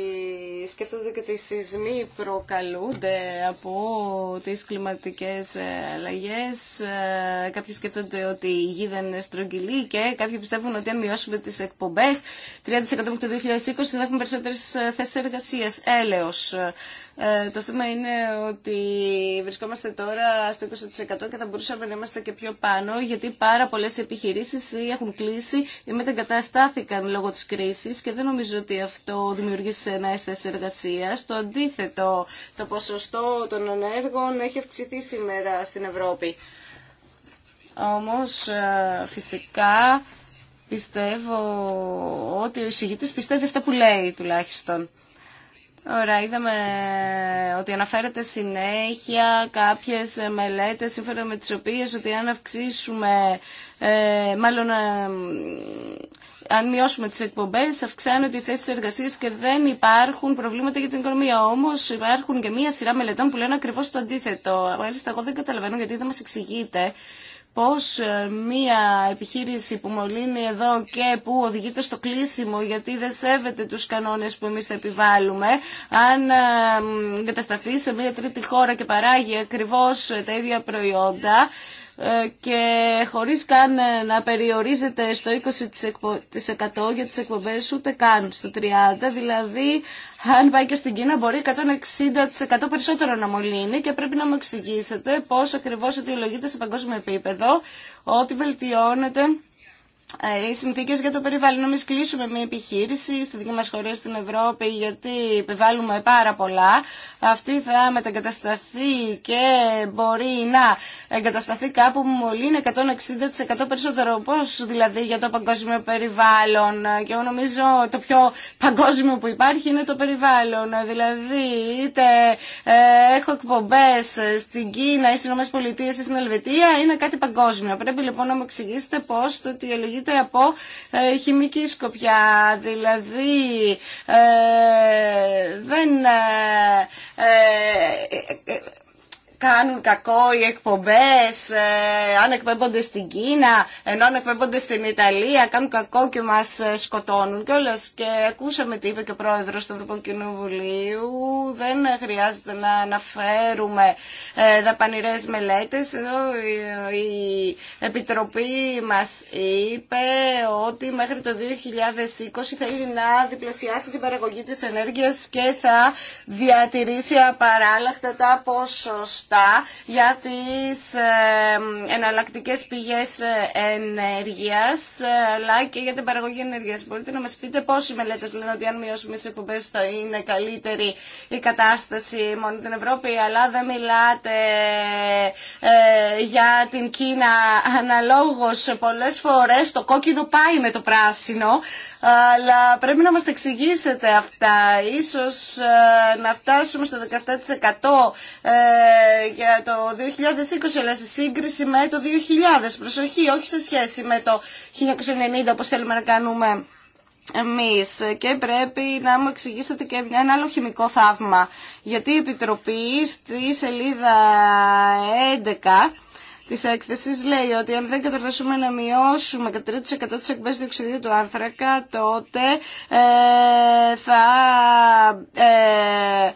σκέφτονται ότι οι σεισμοί προκαλούνται από τις κλιματικές ε, αλλαγές. Ε, κάποιοι σκέφτονται ότι η γη δεν είναι στρογγυλή και κάποιοι πιστεύουν ότι αν μειώσουμε τις εκπομπές 30% μέχρι το 2020 θα έχουμε περισσότερες ε, θέσεις εργασίας. Έλεος. Ε, το θέμα είναι ότι βρισκόμαστε τώρα στο 20% και θα μπορούσαμε να είμαστε και πιο πάνω, γιατί πάρα πολλές επιχειρήσεις έχουν κλείσει ή μεταγκαταστάθηκαν λόγω της κρίσης και δεν νομίζω ότι αυτό δημιουργήσει ένα αίσθηση εργασίας. Το αντίθετο, το ποσοστό των ανέργων έχει αυξηθεί σήμερα στην Ευρώπη. Όμως ε, φυσικά πιστεύω ότι ο εισηγητής πιστεύει αυτά που λέει τουλάχιστον. Ωραία, είδαμε ότι αναφέρεται συνέχεια κάποιες μελέτες σύμφωνα με τις οποίες ότι αν αυξήσουμε, ε, μάλλον ε, αν μειώσουμε τις εκπομπές αυξάνονται οι θέσεις εργασίας και δεν υπάρχουν προβλήματα για την οικονομία. Όμως υπάρχουν και μία σειρά μελετών που λένε ακριβώς το αντίθετο. Μάλιστα εγώ δεν καταλαβαίνω γιατί δεν μας εξηγείτε πως ε, μία επιχείρηση που μολύνει εδώ και που οδηγείται στο κλείσιμο γιατί δεν σέβεται τους κανόνες που εμείς θα επιβάλλουμε, αν ε, κατασταθεί σε μία τρίτη χώρα και παράγει ακριβώς τα ίδια προϊόντα, ε, και χωρίς καν ε, να περιορίζεται στο 20% για τις εκπομπές ούτε καν στο 30%. Δηλαδή, αν πάει και στην Κίνα μπορεί 160% περισσότερο να μολύνει και πρέπει να μου εξηγήσετε πώς ακριβώς αιτιολογείται σε παγκόσμιο επίπεδο ότι βελτιώνεται ε, οι συνθήκε για το περιβάλλον. Εμεί κλείσουμε μια επιχείρηση στη δική μα χώρα στην Ευρώπη, γιατί επιβάλλουμε πάρα πολλά. Αυτή θα μεταγκατασταθεί και μπορεί να εγκατασταθεί κάπου που μολύνει 160% περισσότερο. Πώ δηλαδή για το παγκόσμιο περιβάλλον. Και εγώ νομίζω το πιο παγκόσμιο που υπάρχει είναι το περιβάλλον. Δηλαδή, είτε ε, έχω εκπομπέ στην Κίνα ή στι ΗΠΑ ή στην Ελβετία, είναι κάτι παγκόσμιο. Πρέπει λοιπόν να μου εξηγήσετε πώ το ότι χορηγείται από ε, χημική σκοπιά. Δηλαδή ε, δεν ε, κάνουν κακό οι εκπομπές, ε, αν εκπέμπονται στην Κίνα, ενώ αν εκπέμπονται στην Ιταλία, κάνουν κακό και μας ε, σκοτώνουν κιόλα. Και ακούσαμε τι είπε και ο πρόεδρος του Ευρωπαϊκού Κοινοβουλίου, δεν χρειάζεται να αναφέρουμε ε, δαπανηρές μελέτες, ενώ η Επιτροπή μας είπε ότι μέχρι το 2020 θέλει να διπλασιάσει την παραγωγή της ενέργειας και θα διατηρήσει απαράλλαχτα τα ποσοστά για τις ε, εναλλακτικέ πηγές ε, ενέργειας ε, αλλά και για την παραγωγή ενέργειας. Μπορείτε να μας πείτε πόσοι μελέτες λένε ότι αν μειώσουμε τις εκπομπές θα είναι καλύτερη η κατάσταση μόνο την Ευρώπη αλλά δεν μιλάτε για την Κίνα αναλόγως πολλές φορές το κόκκινο πάει με το πράσινο αλλά πρέπει να μας τα εξηγήσετε αυτά. Ίσως να φτάσουμε στο 17% για το 2020, αλλά σε σύγκριση με το 2000. Προσοχή, όχι σε σχέση με το 1990 όπως θέλουμε να κάνουμε εμείς και πρέπει να μου εξηγήσετε και ένα άλλο χημικό θαύμα γιατί η Επιτροπή στη σελίδα 11 Τη έκθεση λέει ότι αν δεν κατορθώσουμε να μειώσουμε κατά 3% τι εκπέσει διοξιδίου του άνθρακα, τότε ε, θα ε,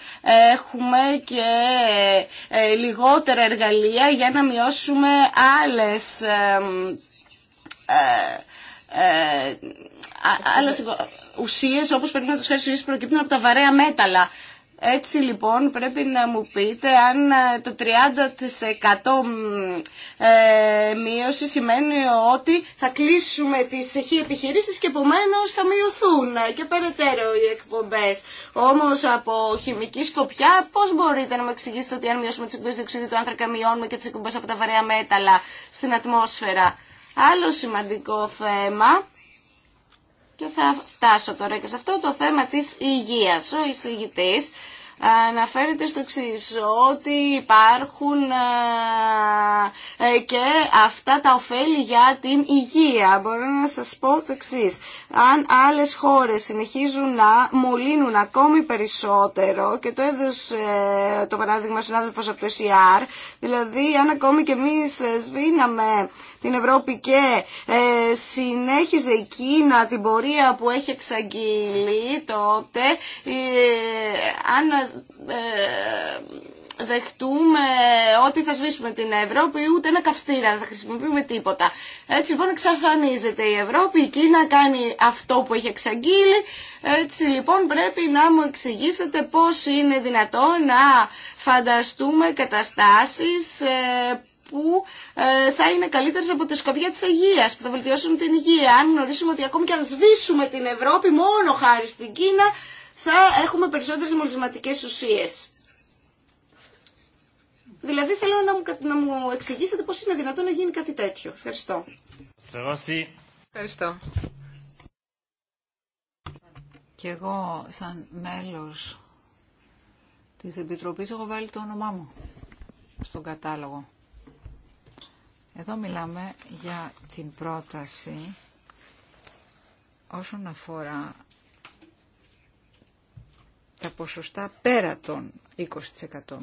έχουμε και ε, λιγότερα εργαλεία για να μειώσουμε άλλες ε, άλλες ουσίες όπως πρέπει να τους χάσει ουσίες προκύπτουν από τα βαρέα μέταλλα. Έτσι λοιπόν πρέπει να μου πείτε αν ε, το 30% ε, μείωση σημαίνει ότι θα κλείσουμε τις χι επιχειρήσεις και επομένω θα μειωθούν και περαιτέρω οι εκπομπές. Όμως από χημική σκοπιά πώς μπορείτε να μου εξηγήσετε ότι αν μειώσουμε τις εκπομπές διοξιδίου του άνθρακα μειώνουμε και τις εκπομπές από τα βαρέα μέταλλα στην ατμόσφαιρα. Άλλο σημαντικό θέμα και θα φτάσω τώρα και σε αυτό το θέμα της υγείας. Ο εισηγητής αναφέρεται στο εξή ότι υπάρχουν ε, ε, και αυτά τα ωφέλη για την υγεία. Μπορώ να σας πω το εξή. Αν άλλες χώρες συνεχίζουν να μολύνουν ακόμη περισσότερο και το έδωσε ε, το παράδειγμα συνάδελφος από το ΕΣΥΑΡ, δηλαδή αν ακόμη και εμείς σβήναμε την Ευρώπη και συνέχιζε η Κίνα την πορεία που έχει εξαγγείλει τότε αν ε, δεχτούμε ότι θα σβήσουμε την Ευρώπη, ούτε ένα καυστήρα, δεν θα χρησιμοποιούμε τίποτα. Έτσι λοιπόν εξαφανίζεται η Ευρώπη, η Κίνα κάνει αυτό που έχει εξαγγείλει. Έτσι λοιπόν πρέπει να μου εξηγήσετε πώς είναι δυνατόν να φανταστούμε καταστάσεις ε, που ε, θα είναι καλύτερε από τη σκοπιά τη υγεία, που θα βελτιώσουν την υγεία. Αν γνωρίσουμε ότι ακόμη και αν σβήσουμε την Ευρώπη μόνο χάρη στην Κίνα, θα έχουμε περισσότερες μολυσματικές ουσίες. Δηλαδή θέλω να μου, μου εξηγήσετε πώς είναι δυνατόν να γίνει κάτι τέτοιο. Ευχαριστώ. Ευχαριστώ. Και εγώ σαν μέλος της Επιτροπής έχω βάλει το όνομά μου στον κατάλογο. Εδώ μιλάμε για την πρόταση όσον αφορά τα ποσοστά πέρα των 20%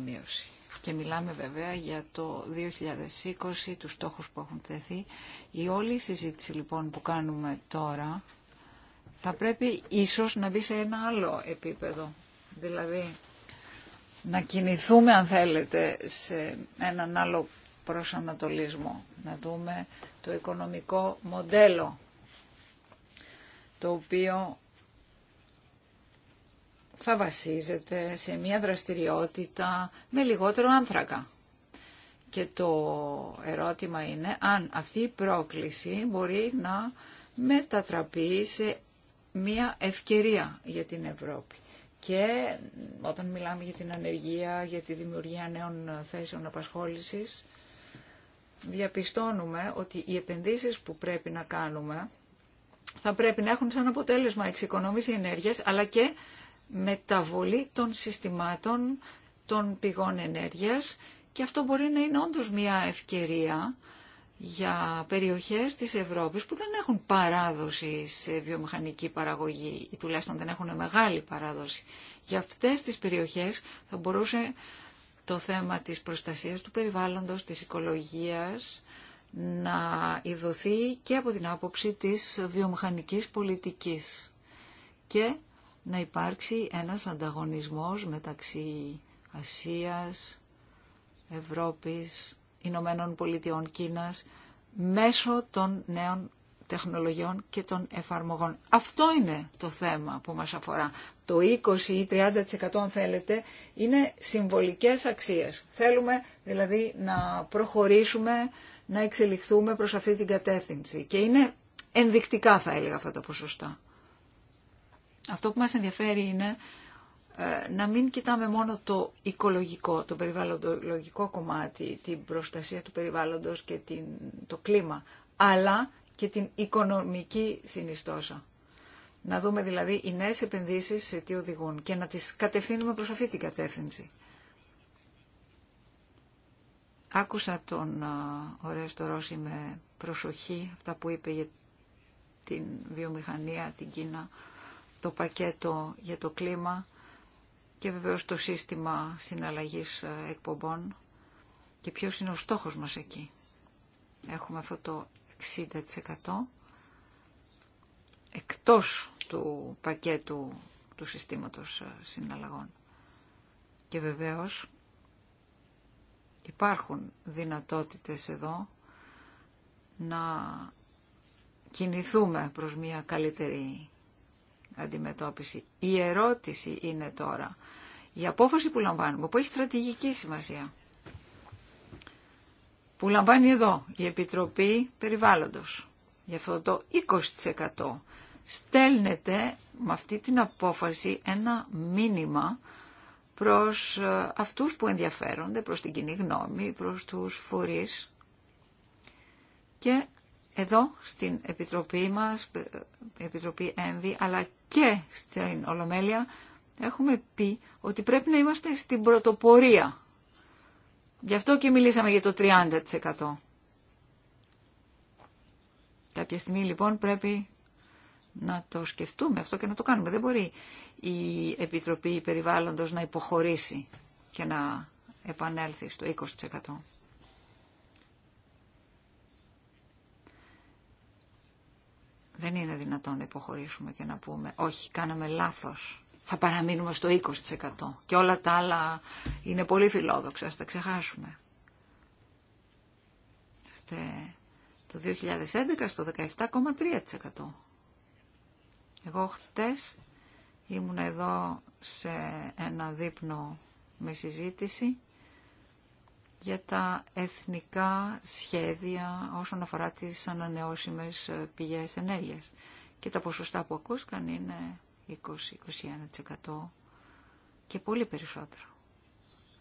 μείωση. Και μιλάμε βέβαια για το 2020, τους στόχους που έχουν θέθει. Η όλη συζήτηση λοιπόν που κάνουμε τώρα θα πρέπει ίσως να μπει σε ένα άλλο επίπεδο. Δηλαδή να κινηθούμε αν θέλετε σε έναν άλλο προσανατολισμό. Να δούμε το οικονομικό μοντέλο το οποίο θα βασίζεται σε μια δραστηριότητα με λιγότερο άνθρακα. Και το ερώτημα είναι αν αυτή η πρόκληση μπορεί να μετατραπεί σε μια ευκαιρία για την Ευρώπη. Και όταν μιλάμε για την ανεργία, για τη δημιουργία νέων θέσεων απασχόλησης, διαπιστώνουμε ότι οι επενδύσεις που πρέπει να κάνουμε θα πρέπει να έχουν σαν αποτέλεσμα εξοικονόμηση ενέργειας, αλλά και μεταβολή των συστημάτων των πηγών ενέργειας και αυτό μπορεί να είναι όντως μια ευκαιρία για περιοχές της Ευρώπης που δεν έχουν παράδοση σε βιομηχανική παραγωγή ή τουλάχιστον δεν έχουν μεγάλη παράδοση. Για αυτές τις περιοχές θα μπορούσε το θέμα της προστασίας του περιβάλλοντος, της οικολογίας να ειδωθεί και από την άποψη της βιομηχανικής πολιτικής. Και να υπάρξει ένας ανταγωνισμός μεταξύ Ασίας, Ευρώπης, Ηνωμένων Πολιτειών Κίνας μέσω των νέων τεχνολογιών και των εφαρμογών. Αυτό είναι το θέμα που μας αφορά. Το 20 ή 30% αν θέλετε είναι συμβολικές αξίες. Θέλουμε δηλαδή να προχωρήσουμε, να εξελιχθούμε προς αυτή την κατεύθυνση. Και είναι ενδεικτικά θα έλεγα αυτά τα ποσοστά. Αυτό που μας ενδιαφέρει είναι ε, να μην κοιτάμε μόνο το οικολογικό, το περιβαλλοντολογικό κομμάτι, την προστασία του περιβάλλοντος και την, το κλίμα, αλλά και την οικονομική συνιστόσα. Να δούμε δηλαδή οι νέες επενδύσεις σε τι οδηγούν και να τις κατευθύνουμε προς αυτή την κατεύθυνση. Άκουσα τον ωραίο στο Ρώση με προσοχή αυτά που είπε για την βιομηχανία, την Κίνα το πακέτο για το κλίμα και βεβαίως το σύστημα συναλλαγής ε, εκπομπών και ποιος είναι ο στόχος μας εκεί. Έχουμε αυτό το 60% εκτός του πακέτου του συστήματος ε, συναλλαγών. Και βεβαίως υπάρχουν δυνατότητες εδώ να κινηθούμε προς μια καλύτερη αντιμετώπιση. Η ερώτηση είναι τώρα. Η απόφαση που λαμβάνουμε, που έχει στρατηγική σημασία, που λαμβάνει εδώ η Επιτροπή Περιβάλλοντος, για αυτό το 20%, στέλνεται με αυτή την απόφαση ένα μήνυμα προς ε, αυτούς που ενδιαφέρονται, προς την κοινή γνώμη, προς τους φορείς και εδώ στην Επιτροπή μας, Επιτροπή ΕΜΒΗ, αλλά και στην Ολομέλεια, έχουμε πει ότι πρέπει να είμαστε στην πρωτοπορία. Γι' αυτό και μιλήσαμε για το 30%. Κάποια στιγμή λοιπόν πρέπει να το σκεφτούμε αυτό και να το κάνουμε. Δεν μπορεί η Επιτροπή Περιβάλλοντος να υποχωρήσει και να επανέλθει στο 20%. Δεν είναι δυνατόν να υποχωρήσουμε και να πούμε «Όχι, κάναμε λάθος, θα παραμείνουμε στο 20% και όλα τα άλλα είναι πολύ φιλόδοξα, ας τα ξεχάσουμε». Στο το 2011 στο 17,3%. Εγώ χτες ήμουν εδώ σε ένα δείπνο με συζήτηση για τα εθνικά σχέδια όσον αφορά τις ανανεώσιμες ε, πηγές ενέργειας. Και τα ποσοστά που ακούστηκαν είναι 20-21% και πολύ περισσότερο.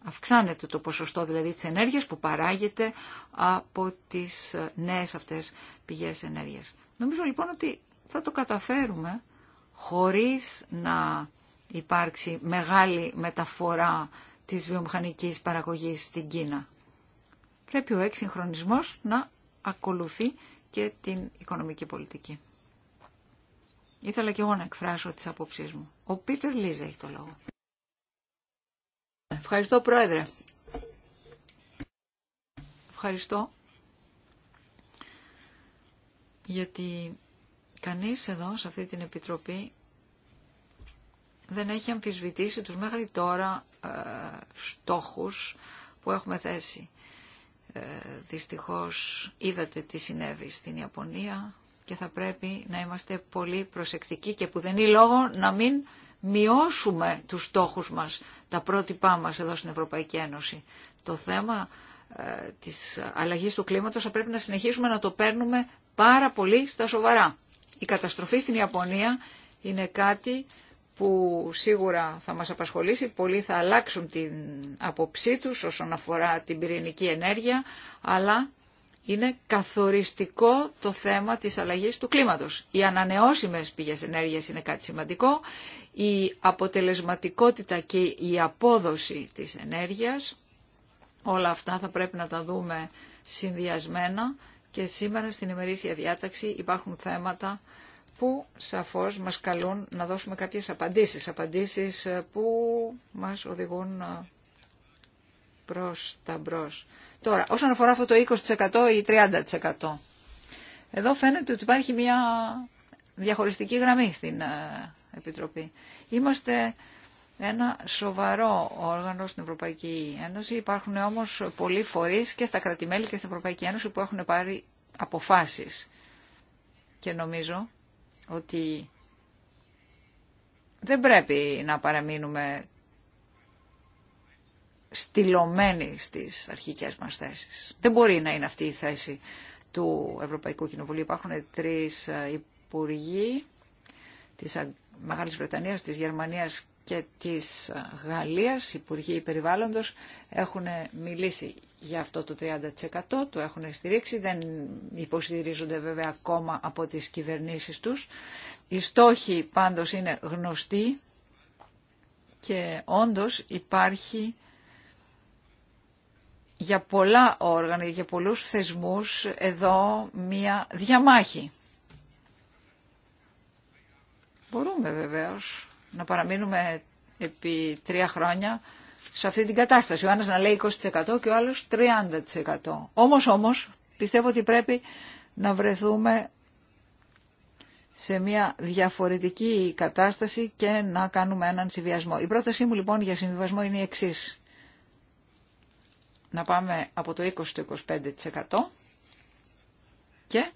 Αυξάνεται το ποσοστό δηλαδή της ενέργειας που παράγεται από τις ε, νέες αυτές πηγές ενέργειας. Νομίζω λοιπόν ότι θα το καταφέρουμε χωρίς να υπάρξει μεγάλη μεταφορά της βιομηχανικής παραγωγής στην Κίνα. Πρέπει ο εξυγχρονισμός να ακολουθεί και την οικονομική πολιτική. Ήθελα και εγώ να εκφράσω τις απόψεις μου. Ο Πίτερ Λίζα έχει το λόγο. Ευχαριστώ Πρόεδρε. Ευχαριστώ γιατί κανείς εδώ σε αυτή την Επιτροπή δεν έχει αμφισβητήσει τους μέχρι τώρα ε, στόχους που έχουμε θέσει. Ε, δυστυχώς είδατε τι συνέβη στην Ιαπωνία και θα πρέπει να είμαστε πολύ προσεκτικοί και που δεν είναι λόγο να μην μειώσουμε τους στόχους μας, τα πρότυπά μας εδώ στην Ευρωπαϊκή Ένωση. Το θέμα ε, της αλλαγής του κλίματος θα πρέπει να συνεχίσουμε να το παίρνουμε πάρα πολύ στα σοβαρά. Η καταστροφή στην Ιαπωνία είναι κάτι που σίγουρα θα μας απασχολήσει. Πολλοί θα αλλάξουν την απόψή τους όσον αφορά την πυρηνική ενέργεια, αλλά είναι καθοριστικό το θέμα της αλλαγής του κλίματος. Οι ανανεώσιμες πηγές ενέργειας είναι κάτι σημαντικό. Η αποτελεσματικότητα και η απόδοση της ενέργειας, όλα αυτά θα πρέπει να τα δούμε συνδυασμένα και σήμερα στην ημερήσια διάταξη υπάρχουν θέματα που σαφώς μας καλούν να δώσουμε κάποιες απαντήσεις. Απαντήσεις ε, που μας οδηγούν ε, προς τα μπρος. Τώρα, όσον αφορά αυτό το 20% ή 30%. Εδώ φαίνεται ότι υπάρχει μια διαχωριστική γραμμή στην ε, Επιτροπή. Είμαστε ένα σοβαρό όργανο στην Ευρωπαϊκή Ένωση. Υπάρχουν όμως πολλοί φορείς και στα κρατημέλη και στην Ευρωπαϊκή Ένωση που έχουν πάρει αποφάσεις. Και νομίζω ότι δεν πρέπει να παραμείνουμε στυλωμένοι στις αρχικές μας θέσεις. Δεν μπορεί να είναι αυτή η θέση του Ευρωπαϊκού Κοινοβουλίου. Υπάρχουν τρεις ε, υπουργοί της Μεγάλης Βρετανίας, της Γερμανίας και της Γαλλίας, Υπουργοί Περιβάλλοντος, έχουν μιλήσει για αυτό το 30%, το έχουν στηρίξει, δεν υποστηρίζονται βέβαια ακόμα από τις κυβερνήσεις τους. Οι στόχοι πάντως είναι γνωστοί και όντως υπάρχει για πολλά όργανα, για πολλούς θεσμούς εδώ μία διαμάχη. Μπορούμε βεβαίως να παραμείνουμε επί τρία χρόνια σε αυτή την κατάσταση. Ο ένας να λέει 20% και ο άλλος 30%. Όμως όμως πιστεύω ότι πρέπει να βρεθούμε σε μια διαφορετική κατάσταση και να κάνουμε έναν συμβιασμό. Η πρότασή μου λοιπόν για συμβιβασμό είναι η εξή. Να πάμε από το 20% στο 25% και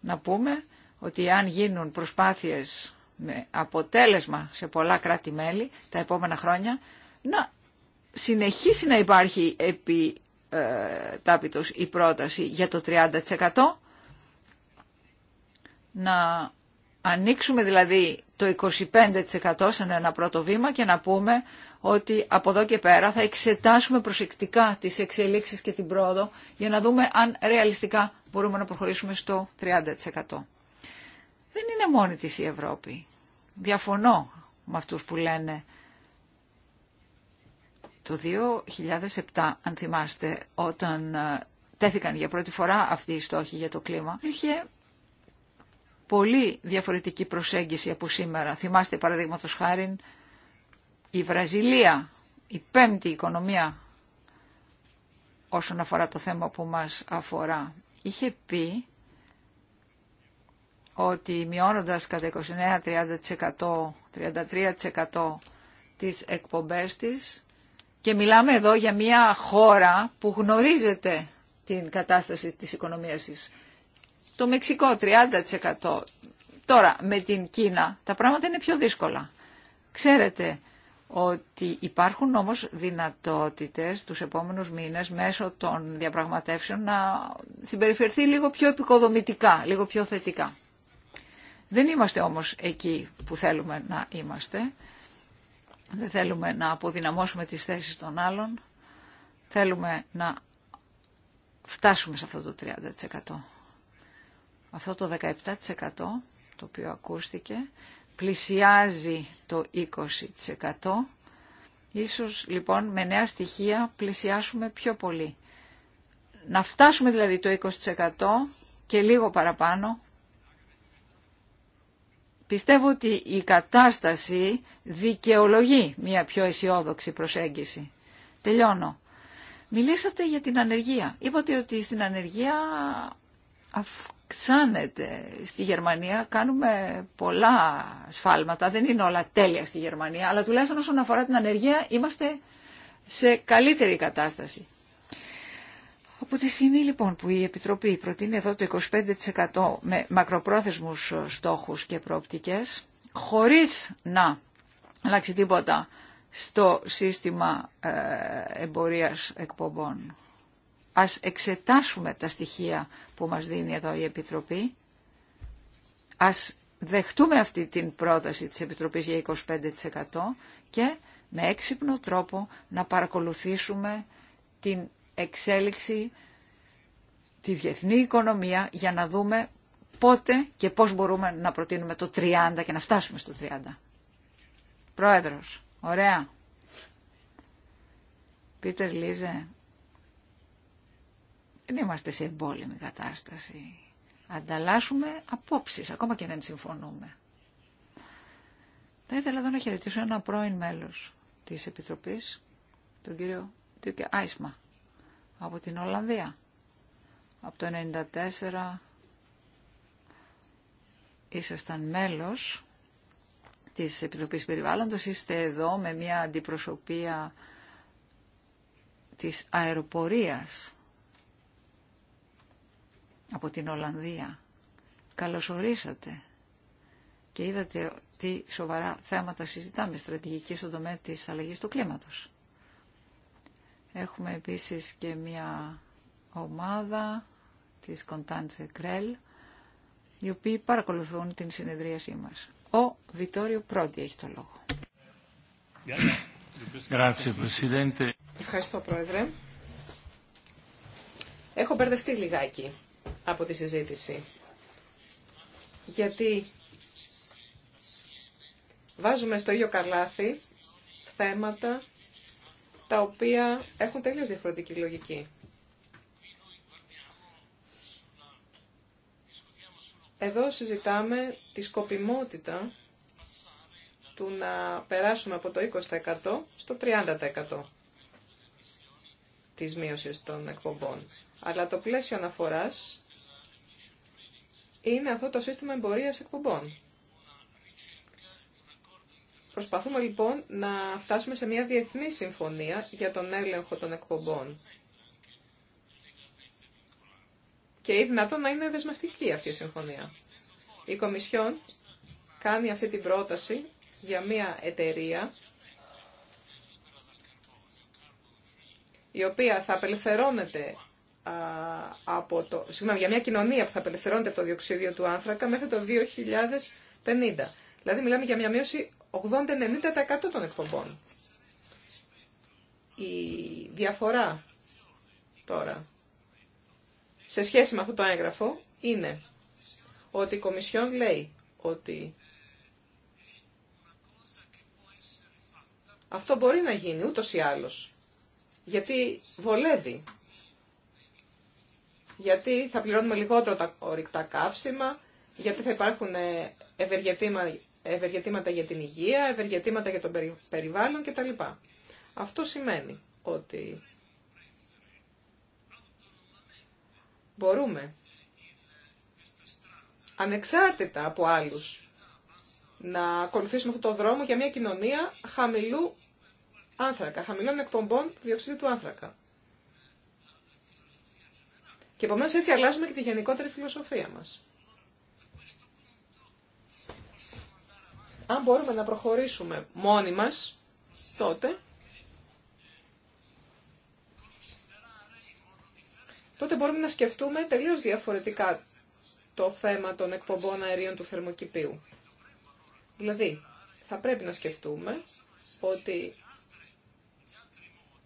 να πούμε ότι αν γίνουν προσπάθειες με αποτέλεσμα σε πολλά κράτη-μέλη τα επόμενα χρόνια να συνεχίσει να υπάρχει επί ε, η πρόταση για το 30% να ανοίξουμε δηλαδή το 25% σαν ένα πρώτο βήμα και να πούμε ότι από εδώ και πέρα θα εξετάσουμε προσεκτικά τις εξελίξεις και την πρόοδο για να δούμε αν ρεαλιστικά μπορούμε να προχωρήσουμε στο 30%. Δεν είναι μόνη της η Ευρώπη. Διαφωνώ με αυτούς που λένε το 2007, αν θυμάστε, όταν ε, τέθηκαν για πρώτη φορά αυτοί οι στόχοι για το κλίμα, είχε πολύ διαφορετική προσέγγιση από σήμερα. Θυμάστε παραδείγματος χάρη η Βραζιλία, η πέμπτη οικονομία όσον αφορά το θέμα που μας αφορά. Είχε πει ότι μειώνοντας κατά 29-30%, 33% τις εκπομπές της και μιλάμε εδώ για μια χώρα που γνωρίζεται την κατάσταση της οικονομίας της. Το Μεξικό 30%. Τώρα με την Κίνα τα πράγματα είναι πιο δύσκολα. Ξέρετε ότι υπάρχουν όμως δυνατότητες τους επόμενους μήνες μέσω των διαπραγματεύσεων να συμπεριφερθεί λίγο πιο επικοδομητικά, λίγο πιο θετικά. Δεν είμαστε όμως εκεί που θέλουμε να είμαστε. Δεν θέλουμε να αποδυναμώσουμε τις θέσεις των άλλων. Θέλουμε να φτάσουμε σε αυτό το 30%. Αυτό το 17% το οποίο ακούστηκε πλησιάζει το 20%. Ίσως λοιπόν με νέα στοιχεία πλησιάσουμε πιο πολύ. Να φτάσουμε δηλαδή το 20% και λίγο παραπάνω Πιστεύω ότι η κατάσταση δικαιολογεί μια πιο αισιόδοξη προσέγγιση. Τελειώνω. Μιλήσατε για την ανεργία. Είπατε ότι στην ανεργία αυξάνεται στη Γερμανία. Κάνουμε πολλά σφάλματα. Δεν είναι όλα τέλεια στη Γερμανία. Αλλά τουλάχιστον όσον αφορά την ανεργία είμαστε σε καλύτερη κατάσταση. Από τη στιγμή λοιπόν που η Επιτροπή προτείνει εδώ το 25% με μακροπρόθεσμους ε, στόχους και προοπτικές, χωρίς να αλλάξει τίποτα στο σύστημα ε, εμπορίας εκπομπών. Ας εξετάσουμε τα στοιχεία που μας δίνει εδώ η Επιτροπή. Ας δεχτούμε αυτή την πρόταση της Επιτροπής για 25% και με έξυπνο τρόπο να παρακολουθήσουμε την εξέλιξη, τη διεθνή οικονομία για να δούμε πότε και πώς μπορούμε να προτείνουμε το 30 και να φτάσουμε στο 30. Πρόεδρος, ωραία. Πίτερ Λίζε, δεν είμαστε σε εμπόλεμη κατάσταση. Ανταλλάσσουμε απόψεις, ακόμα και δεν συμφωνούμε. Θα ήθελα εδώ να χαιρετήσω ένα πρώην μέλος της Επιτροπής, τον κύριο Τιουκε Άισμα, από την Ολλανδία. Από το 1994 ήσασταν μέλος της Επιτροπής Περιβάλλοντος, είστε εδώ με μια αντιπροσωπεία της αεροπορίας από την Ολλανδία. Καλωσορίσατε και είδατε τι σοβαρά θέματα συζητάμε στρατηγική στον τομέα της αλλαγής του κλίματος. Έχουμε επίσης και μια ομάδα της Κοντάντσε Κρέλ, οι οποίοι παρακολουθούν την συνεδρίασή μας. Ο Βιτόριο Πρόντι έχει το λόγο. Ευχαριστώ, Πρόεδρε. Έχω μπερδευτεί λιγάκι από τη συζήτηση. Γιατί βάζουμε στο ίδιο καλάθι θέματα τα οποία έχουν τελείως διαφορετική λογική. Εδώ συζητάμε τη σκοπιμότητα του να περάσουμε από το 20% στο 30% της μείωσης των εκπομπών. Αλλά το πλαίσιο αναφοράς είναι αυτό το σύστημα εμπορίας εκπομπών. Προσπαθούμε λοιπόν να φτάσουμε σε μια διεθνή συμφωνία για τον έλεγχο των εκπομπών. Και ή δυνατόν να είναι δεσμευτική αυτή η συμφωνία. Η Κομισιόν κάνει αυτή την πρόταση για μια εταιρεία η οποία θα απελευθερώνεται από το, συγγνώμη, για μια κοινωνία που θα απελευθερώνεται από το διοξίδιο του άνθρακα μέχρι το 2050. Δηλαδή μιλάμε για μια μείωση 80-90% των εκπομπών. Η διαφορά τώρα σε σχέση με αυτό το έγγραφο είναι ότι η Κομισιόν λέει ότι αυτό μπορεί να γίνει ούτως ή άλλως, γιατί βολεύει, γιατί θα πληρώνουμε λιγότερο τα ορυκτά καύσιμα, γιατί θα υπάρχουν ε, ευεργετήματα ευεργετήματα για την υγεία, ευεργετήματα για το περιβάλλον κτλ. Αυτό σημαίνει ότι μπορούμε ανεξάρτητα από άλλους να ακολουθήσουμε αυτόν τον δρόμο για μια κοινωνία χαμηλού άνθρακα, χαμηλών εκπομπών διοξιδίου του άνθρακα. Και επομένως έτσι αλλάζουμε και τη γενικότερη φιλοσοφία μας. Αν μπορούμε να προχωρήσουμε μόνοι μας, τότε, τότε μπορούμε να σκεφτούμε τελείως διαφορετικά το θέμα των εκπομπών αερίων του θερμοκηπίου. Δηλαδή, θα πρέπει να σκεφτούμε ότι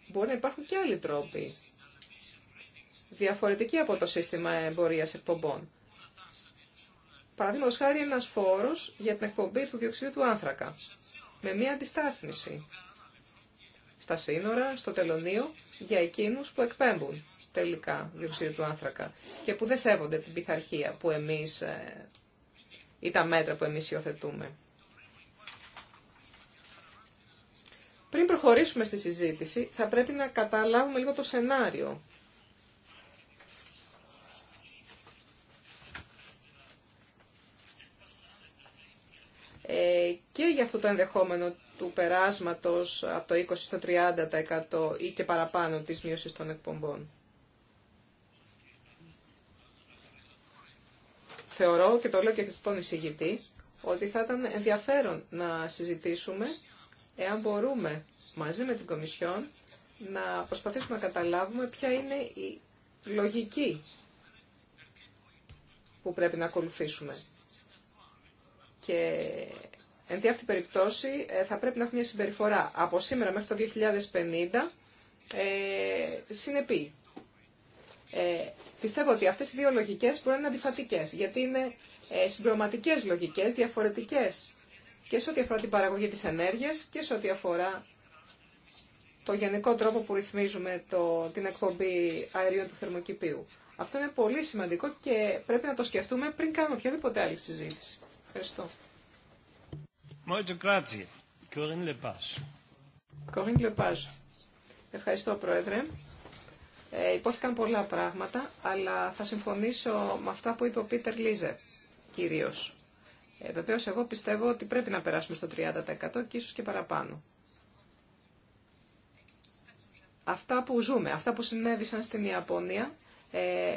μπορεί να υπάρχουν και άλλοι τρόποι διαφορετικοί από το σύστημα εμπορίας εκπομπών. Παραδείγματο χάρη ένας φόρος για την εκπομπή του διοξιδίου του άνθρακα, με μία αντιστάθμιση στα σύνορα, στο τελωνίο, για εκείνους που εκπέμπουν τελικά διοξείδιο του άνθρακα και που δεν σέβονται την πειθαρχία που εμείς ε, ή τα μέτρα που εμείς υιοθετούμε. Πριν προχωρήσουμε στη συζήτηση, θα πρέπει να καταλάβουμε λίγο το σενάριο και για αυτό το ενδεχόμενο του περάσματος από το 20% στο 30% ή και παραπάνω της μείωσης των εκπομπών. Θεωρώ και το λέω και στον εισηγητή ότι θα ήταν ενδιαφέρον να συζητήσουμε εάν μπορούμε μαζί με την Κομισιόν να προσπαθήσουμε να καταλάβουμε ποια είναι η λογική που πρέπει να ακολουθήσουμε. Και Εν τη αυτή περιπτώσει ε, θα πρέπει να έχουμε μια συμπεριφορά από σήμερα μέχρι το 2050 ε, συνεπή. Ε, πιστεύω ότι αυτές οι δύο λογικές μπορεί να είναι αντιφατικές, γιατί είναι ε, συμπληρωματικές λογικές, διαφορετικές και σε ό,τι αφορά την παραγωγή της ενέργειας και σε ό,τι αφορά το γενικό τρόπο που ρυθμίζουμε το, την εκπομπή αερίων του θερμοκηπίου. Αυτό είναι πολύ σημαντικό και πρέπει να το σκεφτούμε πριν κάνουμε οποιαδήποτε άλλη συζήτηση. Ευχαριστώ grazie. Corinne Lepage. Ευχαριστώ, Πρόεδρε. Ε, υπόθηκαν πολλά πράγματα, αλλά θα συμφωνήσω με αυτά που είπε ο Πίτερ Λίζε, κυρίως. Ε, Βεβαίω, εγώ πιστεύω ότι πρέπει να περάσουμε στο 30% και ίσως και παραπάνω. Αυτά που ζούμε, αυτά που συνέβησαν στην Ιαπωνία, ε,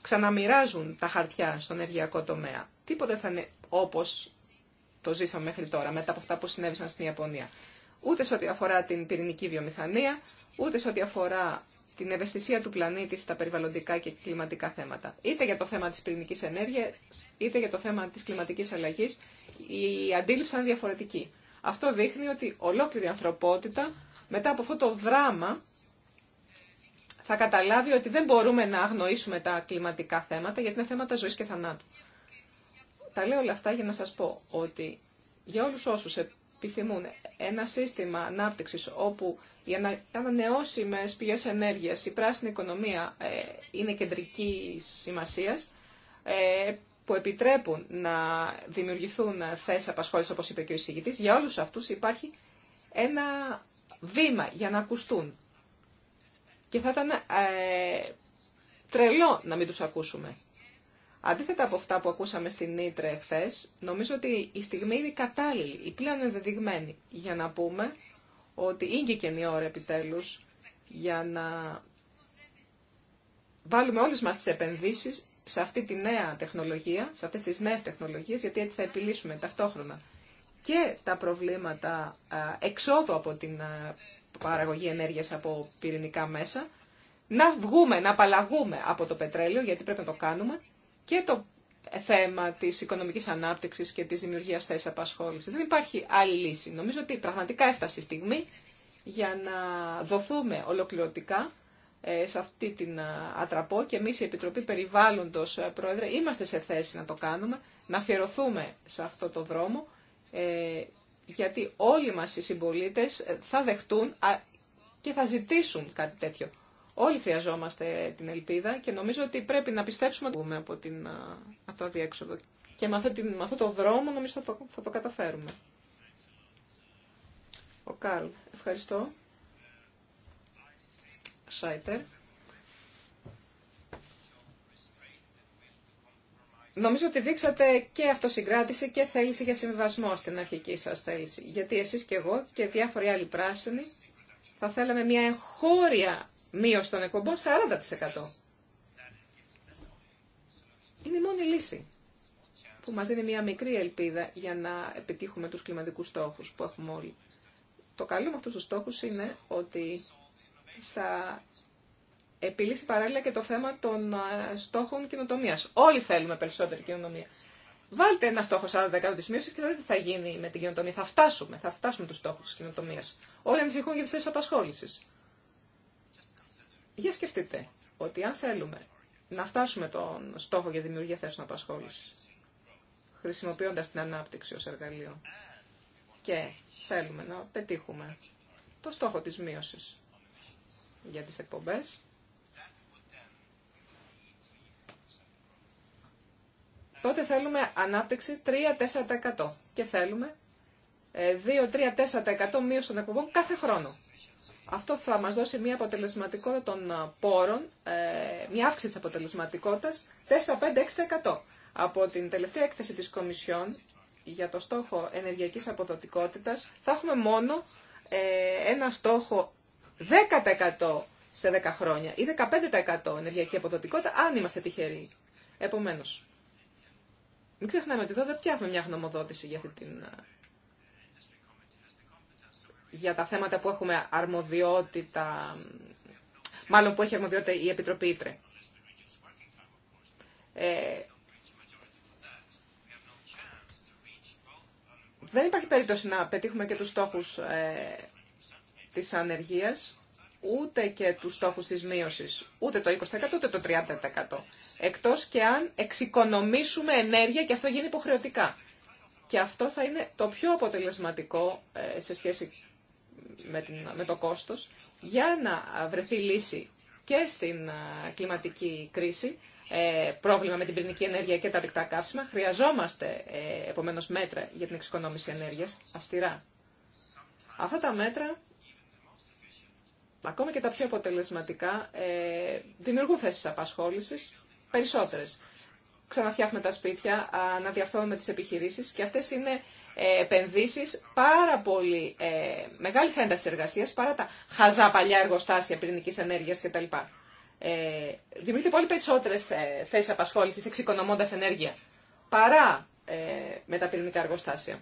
ξαναμοιράζουν τα χαρτιά στον ενεργειακό τομέα. Τίποτε θα είναι όπως το ζήσαμε μέχρι τώρα, μετά από αυτά που συνέβησαν στην Ιαπωνία. Ούτε σε ό,τι αφορά την πυρηνική βιομηχανία, ούτε σε ό,τι αφορά την ευαισθησία του πλανήτη στα περιβαλλοντικά και κλιματικά θέματα. Είτε για το θέμα τη πυρηνική ενέργεια, είτε για το θέμα τη κλιματική αλλαγή. η αντίληψη είναι διαφορετική. Αυτό δείχνει ότι ολόκληρη η ανθρωπότητα μετά από αυτό το δράμα θα καταλάβει ότι δεν μπορούμε να αγνοήσουμε τα κλιματικά θέματα γιατί είναι θέματα ζωής και θανάτου τα λέω όλα αυτά για να σας πω ότι για όλους όσους επιθυμούν ένα σύστημα ανάπτυξης όπου οι ανανεώσιμες πηγές ενέργειας, η πράσινη οικονομία ε, είναι κεντρική σημασίας, ε, που επιτρέπουν να δημιουργηθούν θέσεις απασχόλησης, όπως είπε και ο εισηγητής, για όλους αυτούς υπάρχει ένα βήμα για να ακουστούν. Και θα ήταν ε, τρελό να μην τους ακούσουμε. Αντίθετα από αυτά που ακούσαμε στην Ήτρε χθε, νομίζω ότι η στιγμή είναι κατάλληλη, η πλέον ενδεδειγμένη για να πούμε ότι είναι και η ώρα επιτέλου, για να βάλουμε όλες μας τις επενδύσεις σε αυτή τη νέα τεχνολογία, σε αυτές τις νέες τεχνολογίες, γιατί έτσι θα επιλύσουμε ταυτόχρονα και τα προβλήματα εξόδου από την παραγωγή ενέργειας από πυρηνικά μέσα, να βγούμε, να απαλλαγούμε από το πετρέλαιο, γιατί πρέπει να το κάνουμε, και το θέμα της οικονομικής ανάπτυξης και της δημιουργίας θέσης απασχόλησης. Δεν υπάρχει άλλη λύση. Νομίζω ότι πραγματικά έφτασε η στιγμή για να δοθούμε ολοκληρωτικά ε, σε αυτή την ατραπό και εμείς η Επιτροπή Περιβάλλοντος, ε, Πρόεδρε, είμαστε σε θέση να το κάνουμε, να αφιερωθούμε σε αυτό το δρόμο, ε, γιατί όλοι μας οι συμπολίτες θα δεχτούν και θα ζητήσουν κάτι τέτοιο. Όλοι χρειαζόμαστε την ελπίδα και νομίζω ότι πρέπει να πιστέψουμε από, την, από το αδιέξοδο. Και με, αυτόν αυτό το δρόμο νομίζω θα το, θα το καταφέρουμε. Ο Καρλ, ευχαριστώ. Σάιτερ. Νομίζω ότι δείξατε και αυτοσυγκράτηση και θέληση για συμβιβασμό στην αρχική σας θέληση. Γιατί εσείς και εγώ και διάφοροι άλλοι πράσινοι θα θέλαμε μια εγχώρια μείωση των εκπομπών 40%. Είναι η μόνη λύση που μας δίνει μια μικρή ελπίδα για να επιτύχουμε τους κλιματικούς στόχους που έχουμε όλοι. Το καλό με αυτούς τους στόχους είναι ότι θα επιλύσει παράλληλα και το θέμα των στόχων κοινοτομίας. Όλοι θέλουμε περισσότερη κοινοτομία. Βάλτε ένα στόχο 40% τη μείωση και δείτε τι θα γίνει με την κοινοτομία. Θα φτάσουμε, θα φτάσουμε του στόχου τη κοινοτομία. Όλοι ανησυχούν για τι θέσει απασχόληση. Για σκεφτείτε ότι αν θέλουμε να φτάσουμε τον στόχο για δημιουργία θέσεων απασχόλησης, χρησιμοποιώντας την ανάπτυξη ως εργαλείο και θέλουμε να πετύχουμε το στόχο της μείωσης για τις εκπομπές, τότε θέλουμε ανάπτυξη 3-4% και θέλουμε 2-3-4% ε, μείωση των εκπομπών κάθε χρόνο. Αυτό θα μας δώσει μια αποτελεσματικότητα των ε, πόρων, ε, μια αύξηση της αποτελεσματικότητας 4-5-6% από την τελευταία έκθεση της Κομισιόν για το στόχο ενεργειακής αποδοτικότητας θα έχουμε μόνο ε, ένα στόχο 10% σε 10 χρόνια ή 15% ενεργειακή αποδοτικότητα αν είμαστε τυχεροί. Επομένως, μην ξεχνάμε ότι εδώ δεν φτιάχνουμε μια γνωμοδότηση για αυτή την για τα θέματα που έχουμε αρμοδιότητα, μάλλον που έχει αρμοδιότητα η Επιτροπή Ήτρε. Ε, δεν υπάρχει περίπτωση να πετύχουμε και τους στόχους ε, της ανεργίας, ούτε και τους στόχους της μείωσης, ούτε το 20% ούτε το 30%. Εκτός και αν εξοικονομήσουμε ενέργεια και αυτό γίνει υποχρεωτικά. Και αυτό θα είναι το πιο αποτελεσματικό ε, σε σχέση με, το κόστος για να βρεθεί λύση και στην κλιματική κρίση, ε, πρόβλημα με την πυρηνική ενέργεια και τα δικτά καύσιμα. Χρειαζόμαστε ε, επομένως μέτρα για την εξοικονόμηση ενέργειας αυστηρά. Αυτά τα μέτρα, ακόμα και τα πιο αποτελεσματικά, ε, δημιουργούν θέσεις απασχόλησης περισσότερες ξαναφτιάχνουμε τα σπίτια, αναδιαρθώνουμε τις επιχειρήσεις και αυτές είναι ε, επενδύσεις πάρα πολύ ε, μεγάλης έντασης εργασίας παρά τα χαζά παλιά εργοστάσια πυρηνικής ενέργειας κτλ. Ε, δημιουργείται πολύ περισσότερες ε, θέσεις απασχόλησης εξοικονομώντας ενέργεια παρά ε, με τα πυρηνικά εργοστάσια.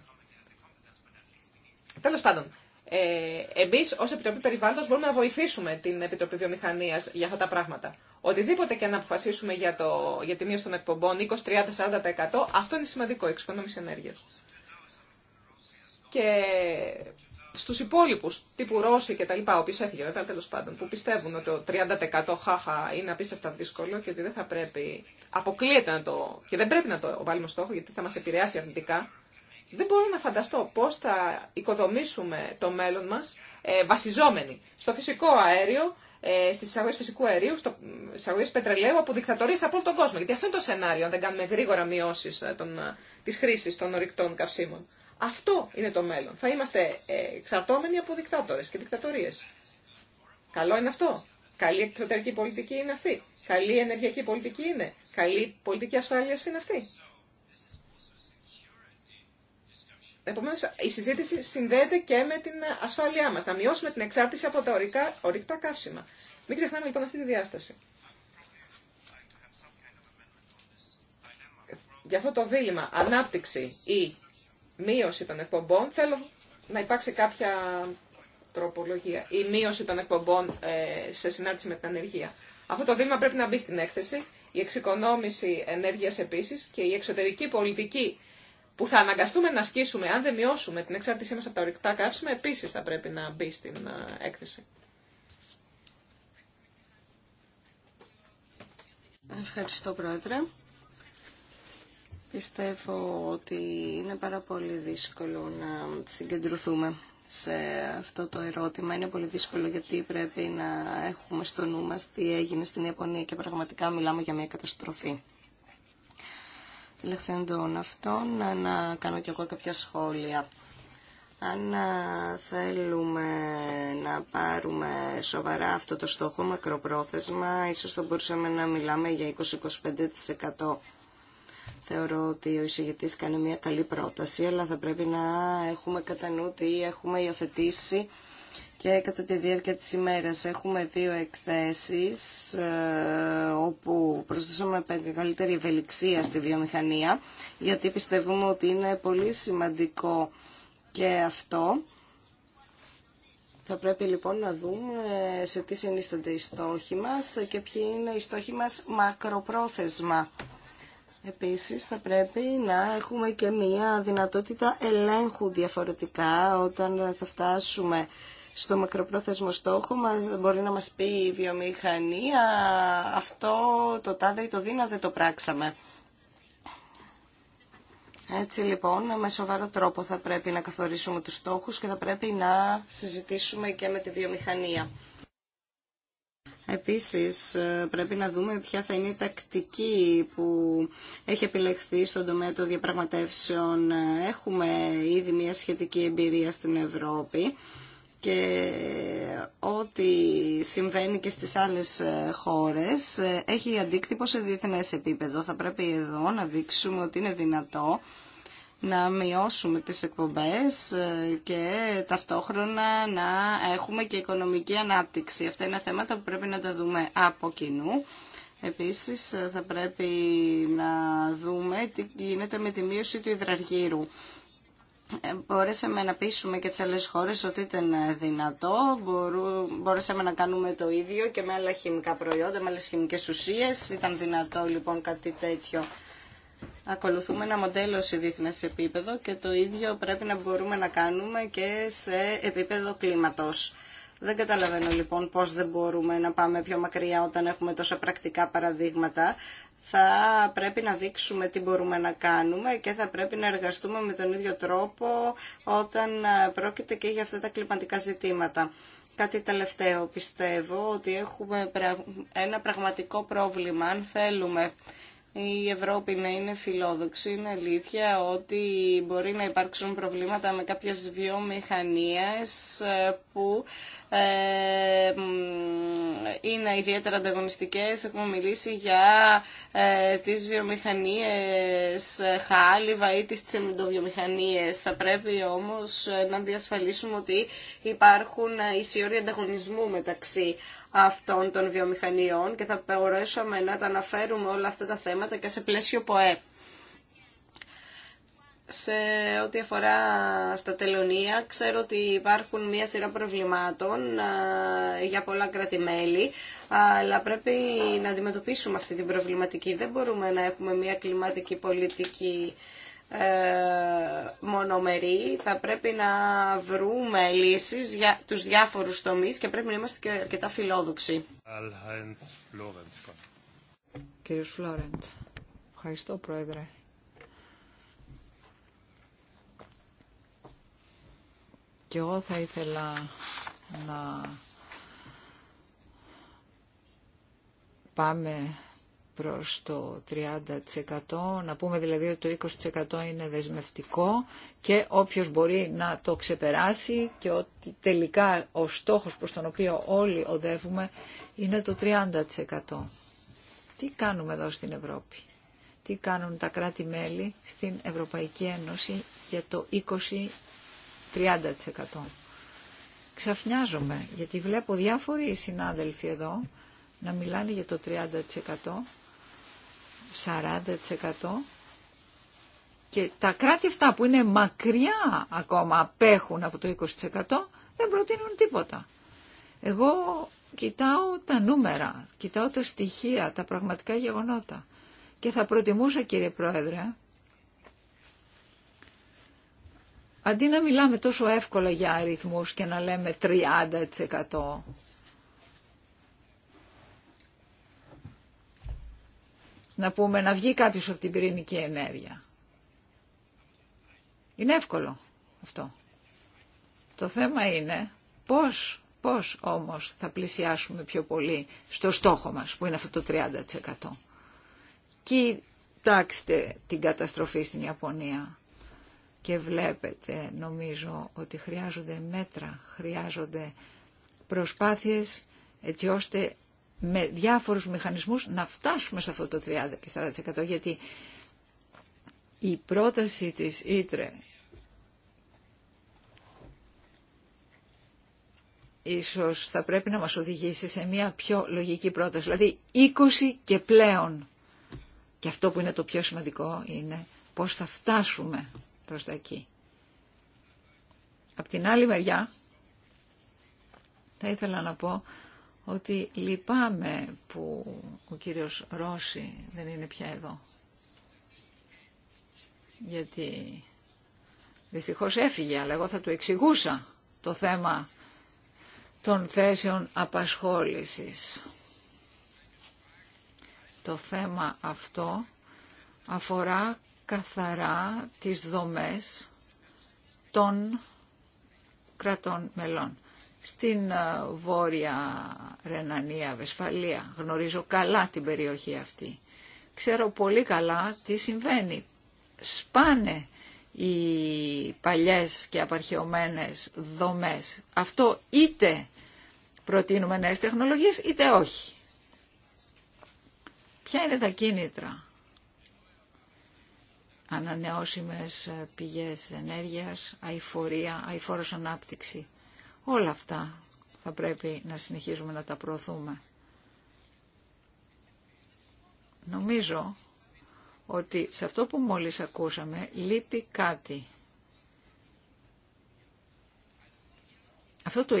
Τέλος πάντων, ε, Εμεί, ω Επιτροπή Περιβάλλοντο, μπορούμε να βοηθήσουμε την Επιτροπή βιομηχανία για αυτά τα πράγματα. Οτιδήποτε και να αποφασίσουμε για, το, για τη μείωση των εκπομπών, 20, 30, 40%, αυτό είναι σημαντικό, εξοικονόμηση ενέργεια. Και στου υπόλοιπου τύπου Ρώσοι και τα λοιπά, έφυγε βέβαια τέλο πάντων, που πιστεύουν ότι το 30% χάχα είναι απίστευτα δύσκολο και ότι δεν θα πρέπει, αποκλείεται να το, και δεν πρέπει να το βάλουμε στόχο γιατί θα μα επηρεάσει αρνητικά, δεν μπορώ να φανταστώ πώ θα οικοδομήσουμε το μέλλον μα ε, βασιζόμενοι στο φυσικό αέριο, ε, στις εισαγωγές φυσικού αερίου, στι εισαγωγέ πετρελαίου από δικτατορίε από όλο τον κόσμο. Γιατί αυτό είναι το σενάριο, αν δεν κάνουμε γρήγορα μειώσει ε, τη ε, της χρήσης των ορυκτών καυσίμων. Αυτό είναι το μέλλον. Θα είμαστε ε, εξαρτώμενοι από δικτατορε και δικτατορίε. Καλό είναι αυτό. Καλή εξωτερική πολιτική είναι αυτή. Καλή ενεργειακή πολιτική είναι. Καλή πολιτική ασφάλεια είναι αυτή. Επομένω, η συζήτηση συνδέεται και με την ασφάλειά μα. Να μειώσουμε την εξάρτηση από τα ορυκά, ορυκτά καύσιμα. Μην ξεχνάμε λοιπόν αυτή τη διάσταση. Για αυτό το δίλημα, ανάπτυξη ή μείωση των εκπομπών, θέλω να υπάρξει κάποια τροπολογία. Η μείωση των εκπομπών ε, σε συνάρτηση με την ανεργία. Αυτό το δίλημα πρέπει να μπει στην έκθεση. Η εξοικονόμηση ενέργειας επίσης και η εξωτερική πολιτική που θα αναγκαστούμε να ασκήσουμε αν δεν μειώσουμε την εξάρτησή μας από τα ορυκτά καύσιμα, επίσης θα πρέπει να μπει στην ε, έκθεση. Ευχαριστώ, Πρόεδρε. Πιστεύω ότι είναι πάρα πολύ δύσκολο να συγκεντρωθούμε σε αυτό το ερώτημα. Είναι πολύ δύσκολο γιατί πρέπει να έχουμε στο νου μας τι έγινε στην Ιαπωνία και πραγματικά μιλάμε για μια καταστροφή λεχθέντων αυτών να κάνω κι εγώ κάποια σχόλια. Αν θέλουμε να πάρουμε σοβαρά αυτό το στόχο μακροπρόθεσμα, ίσως θα μπορούσαμε να μιλάμε για 20-25%. Θεωρώ ότι ο εισηγητής κάνει μια καλή πρόταση, αλλά θα πρέπει να έχουμε κατά νου ότι έχουμε υιοθετήσει και κατά τη διάρκεια της ημέρας έχουμε δύο εκθέσεις ε, όπου προσθέσαμε μεγαλύτερη ευελιξία στη βιομηχανία γιατί πιστεύουμε ότι είναι πολύ σημαντικό και αυτό. Θα πρέπει λοιπόν να δούμε σε τι συνίστανται οι στόχοι μας και ποιοι είναι οι στόχοι μας μακροπρόθεσμα. Επίσης θα πρέπει να έχουμε και μία δυνατότητα ελέγχου διαφορετικά όταν θα φτάσουμε στο μακροπρόθεσμο στόχο μα μπορεί να μας πει η βιομηχανία αυτό το τάδε ή το δίνα δεν το πράξαμε. Έτσι λοιπόν, με σοβαρό τρόπο θα πρέπει να καθορίσουμε τους στόχους και θα πρέπει να συζητήσουμε και με τη βιομηχανία. Επίσης, πρέπει να δούμε ποια θα είναι η τακτική που έχει επιλεχθεί στον τομέα των διαπραγματεύσεων. Έχουμε ήδη μια σχετική εμπειρία στην Ευρώπη και ό,τι συμβαίνει και στις άλλες ε, χώρες ε, έχει αντίκτυπο σε διεθνές επίπεδο. Θα πρέπει εδώ να δείξουμε ότι είναι δυνατό να μειώσουμε τις εκπομπές ε, και ταυτόχρονα να έχουμε και οικονομική ανάπτυξη. Αυτά είναι θέματα που πρέπει να τα δούμε από κοινού. Επίσης θα πρέπει να δούμε τι γίνεται με τη μείωση του υδραργύρου ε, μπορέσαμε να πείσουμε και τις άλλες χώρες ότι ήταν δυνατό, μπορέσαμε να κάνουμε το ίδιο και με άλλα χημικά προϊόντα, με άλλες χημικές ουσίες, ήταν δυνατό λοιπόν κάτι τέτοιο. Ακολουθούμε ένα μοντέλο σε διεθνές επίπεδο και το ίδιο πρέπει να μπορούμε να κάνουμε και σε επίπεδο κλίματος. Δεν καταλαβαίνω λοιπόν πώς δεν μπορούμε να πάμε πιο μακριά όταν έχουμε τόσα πρακτικά παραδείγματα θα πρέπει να δείξουμε τι μπορούμε να κάνουμε και θα πρέπει να εργαστούμε με τον ίδιο τρόπο όταν ε, πρόκειται και για αυτά τα κλιματικά ζητήματα. Κάτι τελευταίο. Πιστεύω ότι έχουμε ένα πραγματικό πρόβλημα. Αν θέλουμε η Ευρώπη να είναι φιλόδοξη. Είναι αλήθεια ότι μπορεί να υπάρξουν προβλήματα με κάποιες βιομηχανίες ε, που ε, είναι ιδιαίτερα ανταγωνιστικές. Έχουμε μιλήσει για ε, τις βιομηχανίες χάλιβα ή τις τσεμιντοβιομηχανίες. Θα πρέπει όμως να διασφαλίσουμε ότι υπάρχουν ισιόροι ανταγωνισμού μεταξύ αυτών των βιομηχανιών και θα μπορέσουμε να τα αναφέρουμε όλα αυτά τα θέματα και σε πλαίσιο ΠΟΕ. Σε ό,τι αφορά στα τελωνία, ξέρω ότι υπάρχουν μία σειρά προβλημάτων για πολλά κράτη-μέλη αλλά πρέπει να αντιμετωπίσουμε αυτή την προβληματική. Δεν μπορούμε να έχουμε μία κλιματική πολιτική ε, μονομερή, θα πρέπει να βρούμε λύσεις για τους διάφορους τομείς και πρέπει να είμαστε και αρκετά φιλόδοξοι. Κύριος Φλόρεντ, ευχαριστώ Πρόεδρε. Και εγώ θα ήθελα να πάμε προς το 30%, να πούμε δηλαδή ότι το 20% είναι δεσμευτικό και όποιος μπορεί να το ξεπεράσει και ότι τελικά ο στόχος προς τον οποίο όλοι οδεύουμε είναι το 30%. Τι κάνουμε εδώ στην Ευρώπη. Τι κάνουν τα κράτη-μέλη στην Ευρωπαϊκή Ένωση για το 20-30%. Ξαφνιάζομαι γιατί βλέπω διάφοροι συνάδελφοι εδώ να μιλάνε για το 30% 40% και τα κράτη αυτά που είναι μακριά ακόμα απέχουν από το 20% δεν προτείνουν τίποτα. Εγώ κοιτάω τα νούμερα, κοιτάω τα στοιχεία, τα πραγματικά γεγονότα. Και θα προτιμούσα κύριε Πρόεδρε, αντί να μιλάμε τόσο εύκολα για αριθμούς και να λέμε 30%, να πούμε να βγει κάποιος από την πυρηνική ενέργεια. Είναι εύκολο αυτό. Το θέμα είναι πώς, πώς όμως θα πλησιάσουμε πιο πολύ στο στόχο μας που είναι αυτό το 30%. Κοιτάξτε την καταστροφή στην Ιαπωνία και βλέπετε νομίζω ότι χρειάζονται μέτρα, χρειάζονται προσπάθειες έτσι ώστε με διάφορους μηχανισμούς να φτάσουμε σε αυτό το 30% και 40% γιατί η πρόταση της Ήτρε ίσως θα πρέπει να μας οδηγήσει σε μια πιο λογική πρόταση. Δηλαδή 20 και πλέον. Και αυτό που είναι το πιο σημαντικό είναι πώς θα φτάσουμε προς τα εκεί. Απ' την άλλη μεριά θα ήθελα να πω ότι λυπάμαι που ο κύριος Ρώση δεν είναι πια εδώ. Γιατί δυστυχώς έφυγε, αλλά εγώ θα του εξηγούσα το θέμα των θέσεων απασχόλησης. Το θέμα αυτό αφορά καθαρά τις δομές των κρατών μελών στην ε, βόρεια Ρενανία, Βεσφαλία. Γνωρίζω καλά την περιοχή αυτή. Ξέρω πολύ καλά τι συμβαίνει. Σπάνε οι παλιές και απαρχαιωμένες δομές. Αυτό είτε προτείνουμε νέες τεχνολογίες είτε όχι. Ποια είναι τα κίνητρα. Ανανεώσιμες ε, πηγές ενέργειας, αηφορία, αηφόρος ανάπτυξη. Όλα αυτά θα πρέπει να συνεχίζουμε να τα προωθούμε. Νομίζω ότι σε αυτό που μόλις ακούσαμε λείπει κάτι. Αυτό το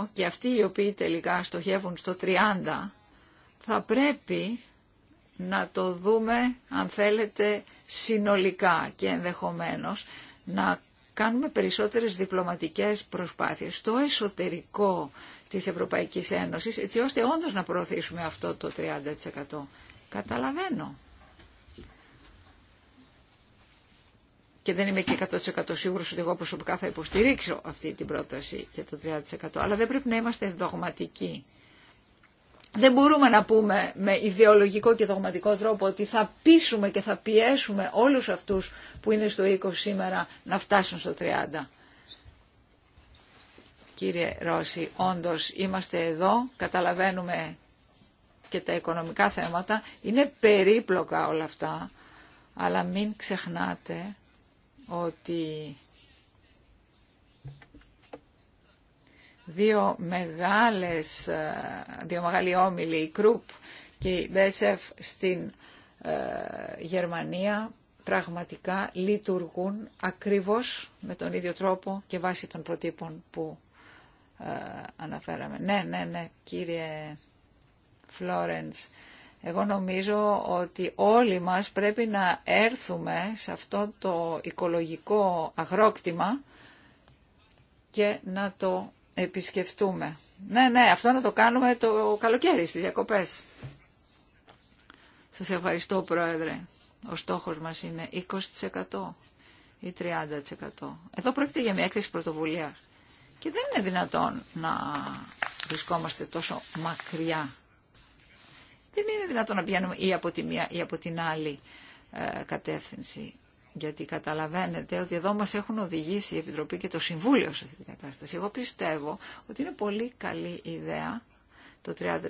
20% και αυτοί οι οποίοι τελικά στοχεύουν στο 30% θα πρέπει να το δούμε αν θέλετε συνολικά και ενδεχομένως να κάνουμε περισσότερες διπλωματικές προσπάθειες στο εσωτερικό της Ευρωπαϊκής Ένωσης, έτσι ώστε όντως να προωθήσουμε αυτό το 30%. Καταλαβαίνω. Και δεν είμαι και 100% σίγουρος ότι εγώ προσωπικά θα υποστηρίξω αυτή την πρόταση για το 30%. Αλλά δεν πρέπει να είμαστε δογματικοί. Δεν μπορούμε να πούμε με ιδεολογικό και δογματικό τρόπο ότι θα πείσουμε και θα πιέσουμε όλους αυτούς που είναι στο 20 σήμερα να φτάσουν στο 30. Κύριε Ρώση, όντως είμαστε εδώ, καταλαβαίνουμε και τα οικονομικά θέματα. Είναι περίπλοκα όλα αυτά, αλλά μην ξεχνάτε ότι δύο μεγάλες, ε, δύο μεγάλοι όμιλοι, η Κρουπ και η ΔΕΣΕΦ στην ε, Γερμανία πραγματικά λειτουργούν ακριβώς με τον ίδιο τρόπο και βάσει των προτύπων που ε, αναφέραμε. Ναι, ναι, ναι, κύριε Φλόρενς, εγώ νομίζω ότι όλοι μας πρέπει να έρθουμε σε αυτό το οικολογικό αγρόκτημα και να το επισκεφτούμε. Ναι, ναι, αυτό να το κάνουμε το καλοκαίρι στις διακοπές. Σας ευχαριστώ Πρόεδρε. Ο στόχος μας είναι 20% ή 30%. Εδώ πρόκειται για μια έκθεση πρωτοβουλία. Και δεν είναι δυνατόν να βρισκόμαστε τόσο μακριά. Δεν είναι δυνατόν να πιάνουμε ή από τη μία ή από την άλλη ε, κατεύθυνση γιατί καταλαβαίνετε ότι εδώ μας έχουν οδηγήσει η Επιτροπή και το Συμβούλιο σε αυτή την κατάσταση. Εγώ πιστεύω ότι είναι πολύ καλή ιδέα το 30%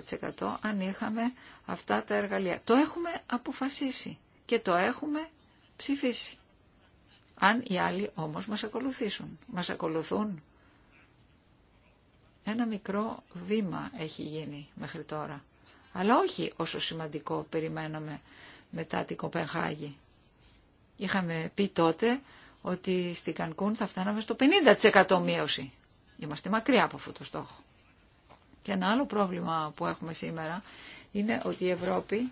αν είχαμε αυτά τα εργαλεία. Το έχουμε αποφασίσει και το έχουμε ψηφίσει. Αν οι άλλοι όμως μας ακολουθήσουν. Μας ακολουθούν. Ένα μικρό βήμα έχει γίνει μέχρι τώρα. Αλλά όχι όσο σημαντικό περιμέναμε μετά την Κοπενχάγη. Είχαμε πει τότε ότι στην Κανκούν θα φτάναμε στο 50% μείωση. Είμαστε μακριά από αυτό το στόχο. Και ένα άλλο πρόβλημα που έχουμε σήμερα είναι ότι η Ευρώπη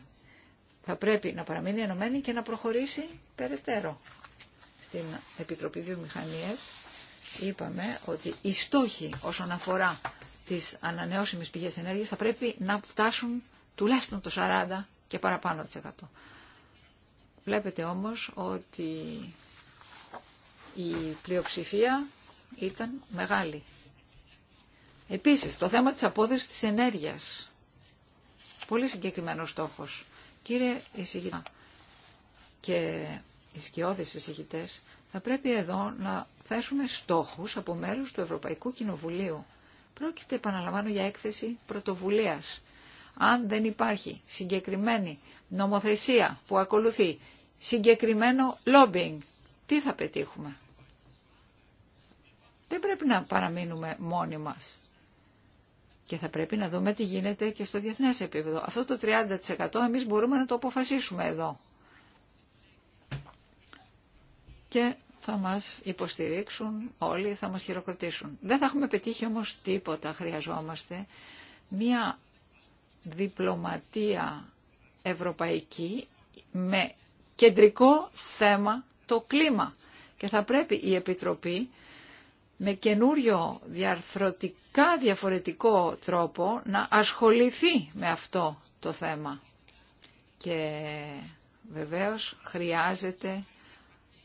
θα πρέπει να παραμείνει ενωμένη και να προχωρήσει περαιτέρω. Στην Επιτροπή Βιομηχανίας είπαμε ότι οι στόχοι όσον αφορά τις ανανεώσιμες πηγές ενέργειας θα πρέπει να φτάσουν τουλάχιστον το 40% και παραπάνω της 100%. Βλέπετε όμως ότι η πλειοψηφία ήταν μεγάλη. Επίσης, το θέμα της απόδοσης της ενέργειας. Πολύ συγκεκριμένος στόχος. Κύριε εισηγητά και οι σκιώδεις εισηγητές, θα πρέπει εδώ να θέσουμε στόχους από μέρους του Ευρωπαϊκού Κοινοβουλίου. Πρόκειται, επαναλαμβάνω, για έκθεση πρωτοβουλίας. Αν δεν υπάρχει συγκεκριμένη νομοθεσία που ακολουθεί συγκεκριμένο lobbying. Τι θα πετύχουμε. Δεν πρέπει να παραμείνουμε μόνοι μας. Και θα πρέπει να δούμε τι γίνεται και στο διεθνές επίπεδο. Αυτό το 30% εμείς μπορούμε να το αποφασίσουμε εδώ. Και θα μας υποστηρίξουν όλοι, θα μας χειροκροτήσουν. Δεν θα έχουμε πετύχει όμως τίποτα. Χρειαζόμαστε μια διπλωματία ευρωπαϊκή με κεντρικό θέμα το κλίμα. Και θα πρέπει η Επιτροπή με καινούριο διαρθρωτικά διαφορετικό τρόπο να ασχοληθεί με αυτό το θέμα. Και βεβαίως χρειάζεται,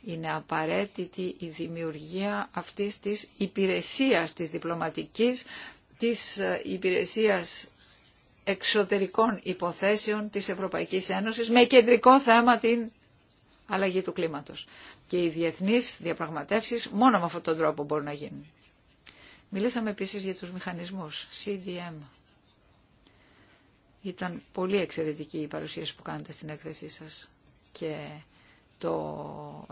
είναι απαραίτητη η δημιουργία αυτής της υπηρεσίας της διπλωματικής, της ε, υπηρεσίας εξωτερικών υποθέσεων της Ευρωπαϊκής Ένωσης με κεντρικό θέμα την αλλαγή του κλίματος. Και οι διεθνείς διαπραγματεύσεις μόνο με αυτόν τον τρόπο μπορούν να γίνουν. Μιλήσαμε επίσης για τους μηχανισμούς, CDM. Ήταν πολύ εξαιρετική η παρουσίαση που κάνετε στην έκθεσή σας. Και το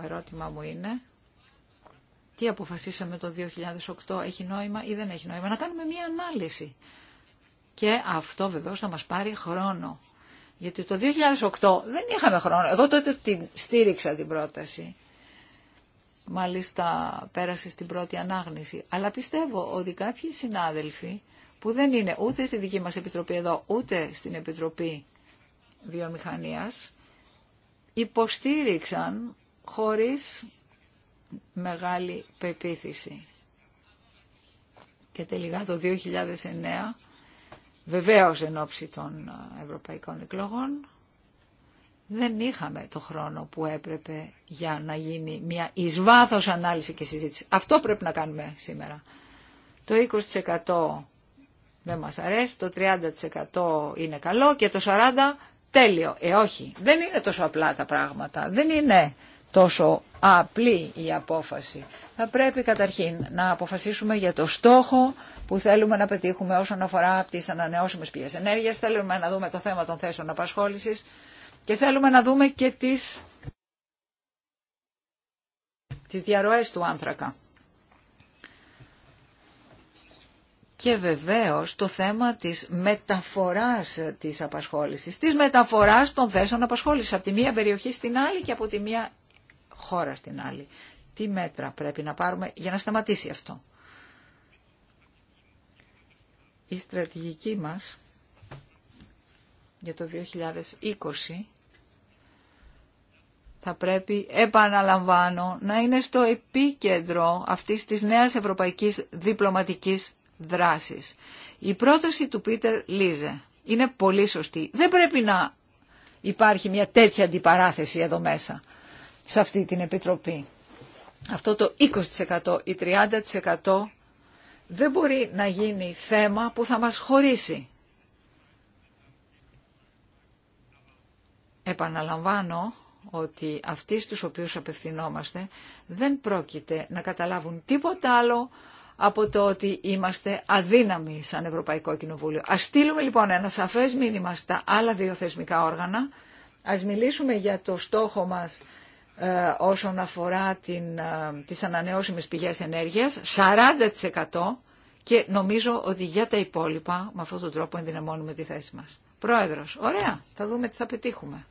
ερώτημα μου είναι, τι αποφασίσαμε το 2008, έχει νόημα ή δεν έχει νόημα, να κάνουμε μία ανάλυση. Και αυτό βεβαίως θα μας πάρει χρόνο. Γιατί το 2008 δεν είχαμε χρόνο. Εγώ τότε την στήριξα την πρόταση. Μάλιστα πέρασε στην πρώτη ανάγνηση. Αλλά πιστεύω ότι κάποιοι συνάδελφοι που δεν είναι ούτε στη δική μας Επιτροπή εδώ, ούτε στην Επιτροπή Βιομηχανίας, υποστήριξαν χωρίς μεγάλη πεποίθηση. Και τελικά το 2009 βεβαίως εν ώψη των ευρωπαϊκών εκλογών δεν είχαμε το χρόνο που έπρεπε για να γίνει μια εις ανάλυση και συζήτηση. Αυτό πρέπει να κάνουμε σήμερα. Το 20% δεν μας αρέσει, το 30% είναι καλό και το 40% τέλειο. Ε όχι, δεν είναι τόσο απλά τα πράγματα, δεν είναι τόσο απλή η απόφαση. Θα πρέπει καταρχήν να αποφασίσουμε για το στόχο που θέλουμε να πετύχουμε όσον αφορά τι ανανεώσιμε πηγέ ενέργειας, θέλουμε να δούμε το θέμα των θέσεων απασχόληση. και θέλουμε να δούμε και τι τις διαρροές του άνθρακα. Και βεβαίως το θέμα της μεταφοράς της απασχόλησης, της μεταφοράς των θέσεων απασχόλησης από τη μία περιοχή στην άλλη και από τη μία χώρα στην άλλη. Τι μέτρα πρέπει να πάρουμε για να σταματήσει αυτό. Η στρατηγική μας για το 2020 θα πρέπει, επαναλαμβάνω, να είναι στο επίκεντρο αυτής της νέας ευρωπαϊκής διπλωματικής δράσης. Η πρόθεση του Πίτερ Λίζε είναι πολύ σωστή. Δεν πρέπει να υπάρχει μια τέτοια αντιπαράθεση εδώ μέσα, σε αυτή την Επιτροπή. Αυτό το 20% ή 30% δεν μπορεί να γίνει θέμα που θα μας χωρίσει. Επαναλαμβάνω ότι αυτοί στους οποίους απευθυνόμαστε δεν πρόκειται να καταλάβουν τίποτα άλλο από το ότι είμαστε αδύναμοι σαν Ευρωπαϊκό Κοινοβούλιο. Ας στείλουμε λοιπόν ένα σαφές μήνυμα στα άλλα δύο θεσμικά όργανα, ας μιλήσουμε για το στόχο μας ε, όσον αφορά την, ε, τις ανανεώσιμες πηγές ενέργειας, 40% και νομίζω ότι για τα υπόλοιπα με αυτόν τον τρόπο ενδυναμώνουμε τη θέση μας. Πρόεδρος, ωραία, θα δούμε τι θα πετύχουμε.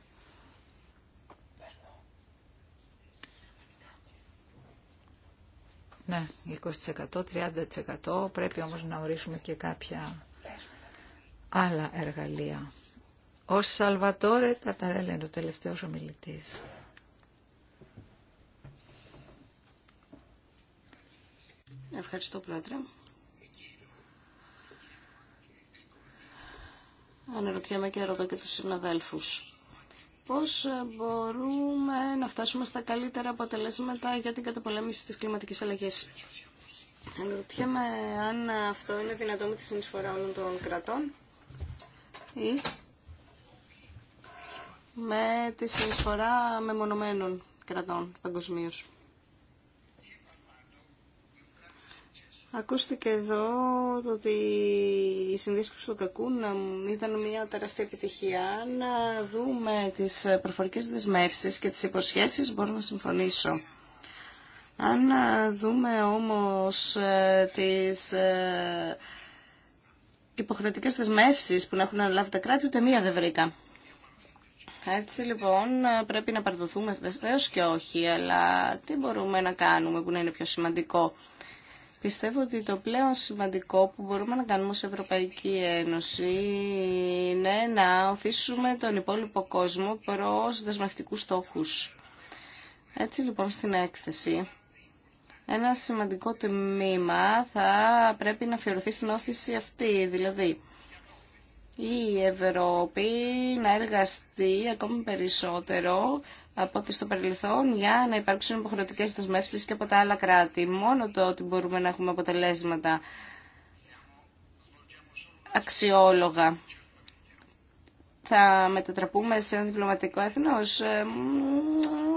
Ναι, 20%, 30% πρέπει όμως να ορίσουμε και κάποια άλλα εργαλεία. Ο Σαλβατόρε Ταταρέλα είναι ο τελευταίος ομιλητής. Ευχαριστώ, Πρόεδρε. Αναρωτιέμαι και ρωτώ και τους συναδέλφους. Πώς μπορούμε να φτάσουμε στα καλύτερα αποτελέσματα για την καταπολέμηση της κλιματικής αλλαγής. Αναρωτιέμαι αν αυτό είναι δυνατό με τη συνεισφορά όλων των κρατών ή με τη συνεισφορά μεμονωμένων κρατών παγκοσμίως. και εδώ το ότι η συνδύσκευση του κακού να ήταν μια τεράστια επιτυχία. Να δούμε τις προφορικές δεσμεύσεις και τις υποσχέσεις μπορώ να συμφωνήσω. Αν δούμε όμως ε, τις ε, υποχρεωτικές δεσμεύσεις που να έχουν αναλάβει τα κράτη, ούτε μία δεν βρήκα. Έτσι λοιπόν πρέπει να παραδοθούμε βεβαίω και όχι, αλλά τι μπορούμε να κάνουμε που να είναι πιο σημαντικό Πιστεύω ότι το πλέον σημαντικό που μπορούμε να κάνουμε ως Ευρωπαϊκή Ένωση είναι να οθήσουμε τον υπόλοιπο κόσμο προς δεσμευτικούς στόχους. Έτσι λοιπόν στην έκθεση ένα σημαντικό τμήμα θα πρέπει να αφιερωθεί στην όθηση αυτή, δηλαδή η Ευρώπη να εργαστεί ακόμη περισσότερο από ότι στο παρελθόν για να υπάρξουν υποχρεωτικέ δεσμεύσει και από τα άλλα κράτη. Μόνο το ότι μπορούμε να έχουμε αποτελέσματα αξιόλογα. Θα μετατραπούμε σε ένα διπλωματικό έθνο. Ε,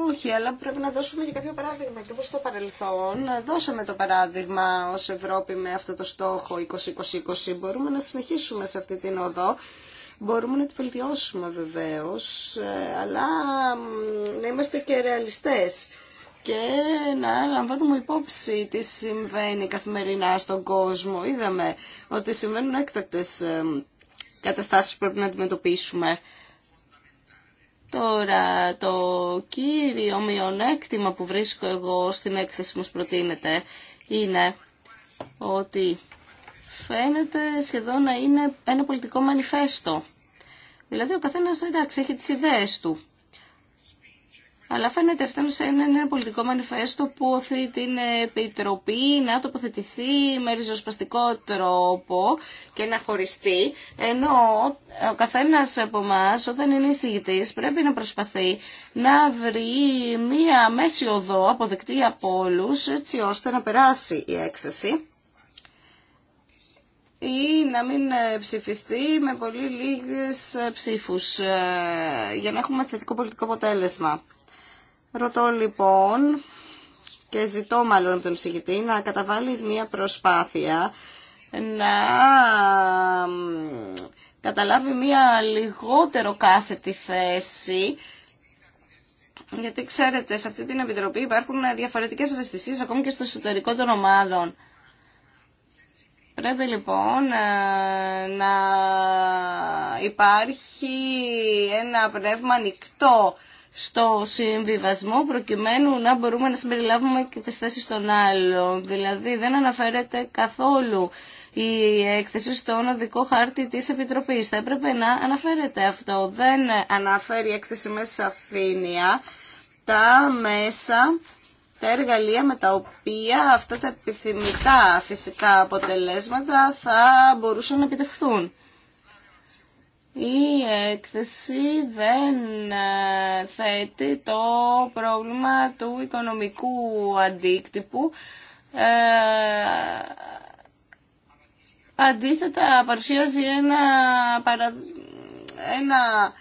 όχι, αλλά πρέπει να δώσουμε και κάποιο παράδειγμα. Και όπω στο παρελθόν, δώσαμε το παράδειγμα ω Ευρώπη με αυτό το στόχο 2020. Μπορούμε να συνεχίσουμε σε αυτή την οδό Μπορούμε να τη βελτιώσουμε βεβαίως, ε, αλλά να είμαστε και ρεαλιστές και να λαμβάνουμε υπόψη τι συμβαίνει καθημερινά στον κόσμο. Είδαμε ότι συμβαίνουν έκτακτες ε, καταστάσεις που πρέπει να αντιμετωπίσουμε. Τώρα, το κύριο μειονέκτημα που βρίσκω εγώ στην έκθεση που μας προτείνεται είναι ότι φαίνεται σχεδόν να είναι ένα πολιτικό μανιφέστο. Δηλαδή ο καθένας εντάξει έχει τις ιδέες του. Αλλά φαίνεται αυτό σε ένα, ένα πολιτικό μανιφέστο που οθεί την Επιτροπή να τοποθετηθεί με ριζοσπαστικό τρόπο και να χωριστεί, ενώ ο καθένας από εμά όταν είναι εισηγητής πρέπει να προσπαθεί να βρει μία μέση οδό αποδεκτή από όλους έτσι ώστε να περάσει η έκθεση ή να μην ε, ψηφιστεί με πολύ λίγες ε, ψήφους ε, για να έχουμε θετικό πολιτικό αποτέλεσμα. Ρωτώ λοιπόν και ζητώ μάλλον από τον συγκητή να καταβάλει μια προσπάθεια να καταλάβει μια λιγότερο κάθετη θέση γιατί ξέρετε σε αυτή την επιτροπή υπάρχουν διαφορετικές ευαισθησίες ακόμη και στο εσωτερικό των ομάδων. Πρέπει λοιπόν ε, να υπάρχει ένα πνεύμα ανοιχτό στο συμβιβασμό προκειμένου να μπορούμε να συμπεριλάβουμε και τις θέσεις των άλλων. Δηλαδή δεν αναφέρεται καθόλου η έκθεση στον οδικό χάρτη της Επιτροπής. Θα έπρεπε να αναφέρεται αυτό. Δεν αναφέρει η έκθεση μέσα σαφήνεια τα μέσα τα εργαλεία με τα οποία αυτά τα επιθυμητά φυσικά αποτελέσματα θα μπορούσαν να επιτευχθούν. Η έκθεση δεν ε, θέτει το πρόβλημα του οικονομικού αντίκτυπου. Ε, αντίθετα, παρουσιάζει ένα, παρα, ένα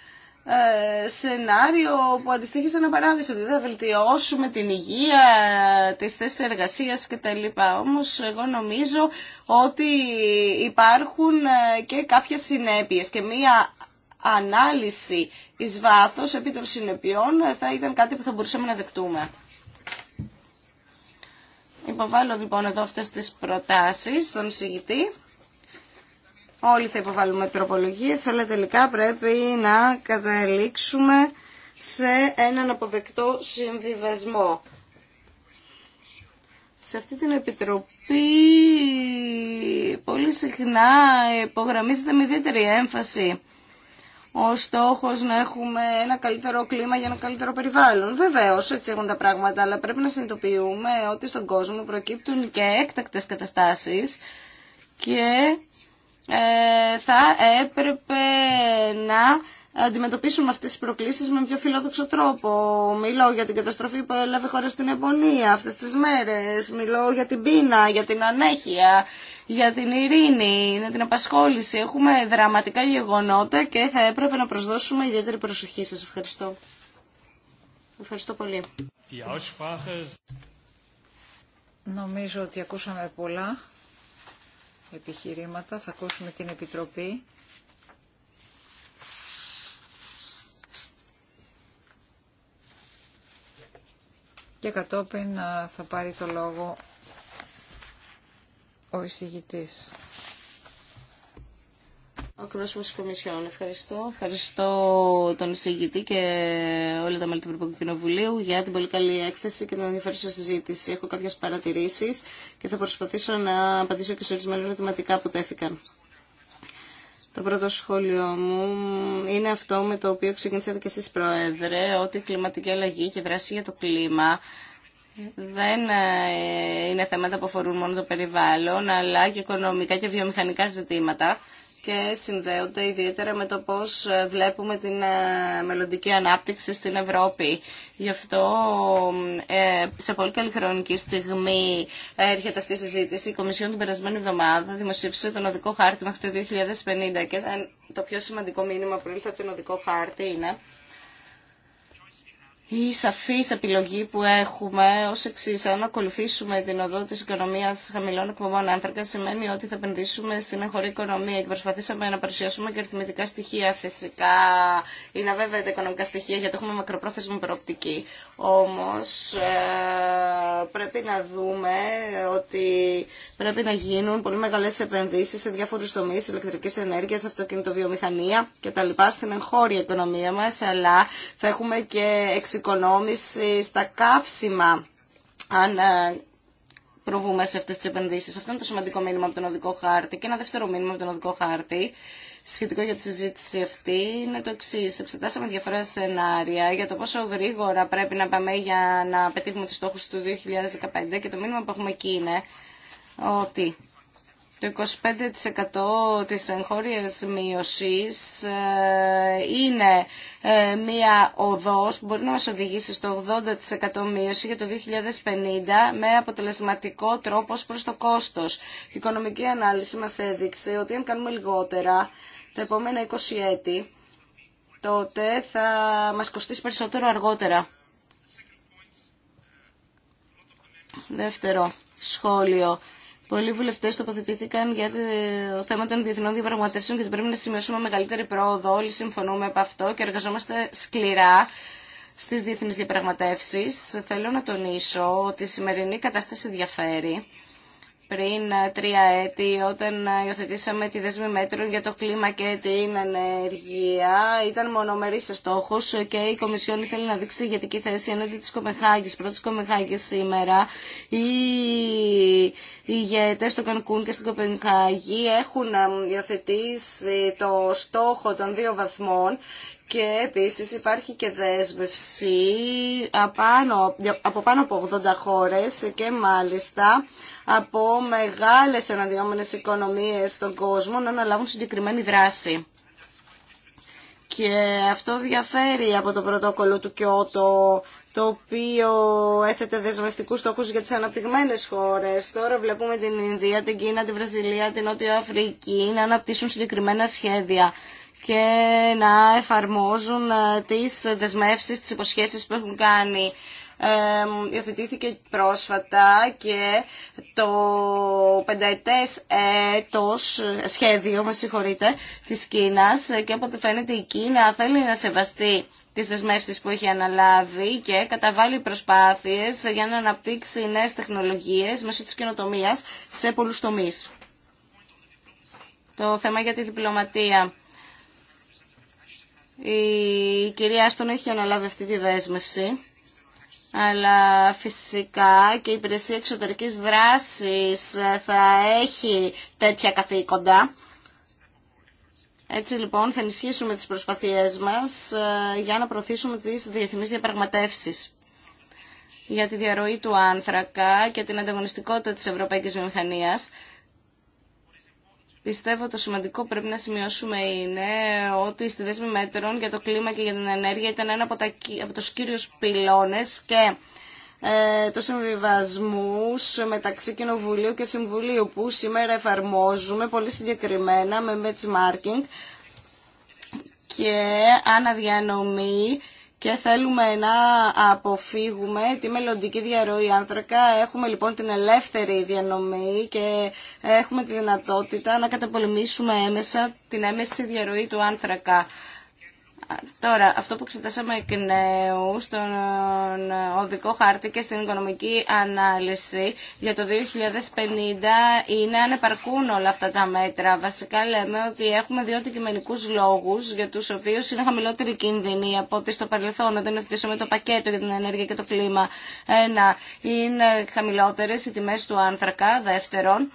ε, σενάριο που αντιστοιχεί σε ένα παράδεισο, ότι δηλαδή θα βελτιώσουμε την υγεία, τι θέσει εργασίας κτλ. Όμως εγώ νομίζω ότι υπάρχουν ε, και κάποιε συνέπειες και μία ανάλυση εις βάθος επί των συνεπειών ε, θα ήταν κάτι που θα μπορούσαμε να δεκτούμε. Υποβάλλω λοιπόν εδώ αυτές τις προτάσεις στον συγητή. Όλοι θα υποβάλουμε τροπολογίες, αλλά τελικά πρέπει να καταλήξουμε σε έναν αποδεκτό συμβιβασμό. Σε αυτή την επιτροπή πολύ συχνά υπογραμμίζεται με ιδιαίτερη έμφαση ο στόχος να έχουμε ένα καλύτερο κλίμα για ένα καλύτερο περιβάλλον. Βεβαίως έτσι έχουν τα πράγματα, αλλά πρέπει να συνειδητοποιούμε ότι στον κόσμο προκύπτουν και έκτακτες καταστάσεις και ε, θα έπρεπε να αντιμετωπίσουμε αυτές τις προκλήσεις με πιο φιλόδοξο τρόπο. Μιλώ για την καταστροφή που έλαβε χώρα στην εμπονία αυτές τις μέρες. Μιλώ για την πείνα, για την ανέχεια, για την ειρήνη, για την απασχόληση. Έχουμε δραματικά γεγονότα και θα έπρεπε να προσδώσουμε ιδιαίτερη προσοχή σας. Ευχαριστώ. Ευχαριστώ πολύ. Νομίζω ότι ακούσαμε πολλά επιχειρήματα. Θα ακούσουμε την Επιτροπή. Και κατόπιν ε, θα πάρει το λόγο ο εισηγητής. Ο εκπρόσωπο τη Κομισιόν. Ευχαριστώ. Ευχαριστώ τον εισηγητή και όλα τα μέλη του Ευρωπαϊκού Κοινοβουλίου για την πολύ καλή έκθεση και την ενδιαφέρουσα συζήτηση. Έχω κάποιε παρατηρήσει και θα προσπαθήσω να απαντήσω και σε ορισμένα ερωτηματικά που τέθηκαν. Το πρώτο σχόλιο μου είναι αυτό με το οποίο ξεκίνησατε και εσείς Πρόεδρε, ότι η κλιματική αλλαγή και η δράση για το κλίμα δεν ε, είναι θέματα που αφορούν μόνο το περιβάλλον, αλλά και οικονομικά και βιομηχανικά ζητήματα και συνδέονται ιδιαίτερα με το πώς ε, βλέπουμε την ε, μελλοντική ανάπτυξη στην Ευρώπη. Γι' αυτό ε, σε πολύ καλή χρονική στιγμή έρχεται αυτή η συζήτηση. Η Κομισιόν την περασμένη εβδομάδα δημοσίευσε τον οδικό χάρτη μέχρι το 2050 και το πιο σημαντικό μήνυμα που ήρθε από τον οδικό χάρτη είναι η σαφή επιλογή που έχουμε ω εξή, αν ακολουθήσουμε την οδό τη οικονομία χαμηλών εκπομπών άνθρακα, σημαίνει ότι θα επενδύσουμε στην εγχωρή οικονομία και προσπαθήσαμε να παρουσιάσουμε και αριθμητικά στοιχεία. Φυσικά είναι βέβαια τα οικονομικά στοιχεία γιατί έχουμε μακροπρόθεσμη προοπτική. Όμω, ε, πρέπει να δούμε ότι πρέπει να γίνουν πολύ μεγάλε επενδύσει σε διάφορου τομεί ηλεκτρική ενέργεια, αυτοκινητοβιομηχανία κτλ. στην εγχώρια οικονομία μα, αλλά θα έχουμε και εξοικονόμηση στα καύσιμα αν ε, προβούμε σε αυτές τις επενδύσεις. Αυτό είναι το σημαντικό μήνυμα από τον οδικό χάρτη. Και ένα δεύτερο μήνυμα από τον οδικό χάρτη σχετικό για τη συζήτηση αυτή είναι το εξή. Εξετάσαμε διάφορα σενάρια για το πόσο γρήγορα πρέπει να πάμε για να πετύχουμε τους στόχους του 2015 και το μήνυμα που έχουμε εκεί είναι ότι το 25% της εγχώριας μείωσης ε, είναι ε, μία οδός που μπορεί να μας οδηγήσει στο 80% μείωση για το 2050 με αποτελεσματικό τρόπο προς το κόστος. Η οικονομική ανάλυση μας έδειξε ότι αν κάνουμε λιγότερα τα επόμενα 20 έτη, τότε θα μας κοστίσει περισσότερο αργότερα. Δεύτερο σχόλιο. Πολλοί βουλευτέ τοποθετήθηκαν για το θέμα των διεθνών διαπραγματεύσεων και ότι πρέπει να σημειώσουμε μεγαλύτερη πρόοδο. Όλοι συμφωνούμε από αυτό και εργαζόμαστε σκληρά στι διεθνεί διαπραγματεύσει. Θέλω να τονίσω ότι η σημερινή κατάσταση διαφέρει πριν ε, τρία έτη όταν ε, υιοθετήσαμε τη δέσμη μέτρων για το κλίμα και την ενέργεια. Ήταν μονομερή σε στόχο, και η Κομισιόν ήθελε να δείξει ηγετική θέση ενάντια τη Κομεχάγη, πρώτη Κομεχάγη σήμερα οι ηγέτε στο Κανκούν και στην Κοπενχάγη έχουν ε, υιοθετήσει το στόχο των δύο βαθμών και επίσης υπάρχει και δέσμευση από πάνω από 80 χώρες και μάλιστα από μεγάλες αναδυόμενες οικονομίες στον κόσμο να αναλάβουν συγκεκριμένη δράση. Και αυτό διαφέρει από το πρωτόκολλο του Κιώτο, το οποίο έθετε δεσμευτικούς στόχους για τις αναπτυγμένες χώρες. Τώρα βλέπουμε την Ινδία, την Κίνα, την Βραζιλία, την Νότια Αφρική να αναπτύσσουν συγκεκριμένα σχέδια και να εφαρμόζουν ε, τις δεσμεύσεις, τις υποσχέσεις που έχουν κάνει. Ε, πρόσφατα και το πενταετές έτος σχέδιο, μας συγχωρείτε, της Κίνας και όποτε φαίνεται η Κίνα θέλει να σεβαστεί τις δεσμεύσεις που έχει αναλάβει και καταβάλει προσπάθειες για να αναπτύξει νέες τεχνολογίες μέσω της καινοτομίας σε πολλούς τομείς. Το θέμα για τη διπλωματία. Η κυρία Άστον έχει αναλάβει αυτή τη δέσμευση, αλλά φυσικά και η υπηρεσία εξωτερικής δράσης ε, θα έχει τέτοια καθήκοντα. Έτσι λοιπόν θα ενισχύσουμε τις προσπαθίες μας ε, για να προωθήσουμε τις διεθνείς διαπραγματεύσεις για τη διαρροή του άνθρακα και την ανταγωνιστικότητα της ευρωπαϊκής βιομηχανίας Πιστεύω το σημαντικό που πρέπει να σημειώσουμε είναι ότι στη δέσμη μέτρων για το κλίμα και για την ενέργεια ήταν ένα από, τα, από τους κύριους πυλώνες και ε, το συμβιβασμούς μεταξύ Κοινοβουλίου και Συμβουλίου που σήμερα εφαρμόζουμε πολύ συγκεκριμένα με benchmarking και αναδιανομή και θέλουμε να αποφύγουμε τη μελλοντική διαρροή άνθρακα. Έχουμε λοιπόν την ελεύθερη διανομή και έχουμε τη δυνατότητα να καταπολεμήσουμε έμεσα την έμεση διαρροή του άνθρακα. Τώρα, αυτό που εξετάσαμε εκ νέου στον ε, οδικό χάρτη και στην οικονομική ανάλυση για το 2050 είναι αν επαρκούν όλα αυτά τα μέτρα. Βασικά λέμε ότι έχουμε δύο αντικειμενικού λόγους για του οποίου είναι χαμηλότερη κίνδυνη από ότι στο παρελθόν όταν ευθύσαμε το πακέτο για την ενέργεια και το κλίμα. Ένα, είναι χαμηλότερε οι τιμέ του άνθρακα. Δεύτερον,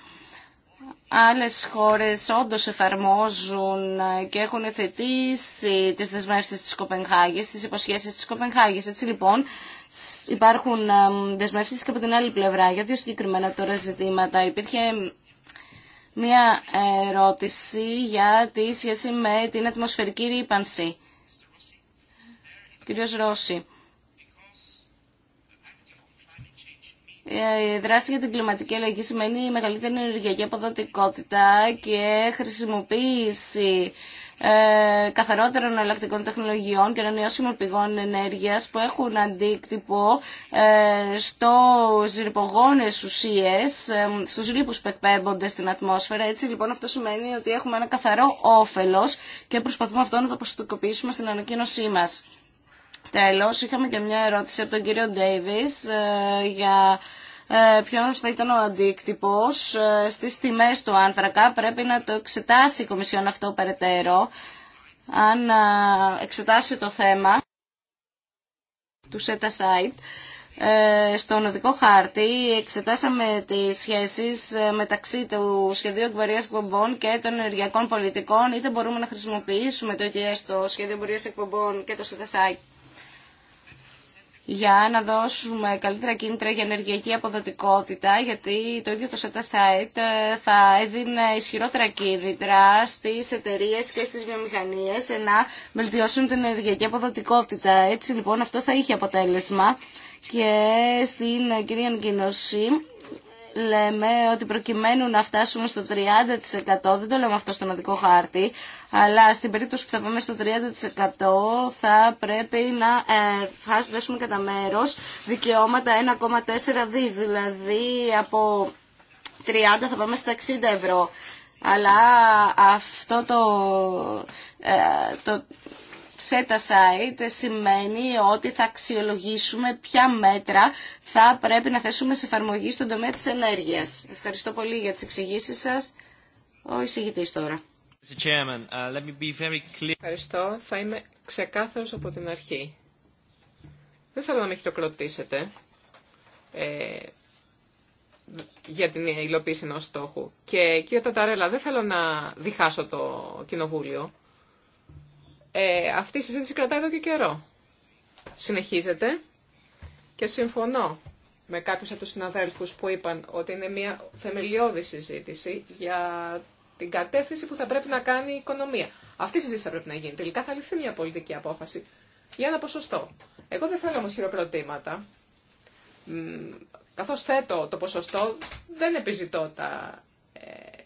Άλλες χώρες όντως εφαρμόζουν και έχουν θετήσει τις δεσμεύσεις της Κοπενχάγης, τις υποσχέσεις της Κοπενχάγης. Έτσι λοιπόν υπάρχουν δεσμεύσεις και από την άλλη πλευρά για δύο συγκεκριμένα τώρα ζητήματα. Υπήρχε μια ερώτηση για τη σχέση με την ατμοσφαιρική ρήπανση. Κύριος Ρώση. Ε, η δράση για την κλιματική αλλαγή σημαίνει η μεγαλύτερη ενεργειακή αποδοτικότητα και χρησιμοποίηση ε, καθαρότερων εναλλακτικών τεχνολογιών και ανανεώσιμων πηγών ενέργειας που έχουν αντίκτυπο ε, στους ρηπογόνες ουσίες, ε, στους ρήπους που εκπέμπονται στην ατμόσφαιρα. Έτσι λοιπόν αυτό σημαίνει ότι έχουμε ένα καθαρό όφελος και προσπαθούμε αυτό να το προσωπικοποιήσουμε στην ανακοίνωσή μας. Τέλος, είχαμε και μια ερώτηση από τον κύριο Ντέιβις ε, για ε, ποιος θα ήταν ο αντίκτυπος ε, στις τιμές του άνθρακα. Πρέπει να το εξετάσει η Κομισιόν αυτό περαιτέρω, αν εξετάσει το θέμα του SETA site. Στον οδικό χάρτη εξετάσαμε τις σχέσεις μεταξύ του σχεδίου εκπορίας εκπομπών και των ενεργειακών πολιτικών. Είτε μπορούμε να χρησιμοποιήσουμε το ETS, το σχέδιο εκπορίας εκπομπών και το set site για να δώσουμε καλύτερα κίνητρα για ενεργειακή αποδοτικότητα, γιατί το ίδιο το SETA site ε, θα έδινε ισχυρότερα κίνητρα στις εταιρείε και στις βιομηχανίες ε, να βελτιώσουν την ενεργειακή αποδοτικότητα. Έτσι λοιπόν αυτό θα είχε αποτέλεσμα και στην κυρία Νικίνωση λέμε ότι προκειμένου να φτάσουμε στο 30% δεν το λέμε αυτό στο οδικό χάρτη αλλά στην περίπτωση που θα πάμε στο 30% θα πρέπει να ε, δέσουμε κατά μέρος δικαιώματα 1,4 δις δηλαδή από 30 θα πάμε στα 60 ευρώ αλλά αυτό το, ε, το set aside σημαίνει ότι θα αξιολογήσουμε ποια μέτρα θα πρέπει να θέσουμε σε εφαρμογή στον τομέα της ενέργειας. Ευχαριστώ πολύ για τις εξηγήσεις σας. Ο εισηγητής τώρα. Uh, Ευχαριστώ. Θα είμαι ξεκάθαρος από την αρχή. Δεν θέλω να με χειροκροτήσετε ε, για την υλοποίηση ενός στόχου. Και κύριε Ταταρέλα, δεν θέλω να διχάσω το κοινοβούλιο. Ε, αυτή η συζήτηση κρατάει εδώ και καιρό. Συνεχίζεται και συμφωνώ με κάποιους από τους συναδέλφους που είπαν ότι είναι μια θεμελιώδη συζήτηση για την κατεύθυνση που θα πρέπει να κάνει η οικονομία. Αυτή η συζήτηση θα πρέπει να γίνει. Τελικά θα ληφθεί μια πολιτική απόφαση για ένα ποσοστό. Εγώ δεν θέλω όμως χειροκροτήματα. Καθώς θέτω το ποσοστό, δεν επιζητώ τα ε,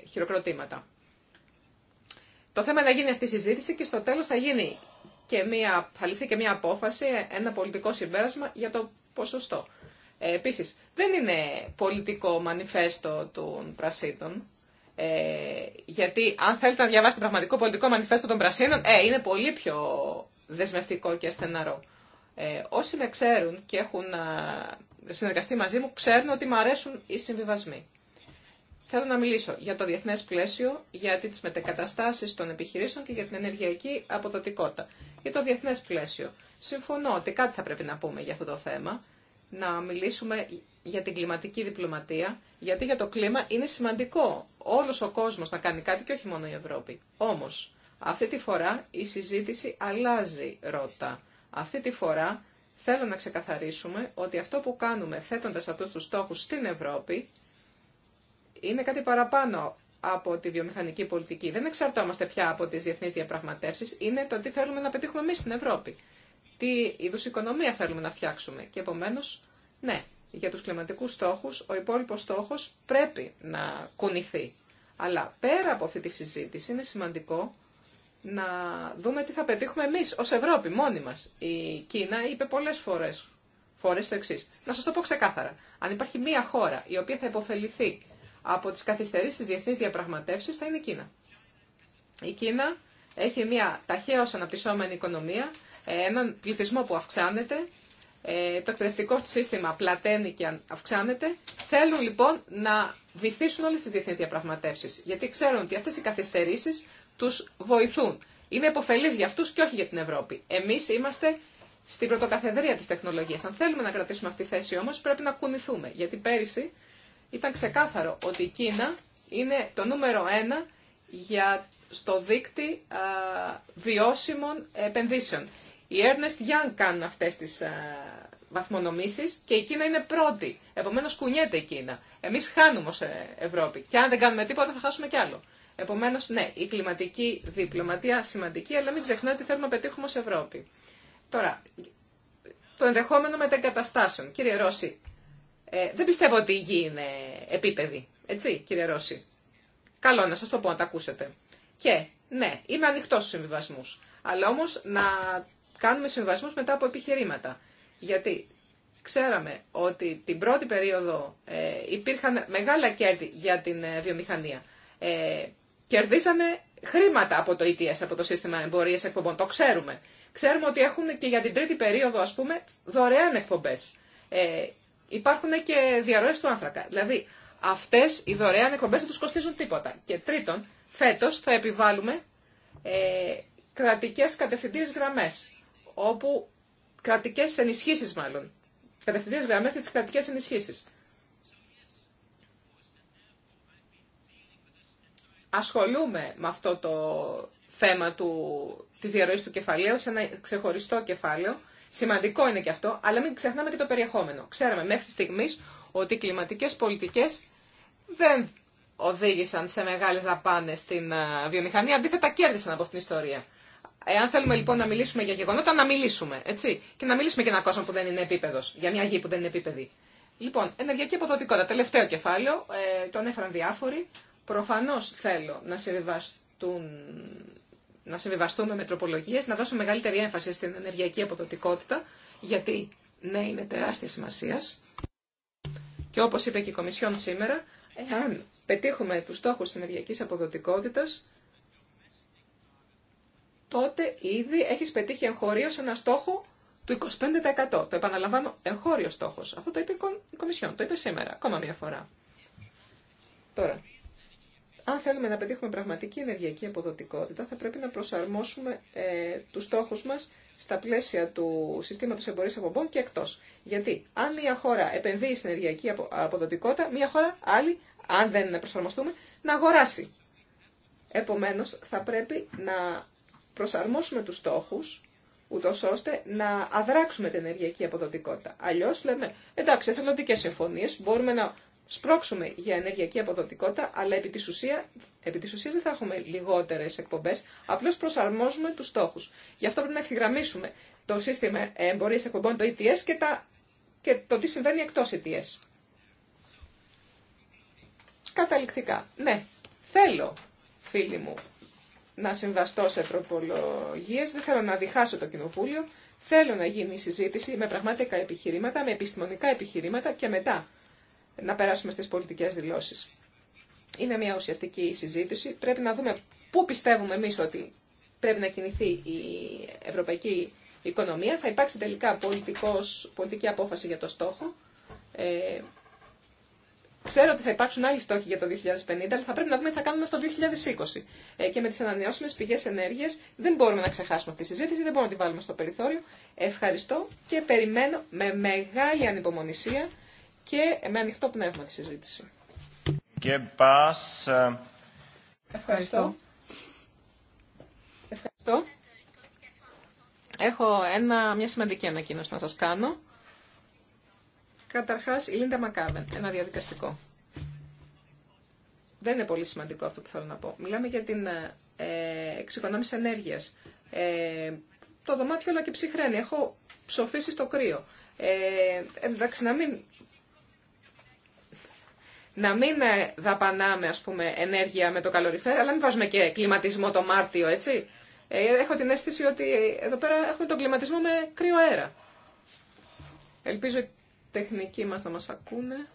χειροκροτήματα. Το θέμα είναι να γίνει αυτή η συζήτηση και στο τέλος θα γίνει και μια, θα ληφθεί και μια απόφαση, ένα πολιτικό συμπέρασμα για το ποσοστό. Ε, επίσης, δεν είναι πολιτικό μανιφέστο των Πρασίνων, ε, γιατί αν θέλετε να διαβάσετε πραγματικό πολιτικό μανιφέστο των Πρασίνων, ε, είναι πολύ πιο δεσμευτικό και στεναρό. Ε, όσοι με ξέρουν και έχουν ε, συνεργαστεί μαζί μου, ξέρουν ότι μου αρέσουν οι συμβιβασμοί. Θέλω να μιλήσω για το διεθνέ πλαίσιο, για τι μετεκαταστάσει των επιχειρήσεων και για την ενεργειακή αποδοτικότητα. Για το διεθνέ πλαίσιο. Συμφωνώ ότι κάτι θα πρέπει να πούμε για αυτό το θέμα. Να μιλήσουμε για την κλιματική διπλωματία, γιατί για το κλίμα είναι σημαντικό όλο ο κόσμο να κάνει κάτι και όχι μόνο η Ευρώπη. Όμω, αυτή τη φορά η συζήτηση αλλάζει ρότα. Αυτή τη φορά θέλω να ξεκαθαρίσουμε ότι αυτό που κάνουμε θέτοντας αυτού του στόχους στην Ευρώπη είναι κάτι παραπάνω από τη βιομηχανική πολιτική. Δεν εξαρτώμαστε πια από τις διεθνείς διαπραγματεύσεις, είναι το τι θέλουμε να πετύχουμε εμείς στην Ευρώπη. Τι είδους οικονομία θέλουμε να φτιάξουμε. Και επομένως, ναι, για τους κλιματικούς στόχους, ο υπόλοιπος στόχος πρέπει να κουνηθεί. Αλλά πέρα από αυτή τη συζήτηση είναι σημαντικό να δούμε τι θα πετύχουμε εμείς ως Ευρώπη μόνοι μας. Η Κίνα είπε πολλές φορές, φορές το εξή. Να σα το πω ξεκάθαρα. Αν υπάρχει μία χώρα η οποία θα υποφεληθεί από τις καθυστερήσεις της διεθνής διαπραγματεύσεις θα είναι η Κίνα. Η Κίνα έχει μια ταχαίως αναπτυσσόμενη οικονομία, ε, έναν πληθυσμό που αυξάνεται, ε, το εκπαιδευτικό σύστημα πλαταίνει και αυξάνεται. Θέλουν λοιπόν να βυθίσουν όλες τις διεθνείς διαπραγματεύσεις, γιατί ξέρουν ότι αυτές οι καθυστερήσεις τους βοηθούν. Είναι υποφελής για αυτούς και όχι για την Ευρώπη. Εμείς είμαστε στην πρωτοκαθεδρία της τεχνολογίας. Αν θέλουμε να κρατήσουμε αυτή τη θέση όμως πρέπει να κουνηθούμε, γιατί πέρυσι ήταν ξεκάθαρο ότι η Κίνα είναι το νούμερο ένα για, στο δίκτυ α, βιώσιμων επενδύσεων. Οι Ernest Young κάνουν αυτές τις α, βαθμονομήσεις και η Κίνα είναι πρώτη. Επομένως κουνιέται η Κίνα. Εμείς χάνουμε ως ε, Ευρώπη και αν δεν κάνουμε τίποτα θα χάσουμε κι άλλο. Επομένως, ναι, η κλιματική διπλωματία σημαντική, αλλά μην ξεχνάτε τι θέλουμε να πετύχουμε ως Ευρώπη. Τώρα, το ενδεχόμενο μετεγκαταστάσεων. Κύριε Ρώση, ε, δεν πιστεύω ότι η γη είναι επίπεδη. Έτσι, κύριε Ρώση. Καλό να σας το πω να τα ακούσετε. Και, ναι, είμαι ανοιχτό στου συμβιβασμού. Αλλά όμως να κάνουμε συμβιβασμού μετά από επιχειρήματα. Γιατί ξέραμε ότι την πρώτη περίοδο ε, υπήρχαν μεγάλα κέρδη για την ε, βιομηχανία. Ε, κερδίσανε χρήματα από το ETS, από το σύστημα εμπορίας εκπομπών. Το ξέρουμε. Ξέρουμε ότι έχουν και για την τρίτη περίοδο, ας πούμε, δωρεάν εκπομπές. Ε, υπάρχουν και διαρροές του άνθρακα. Δηλαδή, αυτές οι δωρεάν εκπομπέ δεν τους κοστίζουν τίποτα. Και τρίτον, φέτος θα επιβάλλουμε ε, κρατικές κατευθυντήριες γραμμές, όπου κρατικές ενισχύσεις μάλλον, κατευθυντήριες γραμμές για τι κρατικέ ενισχύσει. Ασχολούμε με αυτό το θέμα του, της διαρροής του κεφαλαίου σε ένα ξεχωριστό κεφάλαιο Σημαντικό είναι και αυτό, αλλά μην ξεχνάμε και το περιεχόμενο. Ξέραμε μέχρι στιγμή ότι οι κλιματικέ πολιτικέ δεν οδήγησαν σε μεγάλε δαπάνε στην ε, βιομηχανία, αντίθετα κέρδισαν από αυτήν την ιστορία. Εάν θέλουμε λοιπόν να μιλήσουμε για γεγονότα, να μιλήσουμε. Έτσι. Και να μιλήσουμε για ένα κόσμο που δεν είναι επίπεδο, για μια γη που δεν είναι επίπεδη. Λοιπόν, ενεργειακή αποδοτικότητα. Τελευταίο κεφάλαιο, ε, τον έφεραν διάφοροι. Προφανώ θέλω να συμβιβαστούν να συμβιβαστούμε με τροπολογίες, να δώσουμε μεγαλύτερη έμφαση στην ενεργειακή αποδοτικότητα, γιατί ναι, είναι τεράστια σημασία. Και όπως είπε και η Κομισιόν σήμερα, εάν πετύχουμε τους στόχους της ενεργειακής αποδοτικότητας, τότε ήδη έχεις πετύχει εγχωρίως ένα στόχο του 25%. Το επαναλαμβάνω, εγχώριο στόχος. Αυτό το είπε η Κομισιόν, το είπε σήμερα, ακόμα μια φορά. Τώρα, αν θέλουμε να πετύχουμε πραγματική ενεργειακή αποδοτικότητα, θα πρέπει να προσαρμόσουμε ε, τους στόχους μας στα πλαίσια του συστήματος εμπορίας απομπών και εκτός. Γιατί αν μια χώρα επενδύει στην ενεργειακή αποδοτικότητα, μια χώρα άλλη, αν δεν προσαρμοστούμε, να αγοράσει. Επομένως, θα πρέπει να προσαρμόσουμε τους στόχους, ούτω ώστε να αδράξουμε την ενεργειακή αποδοτικότητα. Αλλιώ λέμε, εντάξει, εθελοντικέ συμφωνίε, μπορούμε να σπρώξουμε για ενεργειακή αποδοτικότητα, αλλά επί της, ουσία, επί της ουσίας δεν θα έχουμε λιγότερες εκπομπές, απλώς προσαρμόζουμε τους στόχους. Γι' αυτό πρέπει να ευθυγραμμίσουμε το σύστημα εμπορίας εκπομπών, το ETS και, τα, και το τι συμβαίνει εκτός ETS. Καταληκτικά, ναι, θέλω, φίλοι μου, να συμβαστώ σε τροπολογίε, δεν θέλω να διχάσω το κοινοβούλιο, θέλω να γίνει η συζήτηση με πραγματικά επιχειρήματα, με επιστημονικά επιχειρήματα και μετά να περάσουμε στις πολιτικές δηλώσεις. Είναι μια ουσιαστική συζήτηση. Πρέπει να δούμε πού πιστεύουμε εμείς ότι πρέπει να κινηθεί η ευρωπαϊκή οικονομία. Θα υπάρξει τελικά πολιτικός, πολιτική απόφαση για το στόχο. Ε, ξέρω ότι θα υπάρξουν άλλοι στόχοι για το 2050, αλλά θα πρέπει να δούμε τι θα κάνουμε στο 2020. Ε, και με τις ανανεώσιμες πηγές ενέργειας δεν μπορούμε να ξεχάσουμε αυτή τη συζήτηση, δεν μπορούμε να τη βάλουμε στο περιθώριο. Ευχαριστώ και περιμένω με μεγάλη ανυπομονησία και με ανοιχτό πνεύμα τη συζήτηση. Και ε, Ευχαριστώ. Ευχαριστώ. Έχω ένα, μια σημαντική ανακοίνωση να σας κάνω. Καταρχάς, η Λίντα Μακάβεν, ένα διαδικαστικό. Δεν είναι πολύ σημαντικό αυτό που θέλω να πω. Μιλάμε για την ε, εξοικονόμηση ενέργειας. Ε, το δωμάτιο όλο και ψυχραίνει. Έχω ψοφίσει στο κρύο. Ε, εντάξει, να μην να μην ε, δαπανάμε ας πούμε, ενέργεια με το καλοριφέρ, αλλά μην βάζουμε και κλιματισμό το Μάρτιο, έτσι. Ε, έχω την αίσθηση ότι εδώ πέρα έχουμε τον κλιματισμό με κρύο αέρα. Ελπίζω οι τεχνικοί μας να μας ακούνε.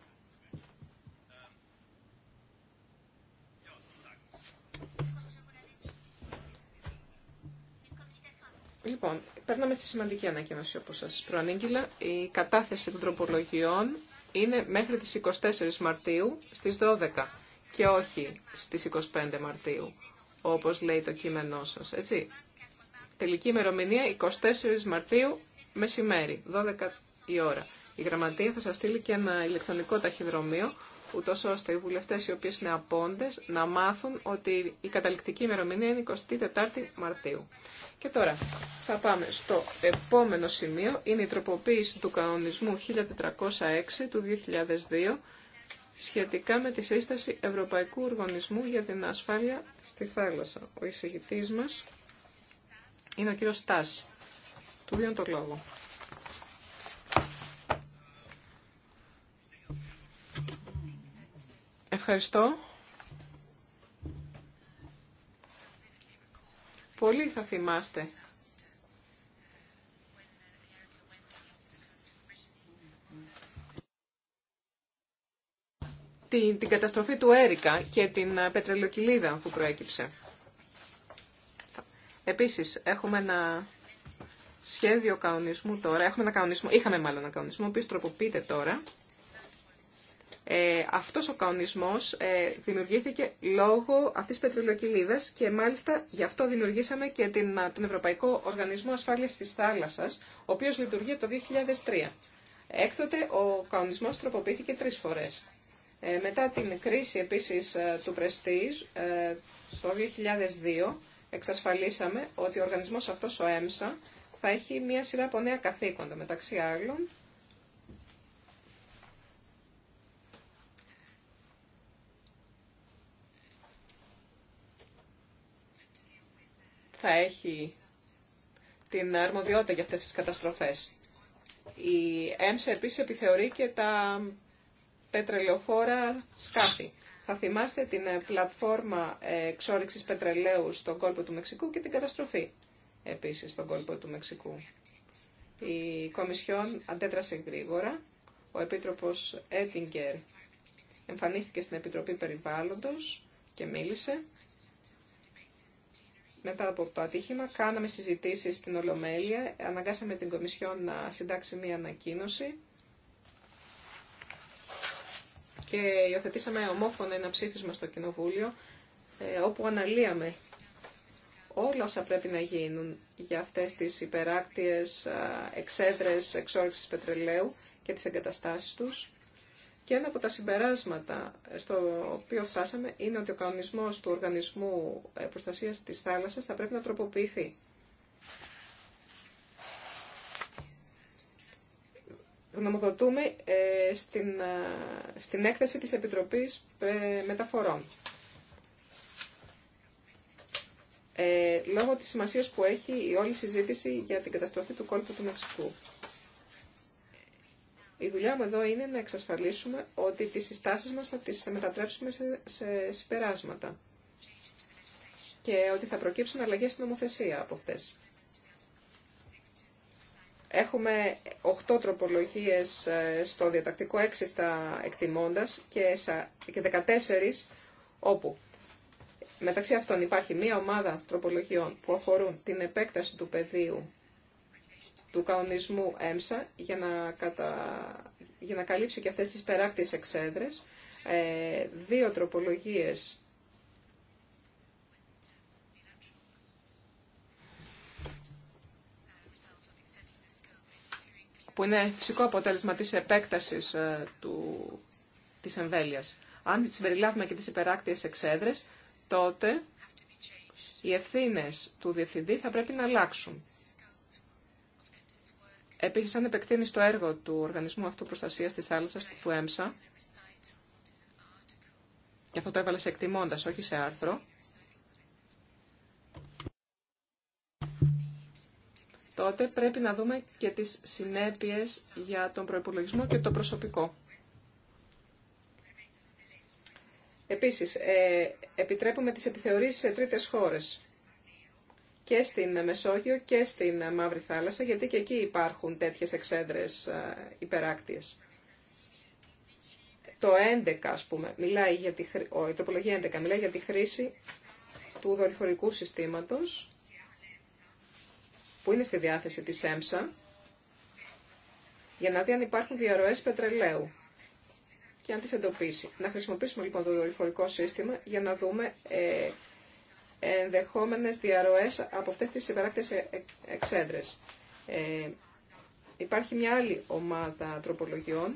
Λοιπόν, παίρναμε στη σημαντική ανακοίνωση όπως σας προανήγγυλα. Η κατάθεση των τροπολογιών είναι μέχρι τις 24 Μαρτίου στις 12 και όχι στις 25 Μαρτίου, όπως λέει το κείμενό σας, έτσι. Τελική ημερομηνία 24 Μαρτίου μεσημέρι, 12 η ώρα. Η γραμματεία θα σας στείλει και ένα ηλεκτρονικό ταχυδρομείο ούτως ώστε οι βουλευτέ, οι οποίες είναι απόντες να μάθουν ότι η καταληκτική ημερομηνία είναι 24η Μαρτίου. Και τώρα θα πάμε στο επόμενο σημείο, είναι η τροποποίηση του κανονισμού 1406 του 2002 σχετικά με τη σύσταση Ευρωπαϊκού Οργανισμού για την Ασφάλεια στη Θάλασσα. Ο εισηγητή μα είναι ο κύριο Στάση. Του δίνω το λόγο. Ευχαριστώ. Πολύ θα θυμάστε την, καταστροφή του Έρικα και την ε, πετρελοκυλίδα που προέκυψε. Επίσης, έχουμε ένα σχέδιο κανονισμού τώρα. Έχουμε ένα κανονισμό, είχαμε μάλλον ένα κανονισμό, ο οποίος τροποποιείται τώρα ε, αυτός ο κανονισμός ε, δημιουργήθηκε λόγω αυτής της πετρελοκυλίδας και μάλιστα γι' αυτό δημιουργήσαμε και την, τον Ευρωπαϊκό Οργανισμό Ασφάλειας της Θάλασσας, ο οποίος λειτουργεί το 2003. Έκτοτε ο κανονισμός τροποποιήθηκε τρεις φορές. Ε, μετά την κρίση επίσης ε, του Πρεστή, το 2002 εξασφαλίσαμε ότι ο οργανισμός αυτός ο ΕΜΣΑ θα έχει μια σειρά από νέα καθήκοντα μεταξύ άλλων θα έχει την αρμοδιότητα για αυτές τις καταστροφές. Η ΕΜΣΕ επίσης επιθεωρεί και τα πετρελαιοφόρα σκάφη. Θα θυμάστε την πλατφόρμα εξόριξης πετρελαίου στον κόλπο του Μεξικού και την καταστροφή επίσης στον κόλπο του Μεξικού. Η Κομισιόν αντέτρασε γρήγορα. Ο Επίτροπος Έτιγκερ εμφανίστηκε στην Επιτροπή Περιβάλλοντος και μίλησε μετά από το ατύχημα. Κάναμε συζητήσει στην Ολομέλεια, αναγκάσαμε την Κομισιόν να συντάξει μία ανακοίνωση και υιοθετήσαμε ομόφωνα ένα ψήφισμα στο Κοινοβούλιο ε, όπου αναλύαμε όλα όσα πρέπει να γίνουν για αυτές τις υπεράκτιες εξέδρες εξόρυξης πετρελαίου και τις εγκαταστάσεις τους. Και ένα από τα συμπεράσματα στο οποίο φτάσαμε είναι ότι ο κανονισμός του Οργανισμού ε, Προστασίας της Θάλασσας θα πρέπει να τροποποιηθεί. Γνωμοδοτούμε ε, στην, ε, στην έκθεση της Επιτροπής Μεταφορών. Ε, λόγω της σημασίας που έχει η όλη συζήτηση για την καταστροφή του κόλπου του Μεξικού. Η δουλειά μου εδώ είναι να εξασφαλίσουμε ότι τις συστάσεις μας θα τις μετατρέψουμε σε, σε συμπεράσματα και ότι θα προκύψουν αλλαγές στην νομοθεσία από αυτές. Έχουμε 8 τροπολογίες ε, στο διατακτικό, 6 στα εκτιμώντας και 14 όπου μεταξύ αυτών υπάρχει μία ομάδα τροπολογιών που αφορούν την επέκταση του πεδίου του καονισμού ΕΜΣΑ για να, κατα... για να καλύψει και αυτές τις περάκτιες εξέδρες. Ε, δύο τροπολογίες που είναι φυσικό αποτέλεσμα της επέκτασης ε, του, της εμβέλειας. Αν συμπεριλάβουμε και τις υπεράκτιες εξέδρες, τότε οι ευθύνες του διευθυντή θα πρέπει να αλλάξουν Επίσης, αν επεκτείνει το έργο του Οργανισμού Αυτοπροστασίας της Θάλασσας, του ΕΜΣΑ, και αυτό το έβαλε σε εκτιμώντα όχι σε άρθρο, τότε πρέπει να δούμε και τις συνέπειες για τον προϋπολογισμό και το προσωπικό. Επίσης, ε, επιτρέπουμε τις επιθεωρήσεις σε τρίτες χώρες και στην Μεσόγειο και στην Μαύρη Θάλασσα, γιατί και εκεί υπάρχουν τέτοιες εξέδρες ε, υπεράκτιες. Το 11, ας πούμε, μιλάει για τη, ο, η τροπολογία 11 μιλάει για τη χρήση του δορυφορικού συστήματος που είναι στη διάθεση της ΕΜΣΑ για να δει αν υπάρχουν διαρροές πετρελαίου και αν τις εντοπίσει. Να χρησιμοποιήσουμε λοιπόν το δορυφορικό σύστημα για να δούμε ε, ενδεχόμενες διαρροές από αυτές τις υπεράκτες ε, ε, εξέδρες. Ε, υπάρχει μια άλλη ομάδα τροπολογιών,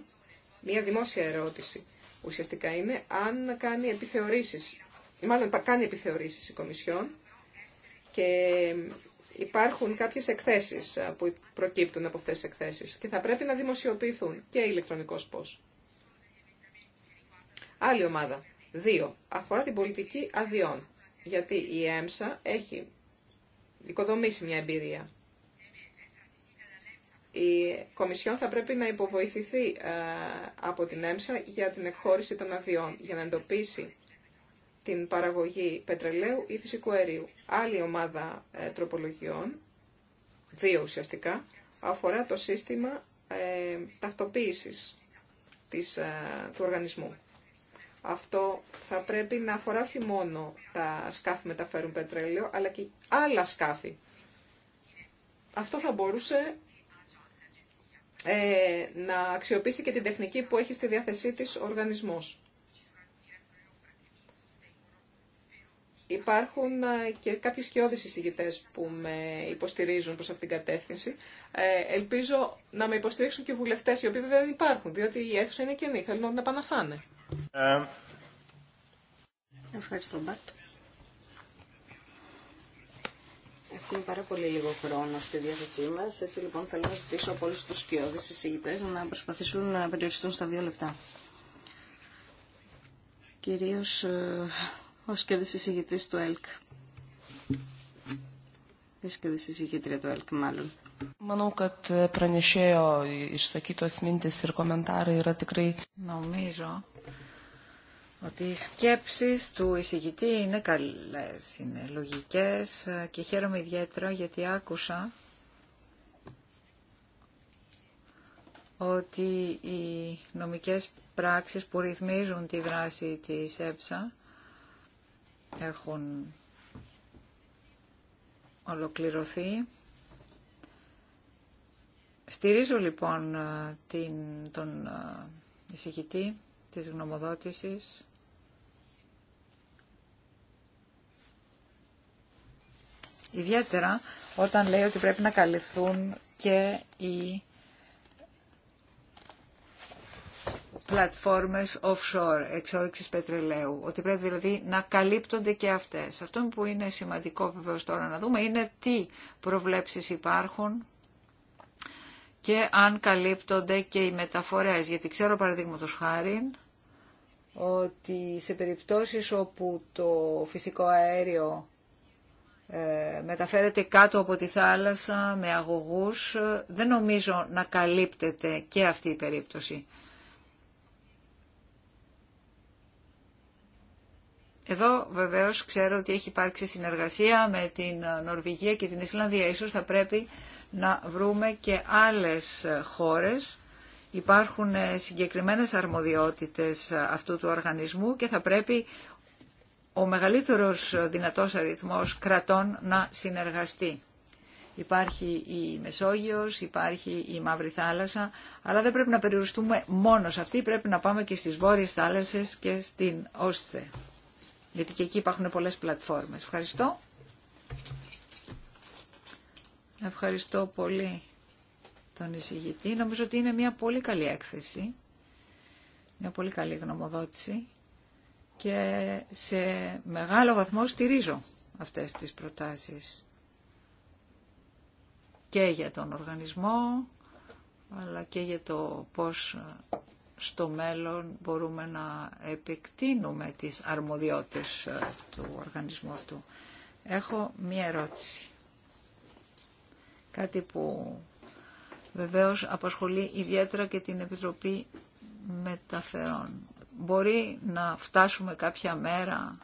μια δημόσια ερώτηση ουσιαστικά είναι αν κάνει επιθεωρήσεις, ή μάλλον κάνει επιθεωρήσεις η Κομισιόν και υπάρχουν κάποιες εκθέσεις που προκύπτουν από αυτές τις εκθέσεις και θα πρέπει να δημοσιοποιηθούν και ηλεκτρονικός πώς. Άλλη ομάδα, δύο, αφορά την πολιτική αδειών γιατί η ΕΜΣΑ έχει δικοδομήσει μια εμπειρία. Η Κομισιόν θα πρέπει να υποβοηθηθεί ε, από την ΕΜΣΑ για την εκχώρηση των αδειών, για να εντοπίσει την παραγωγή πετρελαίου ή φυσικού αερίου. Άλλη ομάδα ε, τροπολογιών, δύο ουσιαστικά, αφορά το σύστημα ε, ταυτοποίησης της, του οργανισμού. Αυτό θα πρέπει να αφορά όχι μόνο τα σκάφη μεταφέρουν πετρέλαιο, αλλά και άλλα σκάφη. Αυτό θα μπορούσε ε, να αξιοποιήσει και την τεχνική που έχει στη διάθεσή της ο οργανισμός. Υπάρχουν ε, και κάποιοι σκιώδεις εισηγητές που με υποστηρίζουν προς αυτήν την κατεύθυνση. Ε, ελπίζω να με υποστηρίξουν και βουλευτές, οι οποίοι βέβαια δεν υπάρχουν, διότι η αίθουσα είναι κενή. θέλουν να πάνε να φάνε. Ε, Ευχαριστώ, Μπάρτ. Έχουμε πάρα πολύ λίγο χρόνο στη διάθεσή μα. Έτσι λοιπόν θέλω να ζητήσω από όλου του σκιώδει εισηγητέ να προσπαθήσουν να περιοριστούν στα δύο λεπτά. Κυρίω ε, ο σκιώδη εισηγητή του ΕΛΚ. Η σκιώδη εισηγητρία του ΕΛΚ, μάλλον. Νομίζω ότι οι σκέψεις του εισηγητή είναι καλές, είναι λογικές και χαίρομαι ιδιαίτερα γιατί άκουσα ότι οι νομικές πράξεις που ρυθμίζουν τη δράση της ΕΨΑ έχουν ολοκληρωθεί. Στηρίζω λοιπόν την, τον ε, εισηγητή της γνωμοδότησης Ιδιαίτερα όταν λέει ότι πρέπει να καλυφθούν και οι πλατφόρμες offshore, εξόρυξης πετρελαίου, ότι πρέπει δηλαδή να καλύπτονται και αυτές. Αυτό που είναι σημαντικό βεβαίως τώρα να δούμε είναι τι προβλέψεις υπάρχουν και αν καλύπτονται και οι μεταφορές. Γιατί ξέρω παραδείγματος χάρη ότι σε περιπτώσεις όπου το φυσικό αέριο ε, μεταφέρεται κάτω από τη θάλασσα με αγωγούς. Δεν νομίζω να καλύπτεται και αυτή η περίπτωση. Εδώ βεβαίως ξέρω ότι έχει υπάρξει συνεργασία με την Νορβηγία και την Ισλανδία. Ίσως θα πρέπει να βρούμε και άλλες χώρες. Υπάρχουν συγκεκριμένες αρμοδιότητες αυτού του οργανισμού και θα πρέπει ο μεγαλύτερος δυνατός αριθμός κρατών να συνεργαστεί. Υπάρχει η Μεσόγειος, υπάρχει η Μαύρη Θάλασσα, αλλά δεν πρέπει να περιοριστούμε μόνο σε αυτή, πρέπει να πάμε και στις Βόρειες Θάλασσες και στην Όστσε. Γιατί και εκεί υπάρχουν πολλές πλατφόρμες. Ευχαριστώ. Ευχαριστώ πολύ τον εισηγητή. Νομίζω ότι είναι μια πολύ καλή έκθεση, μια πολύ καλή γνωμοδότηση και σε μεγάλο βαθμό στηρίζω αυτές τις προτάσεις και για τον οργανισμό αλλά και για το πώς στο μέλλον μπορούμε να επεκτείνουμε τις αρμοδιότητες ε, του οργανισμού αυτού. Έχω μία ερώτηση. Κάτι που βεβαίως απασχολεί ιδιαίτερα και την Επιτροπή Μεταφερών μπορεί να φτάσουμε κάποια μέρα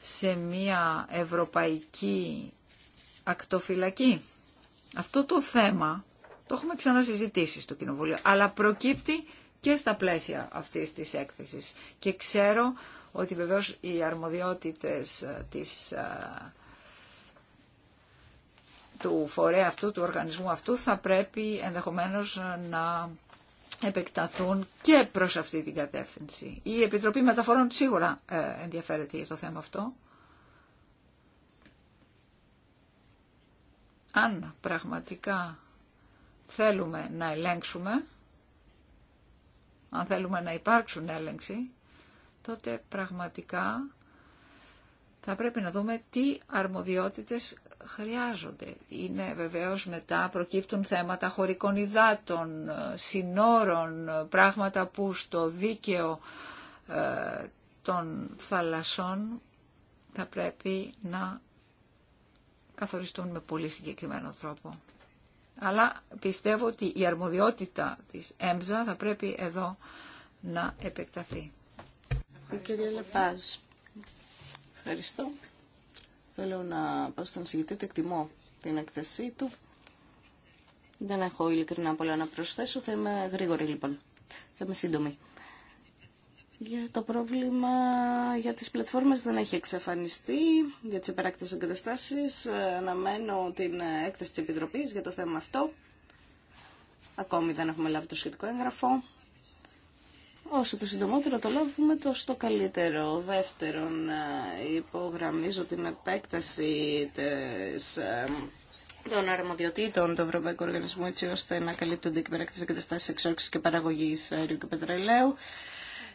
σε μια ευρωπαϊκή ακτοφυλακή. Αυτό το θέμα το έχουμε ξανασυζητήσει στο Κοινοβούλιο, αλλά προκύπτει και στα πλαίσια αυτής της έκθεσης. Και ξέρω ότι βεβαίως οι αρμοδιότητες ε, της, ε, του φορέα αυτού, του οργανισμού αυτού, θα πρέπει ενδεχομένως να επεκταθούν και προς αυτή την κατεύθυνση. Η Επιτροπή Μεταφορών σίγουρα ε, ενδιαφέρεται για το θέμα αυτό. Αν πραγματικά θέλουμε να ελέγξουμε, αν θέλουμε να υπάρξουν έλεγξη, τότε πραγματικά θα πρέπει να δούμε τι αρμοδιότητες χρειάζονται. Είναι βεβαίως μετά προκύπτουν θέματα χωρικών υδάτων, ε, συνόρων, ε, πράγματα που στο δίκαιο ε, των θαλασσών θα πρέπει να καθοριστούν με πολύ συγκεκριμένο τρόπο. Αλλά πιστεύω ότι η αρμοδιότητα της ΕΜΖΑ θα πρέπει εδώ να επεκταθεί. Ευχαριστώ. Θέλω να πάω στον συγκεκριτή ότι εκτιμώ την εκθεσή του. Δεν έχω ειλικρινά πολλά να προσθέσω, θα είμαι γρήγορη λοιπόν. Θα είμαι σύντομη. Για το πρόβλημα για τις πλατφόρμες δεν έχει εξαφανιστεί, για τις υπεράκτες εγκαταστάσεις. Αναμένω την έκθεση της Επιτροπής για το θέμα αυτό. Ακόμη δεν έχουμε λάβει το σχετικό έγγραφο όσο το συντομότερο το λάβουμε, τόσο το καλύτερο. Δεύτερον, ε, υπογραμμίζω την επέκταση της ε, των αρμοδιοτήτων του Ευρωπαϊκού Οργανισμού έτσι ώστε να καλύπτονται και περάκτες εγκαταστάσεις εξόρξης και παραγωγής αερίου και πετρελαίου.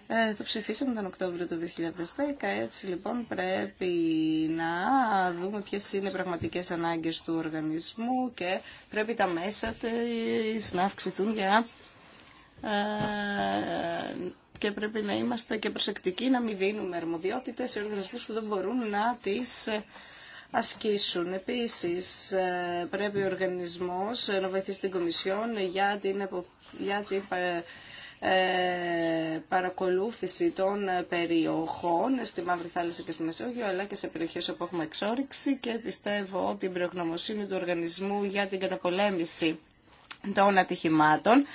Ε, το ψηφίσαμε τον Οκτώβριο του 2010, έτσι λοιπόν πρέπει να δούμε ποιες είναι οι πραγματικές ανάγκες του οργανισμού και πρέπει τα μέσα της να αυξηθούν για ε, και πρέπει να είμαστε και προσεκτικοί να μην δίνουμε αρμοδιότητες σε οργανισμούς που δεν μπορούν να τις ε, ασκήσουν. Επίσης, ε, πρέπει ο οργανισμός να βοηθήσει την Κομισιόν για την, για παρακολούθηση των περιοχών στη Μαύρη Θάλασσα και στη Μεσόγειο, αλλά και σε περιοχές όπου έχουμε εξόριξη και πιστεύω ότι η προγνωμοσύνη του οργανισμού για την καταπολέμηση των ατυχημάτων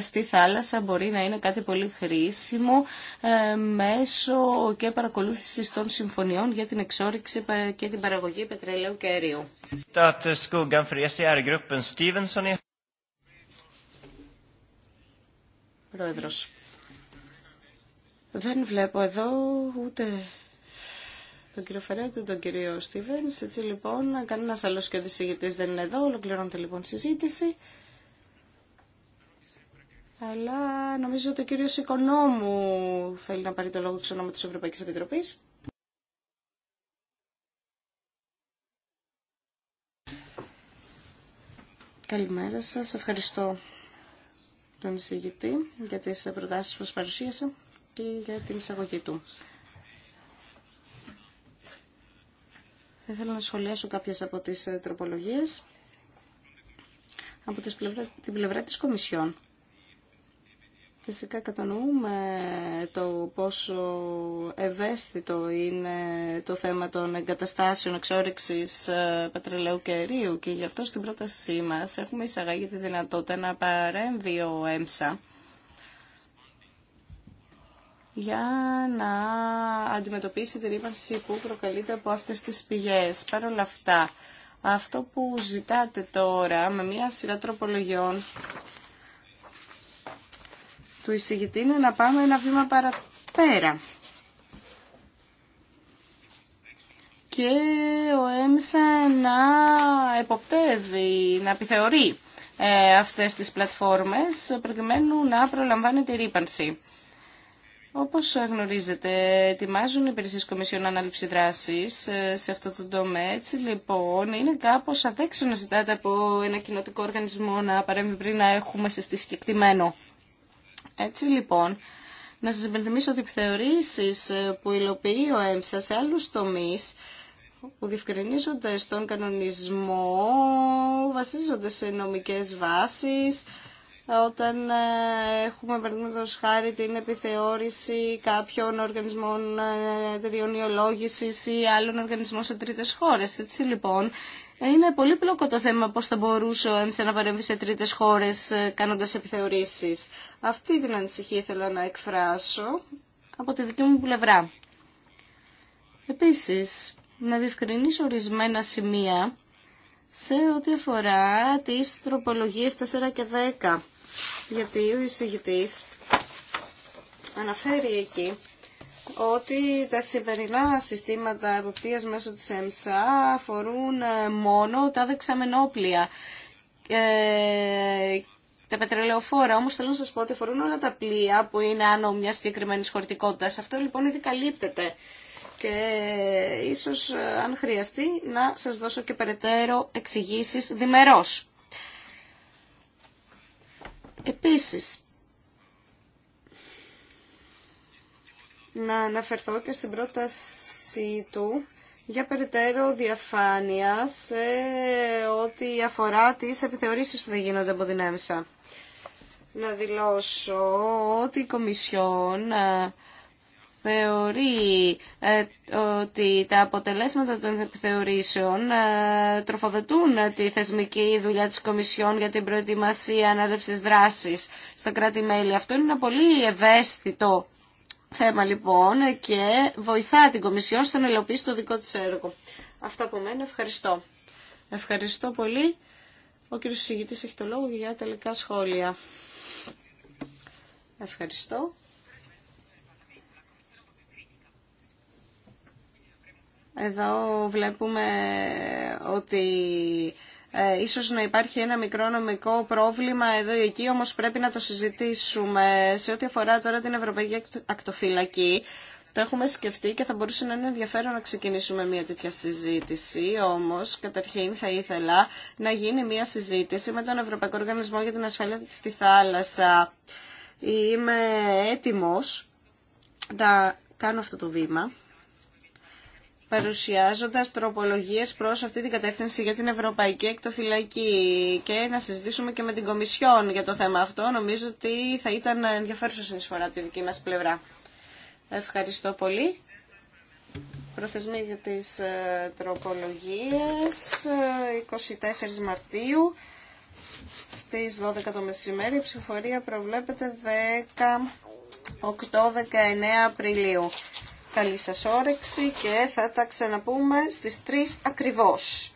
στη θάλασσα μπορεί να είναι κάτι πολύ χρήσιμο ε, μέσω και παρακολούθησης των συμφωνιών για την εξόριξη και την παραγωγή πετρελαίου και αερίου. Πρόεδρος. Δεν βλέπω εδώ ούτε τον κύριο Φερέα, ούτε τον κύριο Στίβενς. Έτσι λοιπόν, κανένας άλλος και ο δεν είναι εδώ. Ολοκληρώνεται λοιπόν συζήτηση. Αλλά νομίζω ότι ο κύριο Οικονόμου θέλει να πάρει το λόγο ξανά τη Ευρωπαϊκή Επιτροπή. Καλημέρα σας. Ευχαριστώ τον εισηγητή για τι προτάσει που σας παρουσίασα και για την εισαγωγή του. Θα ήθελα να σχολιάσω κάποιες από τις ε, τροπολογίες από την πλευρά της Κομισιόν. Φυσικά κατανοούμε το πόσο ευαίσθητο είναι το θέμα των εγκαταστάσεων εξόρυξης ε, πετρελαίου και αερίου και γι' αυτό στην πρότασή μας έχουμε εισαγάγει τη δυνατότητα να παρέμβει ο ΕΜΣΑ για να αντιμετωπίσει την ρήπανση που προκαλείται από αυτές τις πηγές. Παρ' όλα αυτά, αυτό που ζητάτε τώρα με μια σειρά τροπολογιών του εισηγητή είναι να πάμε ένα βήμα παραπέρα. Και ο ΕΜΣΑ να εποπτεύει, να επιθεωρεί ε, αυτές τις πλατφόρμες προκειμένου να προλαμβάνει τη ρήπανση. Όπως γνωρίζετε, ετοιμάζουν οι υπηρεσίες Κομισιόν Ανάληψη Δράσης ε, σε αυτό το τομέα. Έτσι λοιπόν είναι κάπως αδέξιο να ζητάτε από ένα κοινοτικό οργανισμό να παρέμβει πριν να έχουμε συστήσει έτσι λοιπόν, να σας υπενθυμίσω ότι οι θεωρήσεις ε, που υλοποιεί ο ΕΜΣΑ σε άλλους τομείς που διευκρινίζονται στον κανονισμό, βασίζονται σε νομικές βάσεις, όταν ε, έχουμε παραδείγματο χάρη την επιθεώρηση κάποιων οργανισμών εταιριών ή άλλων οργανισμών σε τρίτες χώρες. Έτσι λοιπόν, είναι πολύ πλοκό το θέμα πώς θα μπορούσε ο να παρέμβει σε τρίτες χώρες ε, κάνοντας επιθεωρήσεις. Αυτή την ανησυχία ήθελα να εκφράσω από τη δική μου πλευρά. Επίσης, να διευκρινίσω ορισμένα σημεία σε ό,τι αφορά τις τροπολογίες 4 και 10. Γιατί ο εισηγητής αναφέρει εκεί ότι τα σημερινά συστήματα εποπτείας μέσω της ΕΜΣΑ αφορούν ε, μόνο τα δεξαμενόπλια ε, τα πετρελαιοφόρα. όμως θέλω να σας πω ότι αφορούν όλα τα πλοία που είναι άνω μια συγκεκριμένη χωρητικότητα. Αυτό λοιπόν ήδη καλύπτεται. Και ε, ίσως αν χρειαστεί να σας δώσω και περαιτέρω εξηγήσεις διμερώς. Επίσης, να αναφερθώ και στην πρότασή του για περαιτέρω διαφάνεια σε ό,τι αφορά τις επιθεωρήσεις που δεν γίνονται από την ΕΜΣΑ. Να δηλώσω ότι η Κομισιόν ε, θεωρεί ε, ότι τα αποτελέσματα των επιθεωρήσεων ε, τροφοδοτούν τη θεσμική δουλειά της Κομισιόν για την προετοιμασία ανάληψης δράσης στα κράτη-μέλη. Αυτό είναι ένα πολύ ευαίσθητο θέμα λοιπόν και βοηθά την Κομισιόν στο να ελοπίσει το δικό της έργο. Αυτά από μένα. Ευχαριστώ. Ευχαριστώ πολύ. Ο κύριος Συγητής έχει το λόγο για τελικά σχόλια. Ευχαριστώ. Εδώ βλέπουμε ότι ε, ίσως να υπάρχει ένα μικρό νομικό πρόβλημα εδώ ή εκεί, όμως πρέπει να το συζητήσουμε. Σε ό,τι αφορά τώρα την Ευρωπαϊκή Ακτοφυλακή, το έχουμε σκεφτεί και θα μπορούσε να είναι ενδιαφέρον να ξεκινήσουμε μια τέτοια συζήτηση. Όμω, καταρχήν θα ήθελα να γίνει μια συζήτηση με τον Ευρωπαϊκό Οργανισμό για την Ασφαλεία στη Θάλασσα. Είμαι έτοιμο να κάνω αυτό το βήμα παρουσιάζοντας τροπολογίες προς αυτή την κατεύθυνση για την Ευρωπαϊκή Εκτοφυλακή και να συζητήσουμε και με την Κομισιόν για το θέμα αυτό. Νομίζω ότι θα ήταν ενδιαφέρουσα συνεισφορά από τη δική μας πλευρά. Ευχαριστώ πολύ. Προθεσμοί για τις ε, τροπολογίες 24 ε, Μαρτίου στις 12 το μεσημέρι. Η ψηφορία προβλέπεται προβλέπεται 19 Απριλίου. Καλή σας όρεξη και θα τα ξαναπούμε στις 3 ακριβώς.